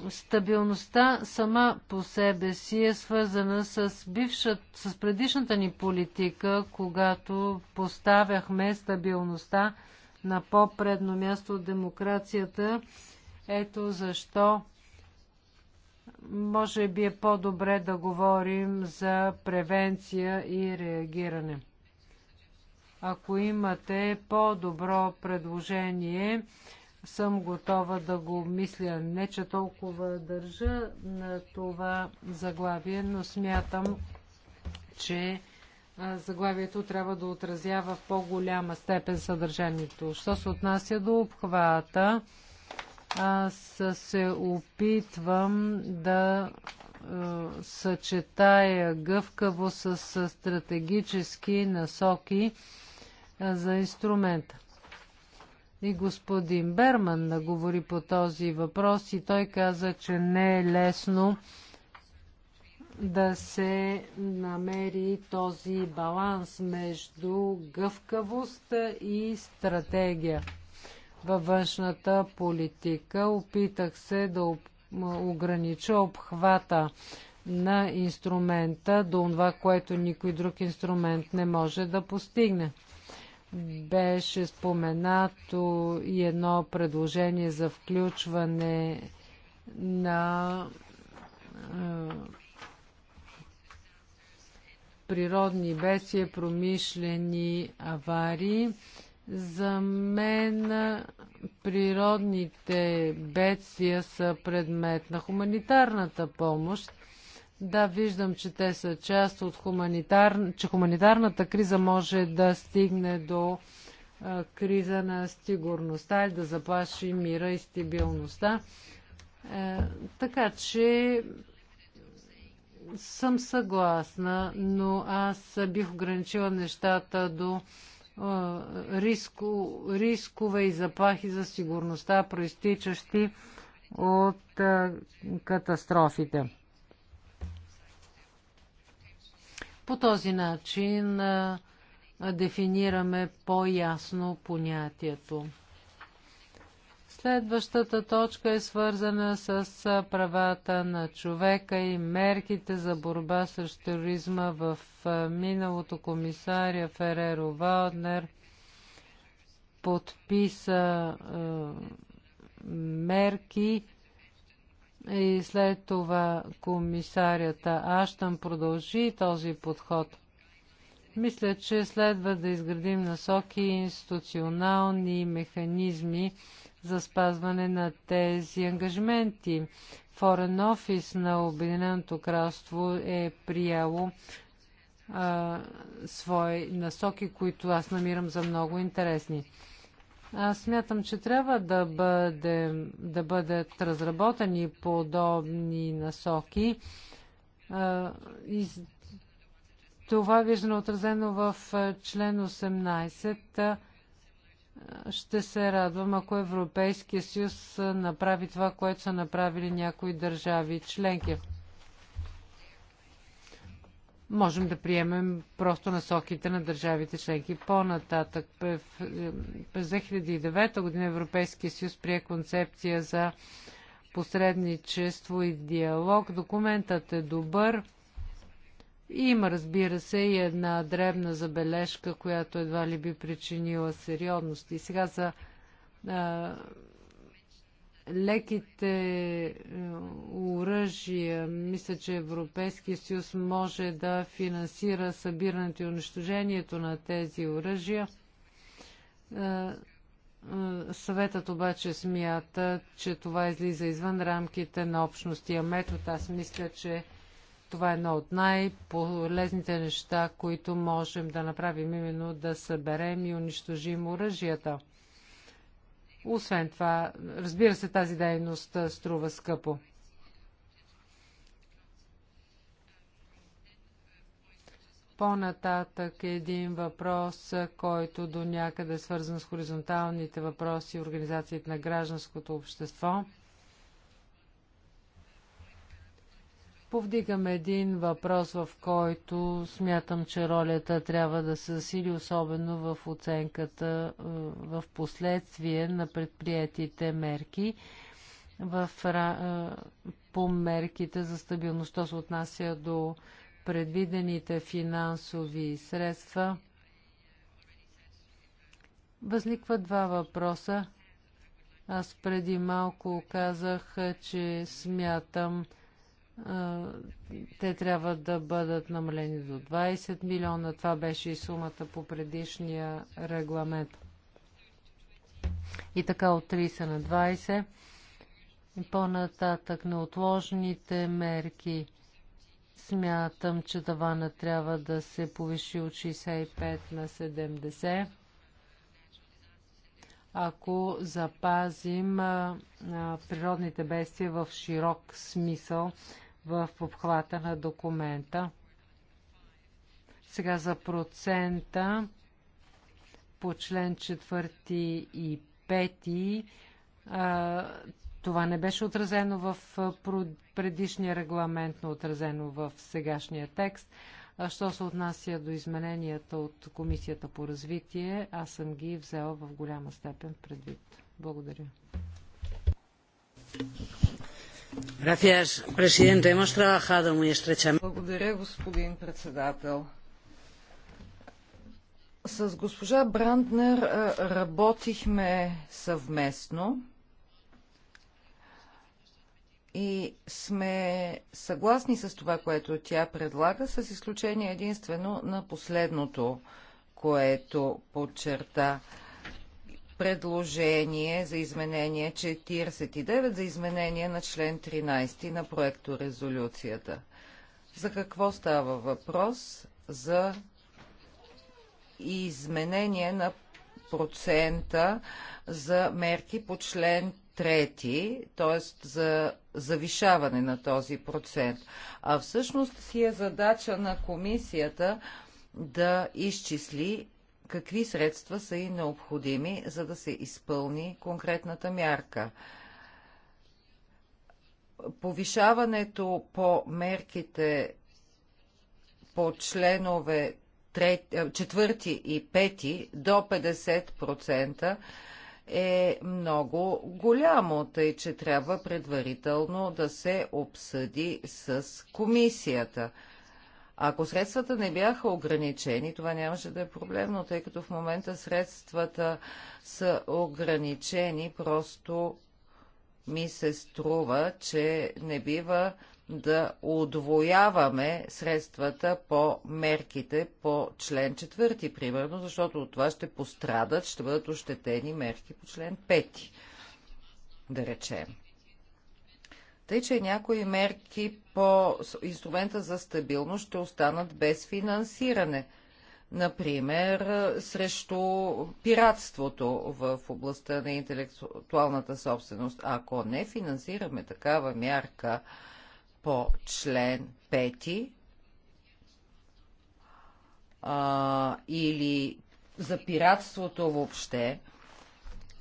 Speaker 3: Стабилността сама по себе си е свързана с, бившата, с предишната ни политика, когато поставяхме стабилността на по-предно място от демокрацията. Ето защо може би е по-добре да говорим за превенция и реагиране. Ако имате по-добро предложение, съм готова да го мисля. Не, че толкова държа на това заглавие, но смятам, че заглавието трябва да отразява в по-голяма степен съдържанието. Що се отнася до обхвата, аз се опитвам да съчетая гъвкаво с стратегически насоки за инструмента. И господин Берман говори по този въпрос и той каза, че не е лесно да се намери този баланс между гъвкавост и стратегия във външната политика. Опитах се да огранича обхвата на инструмента до това, което никой друг инструмент не може да постигне. Беше споменато и едно предложение за включване на е, природни бедствия, промишлени аварии. За мен природните бедствия са предмет на хуманитарната помощ да, виждам, че те са част от хуманитар... че хуманитарната криза може да стигне до а, криза на сигурността и да заплаши мира и стабилността. Е, така че съм съгласна, но аз бих ограничила нещата до е, риско, рискове и заплахи за сигурността, проистичащи от е, катастрофите. По този начин дефинираме по-ясно понятието. Следващата точка е свързана с правата на човека и мерките за борба срещу тероризма в миналото комисаря Фереро Валднер подписа е, мерки и след това комисарията Аштан продължи този подход. Мисля, че следва да изградим насоки и институционални механизми за спазване на тези ангажименти. Форен офис на Обединеното кралство е прияло а, свои насоки, които аз намирам за много интересни. Аз смятам, че трябва да, бъде, да бъдат разработени подобни насоки. И това виждано отразено в член 18. Ще се радвам, ако Европейския съюз направи това, което са направили някои държави членки можем да приемем просто насоките на държавите членки. По-нататък, през 2009 е, година Европейския съюз прие концепция за посредничество и диалог. Документът е добър. Има, разбира се, и една дребна забележка, която едва ли би причинила сериозност. И сега за е, леките е, оръжия. Мисля, че Европейския съюз може да финансира събирането и унищожението на тези оръжия. Е, е, съветът обаче смята, че това излиза извън рамките на общностия метод. Аз мисля, че това е едно от най-полезните неща, които можем да направим, именно да съберем и унищожим оръжията. Освен това, разбира се, тази дейност струва скъпо. По-нататък е един въпрос, който до някъде е свързан с хоризонталните въпроси и организациите на гражданското общество – повдигам един въпрос, в който смятам, че ролята трябва да се засили, особено в оценката е, в последствие на предприятите мерки в, е, по мерките за стабилност. Що се отнася до предвидените финансови средства, възникват два въпроса. Аз преди малко казах, е, че смятам, те трябва да бъдат намалени до 20 милиона. Това беше и сумата по предишния регламент. И така от 30 на 20. По-нататък на отложните мерки. Смятам, че тавана трябва да се повиши от 65 на 70 ако запазим а, природните бедствия в широк смисъл в обхвата на документа. Сега за процента по член 4 и 5 това не беше отразено в предишния регламент, но отразено в сегашния текст. А що се отнася до измененията от Комисията по развитие, аз съм ги взела в голяма степен предвид. Благодаря.
Speaker 2: Благодаря, господин председател. С госпожа Бранднер работихме съвместно и сме съгласни с това, което тя предлага, с изключение единствено на последното, което подчерта предложение за изменение 49 за изменение на член 13 на проекто резолюцията. За какво става въпрос? За изменение на процента за мерки по член 3, т.е. за завишаване на този процент. А всъщност си е задача на комисията да изчисли какви средства са и необходими, за да се изпълни конкретната мярка. Повишаването по мерките по членове 4 е, и 5 до 50% е много голямо, тъй че трябва предварително да се обсъди с комисията. Ако средствата не бяха ограничени, това нямаше да е проблемно, тъй като в момента средствата са ограничени, просто ми се струва, че не бива да удвояваме средствата по мерките по член 4, примерно, защото от това ще пострадат, ще бъдат ощетени мерки по член 5, да речем. Тъй, че някои мерки по инструмента за стабилност ще останат без финансиране. Например, срещу пиратството в областта на интелектуалната собственост. Ако не финансираме такава мярка по член 5 а, или за пиратството въобще,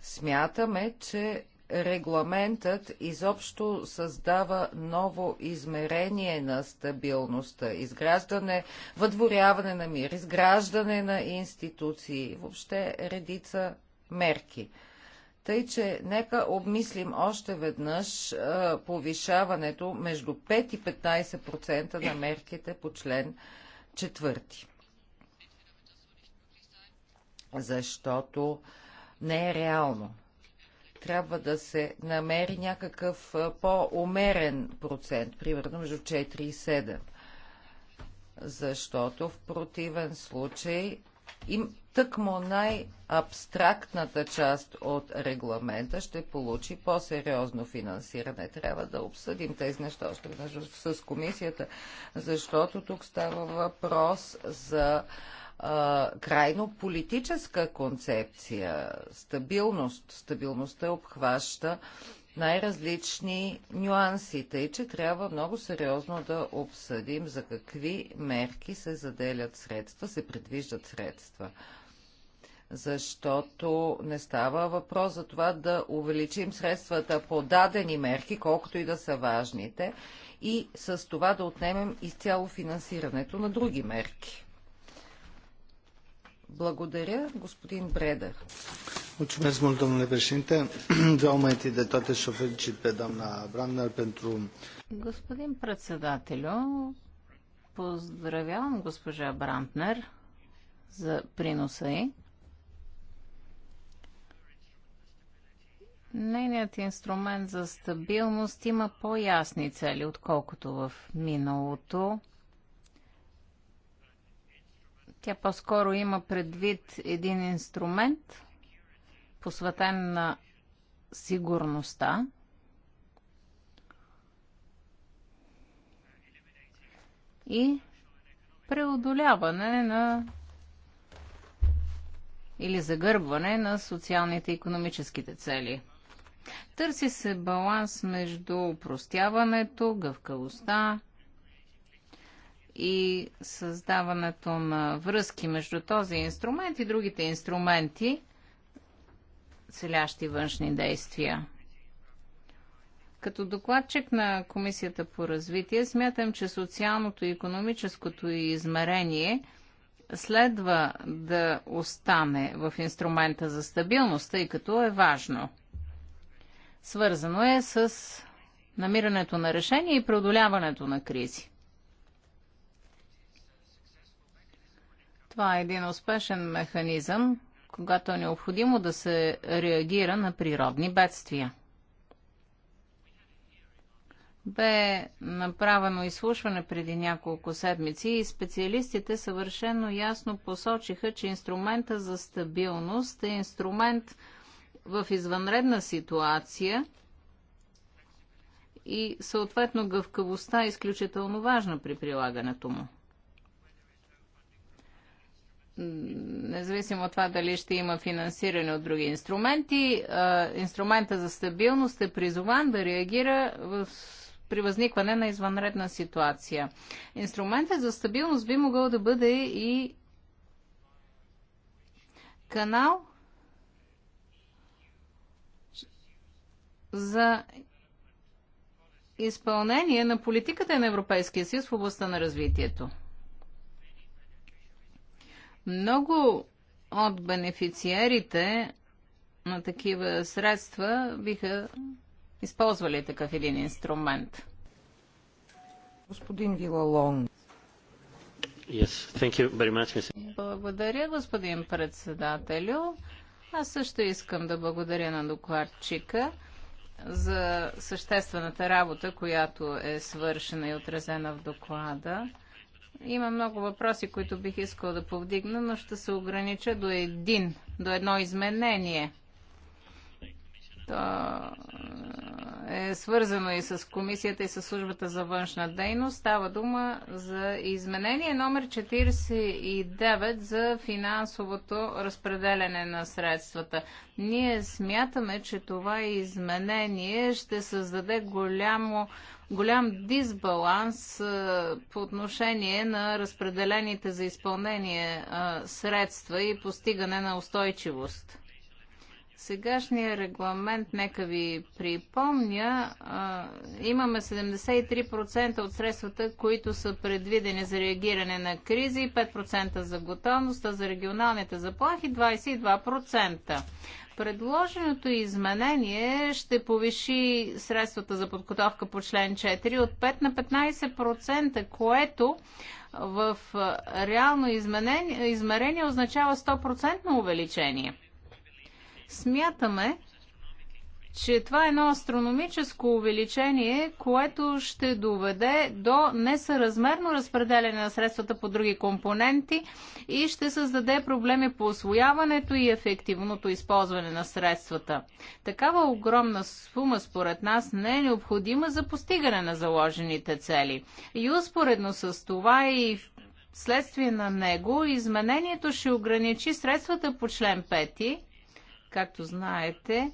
Speaker 2: смятаме, че регламентът изобщо създава ново измерение на стабилността, изграждане, въдворяване на мир, изграждане на институции, въобще редица мерки. Тъй, че нека обмислим още веднъж а, повишаването между 5 и 15% на мерките по член 4. Защото не е реално трябва да се намери някакъв по-умерен процент, примерно между 4 и 7. Защото в противен случай им тъкмо най-абстрактната част от регламента ще получи по-сериозно финансиране. Трябва да обсъдим тези неща още с комисията, защото тук става въпрос за крайно политическа концепция. Стабилност. Стабилността обхваща най-различни нюанси, тъй че трябва много сериозно да обсъдим за какви мерки се заделят средства, се предвиждат средства. Защото не става въпрос за това да увеличим средствата по дадени мерки, колкото и да са важните, и с това да отнемем изцяло финансирането на други мерки. Благодаря, господин Бреда.
Speaker 3: Mulțumesc mult, domnule președinte. Vreau mai întâi
Speaker 1: de toate să o felicit pe doamna Brandner pentru... Господин председателю, поздравявам госпожа Брантнер за приноса ѝ. Нейният инструмент за стабилност има по-ясни цели, отколкото в миналото. Тя по-скоро има предвид един инструмент, посветен на сигурността. И преодоляване на или загърбване на социалните и економическите цели. Търси се баланс между упростяването, гъвкавостта, и създаването на връзки между този инструмент и другите инструменти, целящи външни действия. Като докладчик на Комисията по развитие, смятам, че социалното и економическото измерение следва да остане в инструмента за стабилност, тъй като е важно. Свързано е с намирането на решение и преодоляването на кризи. Това е един успешен механизъм, когато е необходимо да се реагира на природни бедствия. Бе направено изслушване преди няколко седмици и специалистите съвършено ясно посочиха, че инструмента за стабилност е инструмент в извънредна ситуация и съответно гъвкавостта е изключително важна при прилагането му независимо от това дали ще има финансиране от други инструменти, е, инструмента за стабилност е призован да реагира в при възникване на извънредна ситуация. Инструментът за стабилност би могъл да бъде и канал за изпълнение на политиката на Европейския съюз в областта на развитието. Много от бенефициерите на такива средства биха използвали такъв един инструмент. Господин
Speaker 2: Вилалон. Yes, thank you very much, Mr.
Speaker 1: Благодаря, господин председателю. Аз също искам да благодаря на докладчика за съществената работа, която е свършена и отразена в доклада. Има много въпроси, които бих искал да повдигна, но ще се огранича до един, до едно изменение – е свързано и с комисията и с службата за външна дейност. Става дума за изменение номер 49 за финансовото разпределене на средствата. Ние смятаме, че това изменение ще създаде голямо голям дисбаланс е, по отношение на разпределените за изпълнение е, средства и постигане на устойчивост сегашния регламент, нека ви припомня, а, имаме 73% от средствата, които са предвидени за реагиране на кризи, 5% за готовността, за регионалните заплахи, 22%. Предложеното изменение ще повиши средствата за подготовка по член 4 от 5 на 15%, което в реално измерение означава 100% увеличение. Смятаме, че това е едно астрономическо увеличение, което ще доведе до несъразмерно разпределяне на средствата по други компоненти и ще създаде проблеми по освояването и ефективното използване на средствата. Такава огромна сума според нас не е необходима за постигане на заложените цели. И успоредно с това и следствие на него изменението ще ограничи средствата по член 5 Както знаете,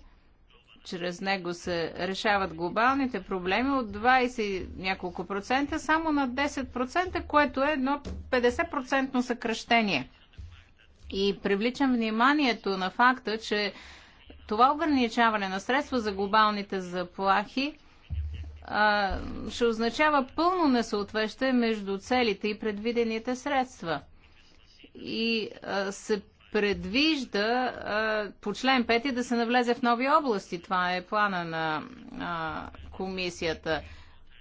Speaker 1: чрез него се решават глобалните проблеми от 20 няколко процента само на 10%, което е едно 50% съкръщение. И привличам вниманието на факта, че това ограничаване на средства за глобалните заплахи а, ще означава пълно несъответствие между целите и предвидените средства. И а, се предвижда а, по член 5 да се навлезе в нови области. Това е плана на а, комисията.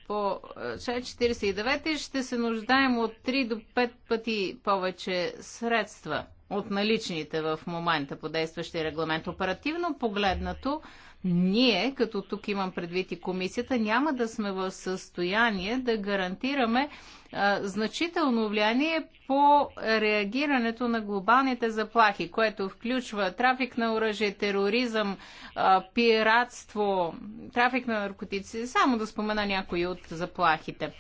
Speaker 1: По член 49 ще се нуждаем от 3 до 5 пъти повече средства от наличните в момента по действащия регламент. Оперативно погледнато, ние, като тук имам предвид и комисията, няма да сме в състояние да гарантираме а, значително влияние по реагирането на глобалните заплахи, което включва трафик на оръжие, тероризъм, а, пиратство, трафик на наркотици, само да спомена някои от заплахите.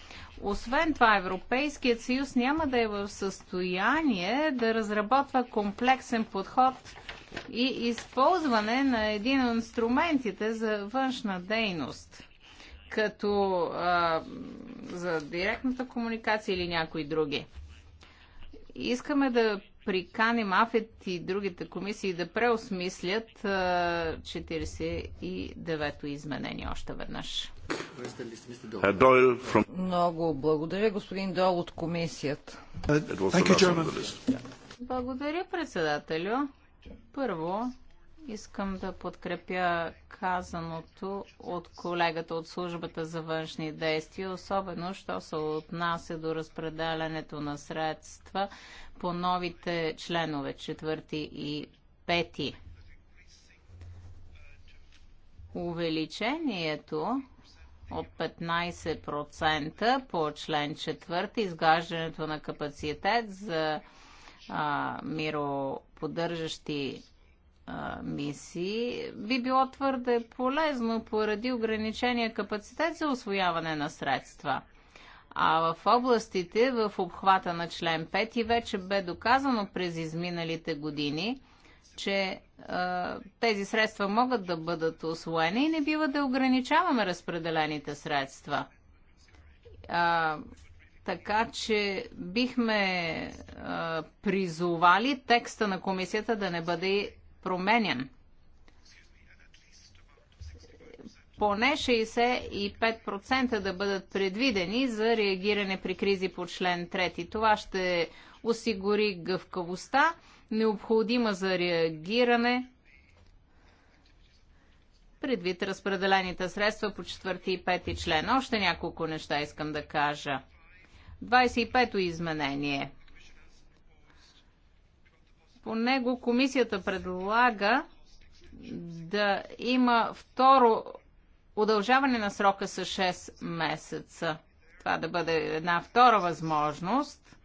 Speaker 1: Освен това, Европейският съюз няма да е в състояние да разработва комплексен подход и използване на един от инструментите за външна дейност, като а, за директната комуникация или някои други. Искаме да приканим АФЕТ и другите комисии да преосмислят 49-то изменение още веднъж. Много благодаря, господин Дол от комисията. Благодаря, председателю. Първо, искам да подкрепя казаното от колегата от службата за външни действия, особено, що се отнася до разпределянето на средства по новите членове, четвърти и пети. Увеличението от 15% по член 4, изграждането на капацитет за а, миро поддържащи мисии, би било твърде полезно поради ограничения капацитет за освояване на средства. А в областите в обхвата на член 5 вече бе доказано през изминалите години, че а, е, тези средства могат да бъдат освоени и не бива да ограничаваме разпределените средства. А, е, така че бихме а, призовали текста на комисията да не бъде променен. Поне 65% да бъдат предвидени за реагиране при кризи по член 3. Това ще осигури гъвкавостта, необходима за реагиране предвид разпределените средства по четвърти и пети член. Още няколко неща искам да кажа. 25-то изменение. По него комисията предлага да има второ удължаване на срока с 6 месеца. Това да бъде една втора възможност,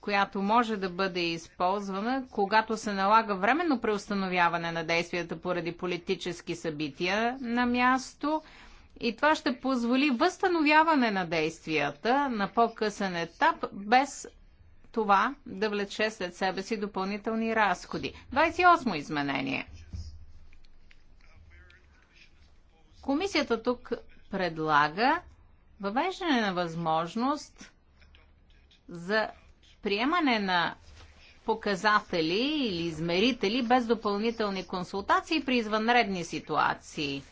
Speaker 1: която може да бъде използвана, когато се налага временно преустановяване на действията поради политически събития на място – и това ще позволи възстановяване на действията на по-късен етап, без това да влече след себе си допълнителни разходи. 28 изменение. Комисията тук предлага въвеждане на възможност за приемане на показатели или измерители без допълнителни консултации при извънредни ситуации –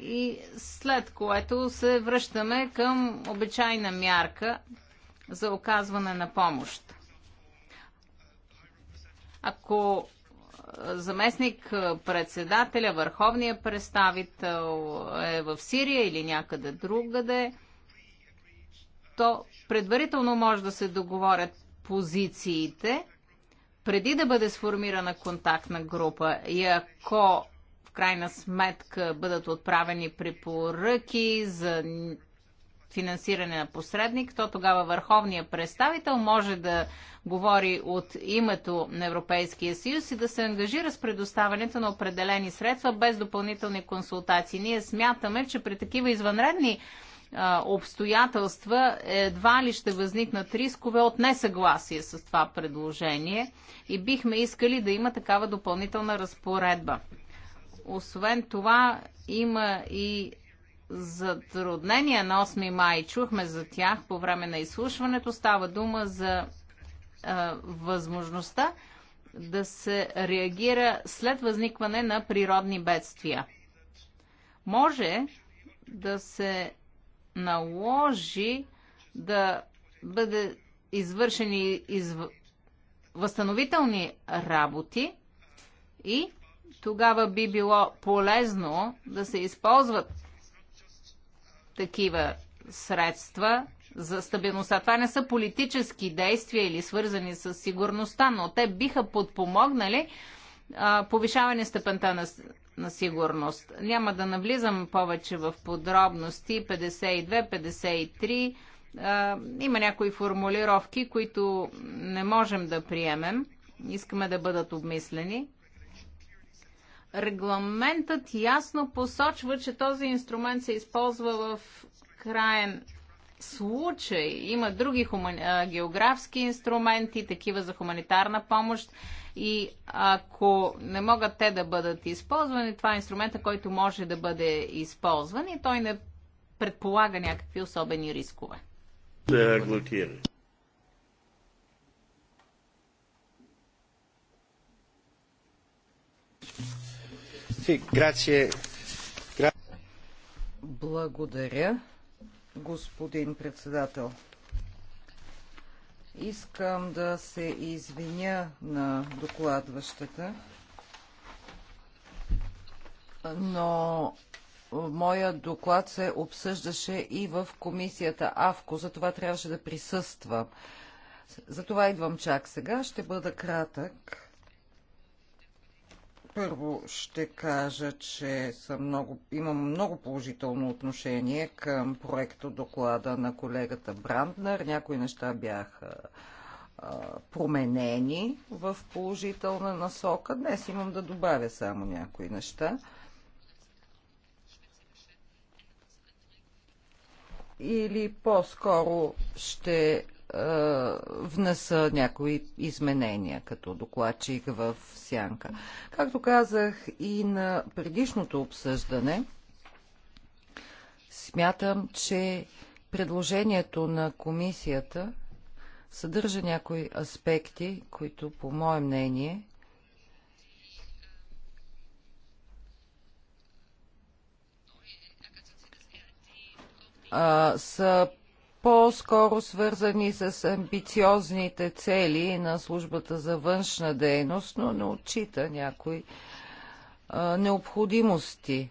Speaker 1: и след което се връщаме към обичайна мярка за оказване на помощ. Ако заместник председателя, върховния представител е в Сирия или някъде другаде, то предварително може да се договорят позициите, преди да бъде сформирана контактна група. И ако крайна сметка бъдат отправени препоръки за финансиране на посредник, то тогава върховният представител може да говори от името на Европейския съюз и да се ангажира с предоставянето на определени средства без допълнителни консултации. Ние смятаме, че при такива извънредни обстоятелства едва ли ще възникнат рискове от несъгласие с това предложение и бихме искали да има такава допълнителна разпоредба. Освен това, има и затруднения на 8 май. Чухме за тях по време на изслушването. Става дума за а, възможността да се реагира след възникване на природни бедствия. Може да се наложи да бъде извършени изв... възстановителни работи и тогава би било полезно да се използват такива средства за стабилността. Това не са политически действия или свързани с сигурността, но те биха подпомогнали а, повишаване степента на, на сигурност. Няма да навлизам повече в подробности. 52, 53. има някои формулировки, които не можем да приемем. Искаме да бъдат обмислени. Регламентът ясно посочва, че този инструмент се използва в крайен случай. Има други хумани... географски инструменти, такива за хуманитарна помощ. И ако не могат те да бъдат използвани, това е инструмента, който може да бъде използван и той не предполага някакви особени рискове.
Speaker 2: Благодаря, господин председател. Искам да се извиня на докладващата, но моя доклад се обсъждаше и в комисията АВКО, затова трябваше да присъствам. Затова идвам чак сега, ще бъда кратък. Първо ще кажа, че съм много, имам много положително отношение към проекто доклада на колегата Бранднер. Някои неща бяха променени в положителна насока. Днес имам да добавя само някои неща. Или по-скоро ще е, внеса някои изменения като докладчик в сянка. Както казах и на предишното обсъждане, смятам, че предложението на комисията съдържа някои аспекти, които по мое мнение са по-скоро свързани с амбициозните цели на службата за външна дейност, но не отчита някои а, необходимости.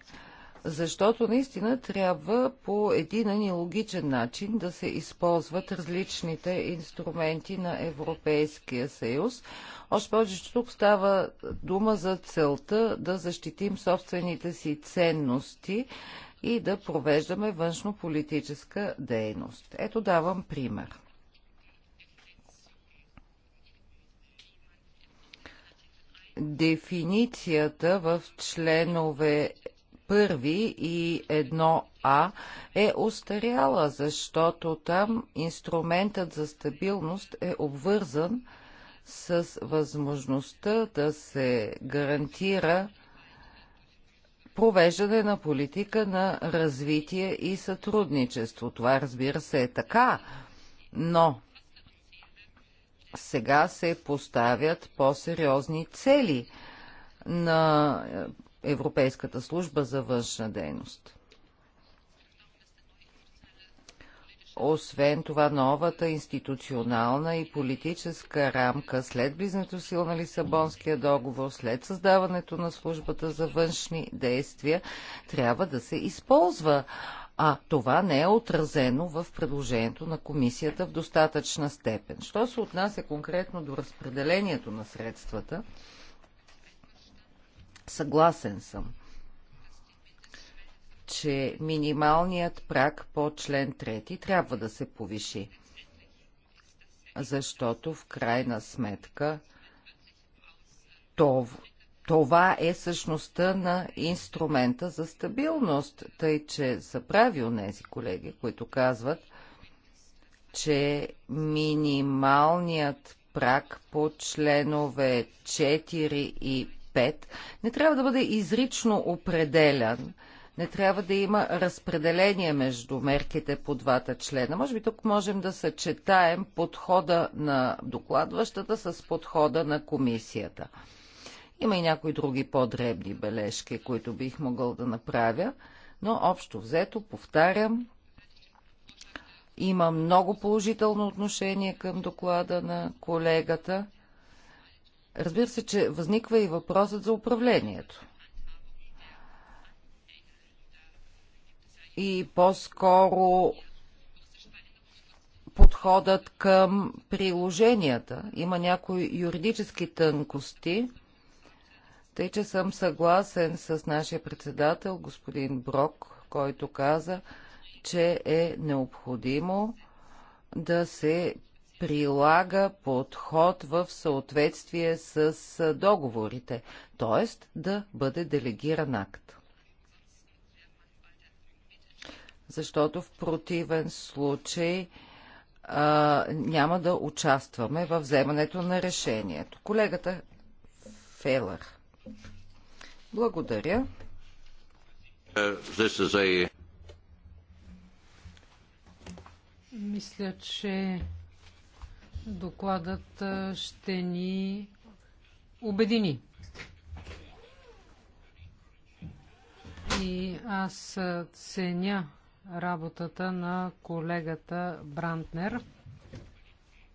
Speaker 2: Защото наистина трябва по един и логичен начин да се използват различните инструменти на Европейския съюз. Още повече, че тук става дума за целта да защитим собствените си ценности и да провеждаме външно политическа дейност. Ето давам пример. Дефиницията в членове първи и едно а е устаряла, защото там инструментът за стабилност е обвързан с възможността да се гарантира провеждане на политика на развитие и сътрудничество. Това разбира се е така, но сега се поставят по-сериозни цели на Европейската служба за външна дейност. Освен това, новата институционална и политическа рамка след близнато сил на Лисабонския договор, след създаването на службата за външни действия, трябва да се използва. А това не е отразено в предложението на комисията в достатъчна степен. Що се отнася конкретно до разпределението на средствата, съгласен съм че минималният прак по член 3 трябва да се повиши, защото в крайна сметка това, това е същността на инструмента за стабилност, тъй че са прави онези колеги, които казват, че минималният прак по членове 4 и 5 не трябва да бъде изрично определен. Не трябва да има разпределение между мерките по двата члена. Може би тук можем да съчетаем подхода на докладващата с подхода на комисията. Има и някои други по-дребни бележки, които бих могъл да направя, но общо взето, повтарям, има много положително отношение към доклада на колегата. Разбира се, че възниква и въпросът за управлението. и по-скоро подходът към приложенията. Има някои юридически тънкости, тъй че съм съгласен с нашия председател, господин Брок, който каза, че е необходимо да се прилага подход в съответствие с договорите, т.е. да бъде делегиран акт. защото в противен случай а, няма да участваме в вземането на решението. Колегата Фейлър. Благодаря.
Speaker 1: A...
Speaker 3: Мисля, че докладът ще ни обедини. И аз ценя работата на колегата Брантнер,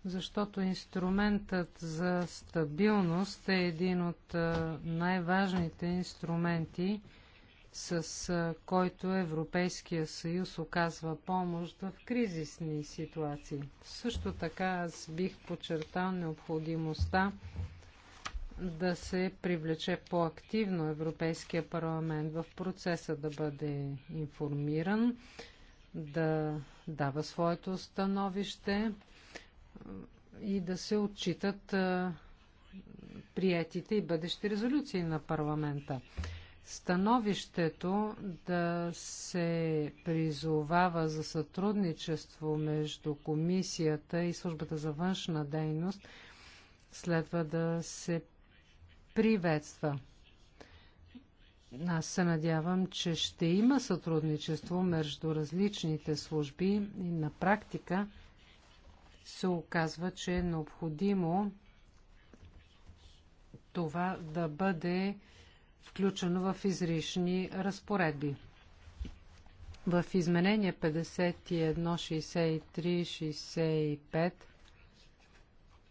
Speaker 3: защото инструментът за стабилност е един от най-важните инструменти, с който Европейския съюз оказва помощ в кризисни ситуации. Също така аз бих подчертал необходимостта да се привлече по-активно Европейския парламент в процеса да бъде информиран, да дава своето становище и да се отчитат приятите и бъдещи резолюции на парламента. Становището да се призовава за сътрудничество между комисията и службата за външна дейност следва да се приветства. Аз се надявам, че ще има сътрудничество между различните служби и на практика се оказва, че е необходимо това да бъде включено в изрични разпоредби. В изменение 51, 63, 65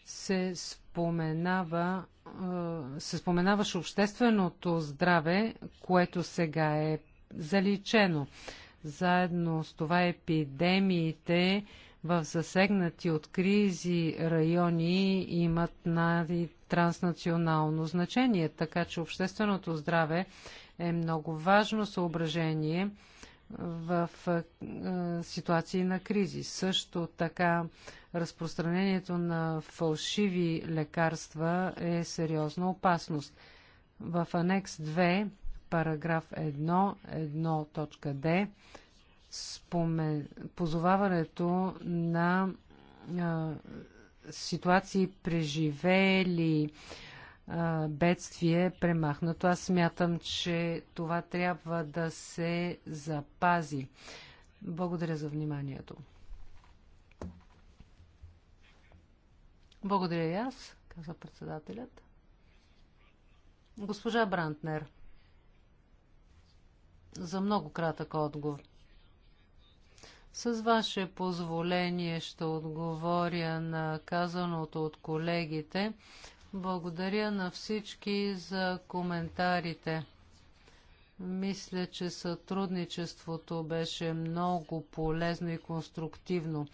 Speaker 3: се споменава е, се споменаваше общественото здраве, което сега е заличено. Заедно с това епидемиите в засегнати от кризи райони имат най- транснационално значение, така че общественото здраве е много важно съображение в ситуации на кризи. Също така разпространението на фалшиви лекарства е сериозна опасност. В анекс 2, параграф 1, 1.d, позоваването на ситуации преживели бедствие е премахнато. Аз смятам, че това трябва да се запази. Благодаря за вниманието. Благодаря и аз, каза председателят. Госпожа Брантнер, за много кратък отговор. С ваше позволение ще отговоря на казаното от колегите благодаря на всички за коментарите. Мисля, че сътрудничеството беше много полезно и конструктивно.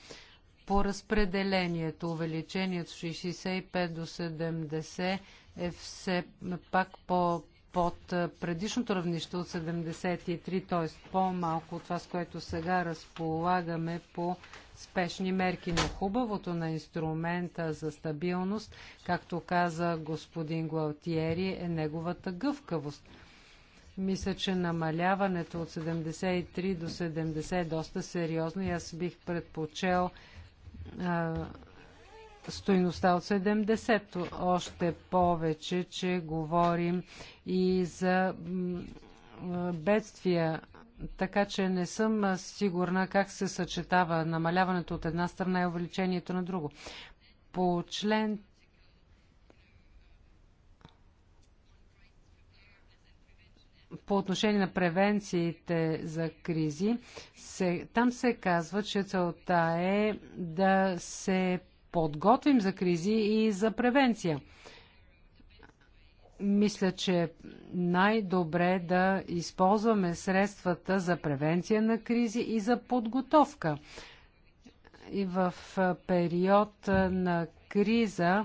Speaker 3: По разпределението, увеличението от 65 до 70 е все пак по, под предишното равнище от 73, т.е. по-малко от това, с което сега разполагаме по спешни мерки. Но хубавото на инструмента за стабилност, както каза господин Гуалтиери, е неговата гъвкавост. Мисля, че намаляването от 73 до 70 е доста сериозно и аз бих предпочел а, стойността от 70. Още повече, че говорим и за бедствия така че не съм сигурна как се съчетава намаляването от една страна и увеличението на друго. По член по отношение на превенциите за кризи, се, там се казва, че целта е да се подготвим за кризи и за превенция мисля, че е най-добре да използваме средствата за превенция на кризи и за подготовка. И в период на криза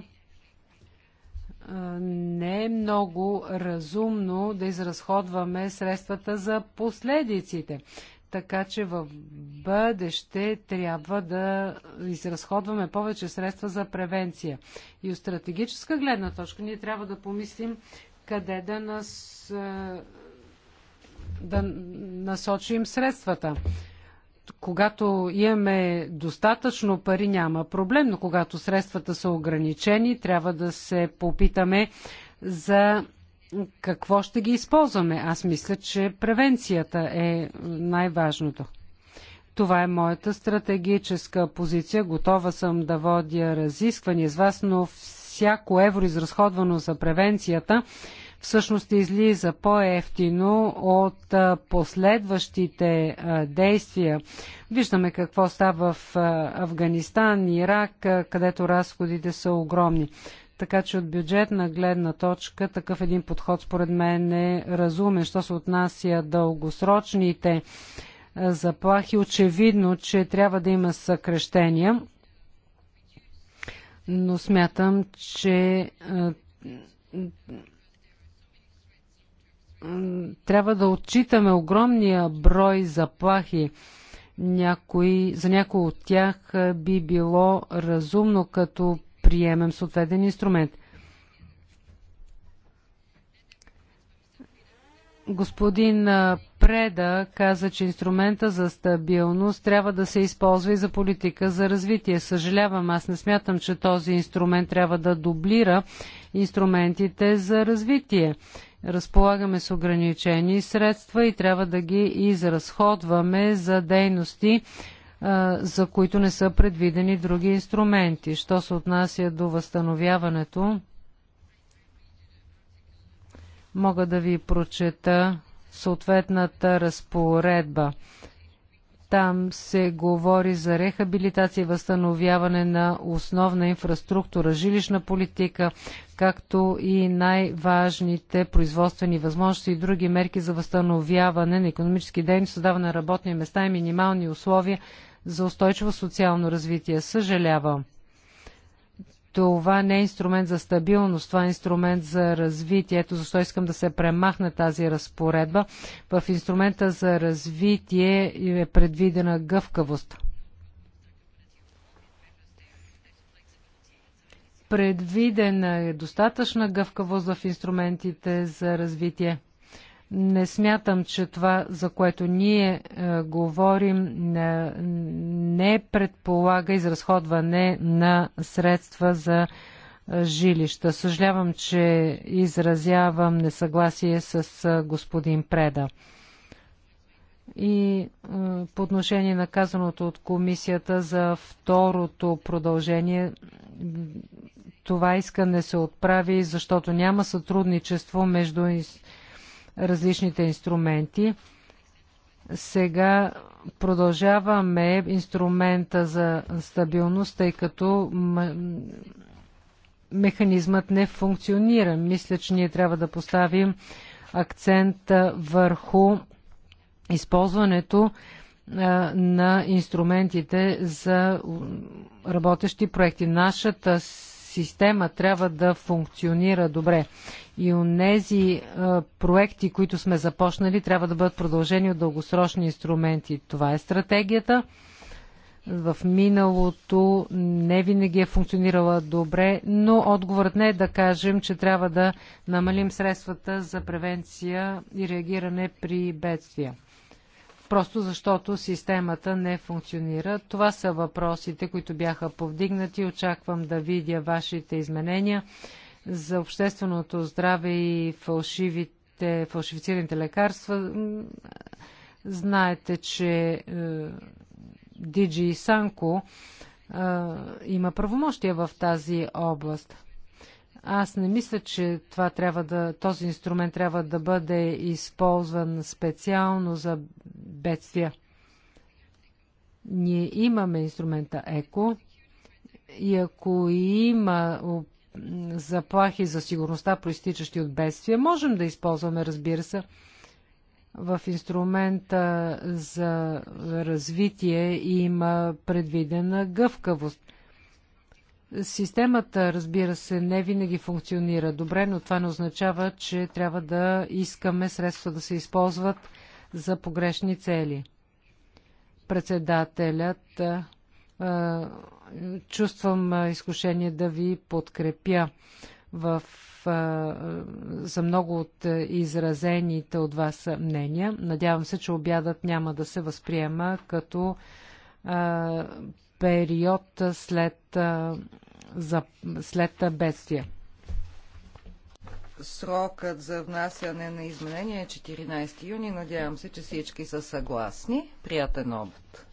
Speaker 3: не е много разумно да изразходваме средствата за последиците. Така че в бъдеще трябва да изразходваме повече средства за превенция. И от стратегическа гледна точка ние трябва да помислим къде да, нас, е, да насочим средствата. Когато имаме достатъчно пари, няма проблем, но когато средствата са ограничени, трябва да се попитаме за какво ще ги използваме. Аз мисля, че превенцията е най-важното. Това е моята стратегическа позиция. Готова съм да водя разисквания с вас, но всяко евро изразходвано за превенцията всъщност излиза по-ефтино от последващите действия. Виждаме какво става в Афганистан, Ирак, където разходите са огромни. Така че от бюджетна гледна точка такъв един подход според мен е разумен. Що се отнася дългосрочните е, заплахи, очевидно, че трябва да има съкрещения, но смятам, че е, трябва да отчитаме огромния брой заплахи. Някой, за някои от тях е, би било разумно като приемем съответен инструмент. Господин Преда каза, че инструмента за стабилност трябва да се използва и за политика за развитие. Съжалявам, аз не смятам, че този инструмент трябва да дублира инструментите за развитие. Разполагаме с ограничени средства и трябва да ги изразходваме за дейности, за които не са предвидени други инструменти. Що се отнася до възстановяването, мога да ви прочета съответната разпоредба. Там се говори за рехабилитация и възстановяване на основна инфраструктура, жилищна политика, както и най-важните производствени възможности и други мерки за възстановяване на економически дейности, създаване на работни места и минимални условия за устойчиво социално развитие. Съжалявам. Това не е инструмент за стабилност, това е инструмент за развитие. Ето защо искам да се премахне тази разпоредба. В инструмента за развитие е предвидена гъвкавост. Предвидена е достатъчна гъвкавост в инструментите за развитие. Не смятам, че това, за което ние е, говорим, не, не предполага изразходване на средства за е, жилища. Съжалявам, че изразявам несъгласие с е, господин Преда. И е, по отношение на казаното от комисията за второто продължение, това искане се отправи, защото няма сътрудничество между институциите различните инструменти. Сега продължаваме инструмента за стабилност, тъй като механизмът не функционира. Мисля, че ние трябва да поставим акцент върху използването на инструментите за работещи проекти. Нашата система трябва да функционира добре. И у онези е, проекти, които сме започнали, трябва да бъдат продължени от дългосрочни инструменти. Това е стратегията. В миналото не винаги е функционирала добре, но отговорът не е да кажем, че трябва да намалим средствата за превенция и реагиране при бедствия просто защото системата не функционира. Това са въпросите, които бяха повдигнати. Очаквам да видя вашите изменения за общественото здраве и фалшивите, фалшифицираните лекарства. Знаете, че е, Диджи Санко е, има правомощия в тази област. Аз не мисля, че това трябва да, този инструмент трябва да бъде използван специално за бедствия. Ние имаме инструмента ЕКО и ако има заплахи за сигурността, проистичащи от бедствия, можем да използваме, разбира се, в инструмента за развитие има предвидена гъвкавост – Системата, разбира се, не винаги функционира добре, но това не означава, че трябва да искаме средства да се използват за погрешни цели. Председателят, чувствам изкушение да ви подкрепя в, за много от изразените от вас мнения. Надявам се, че обядът няма да се възприема като период след, за, след бедствия.
Speaker 2: Срокът за внасяне на изменения е 14 юни. Надявам се, че всички са съгласни. Приятен обед!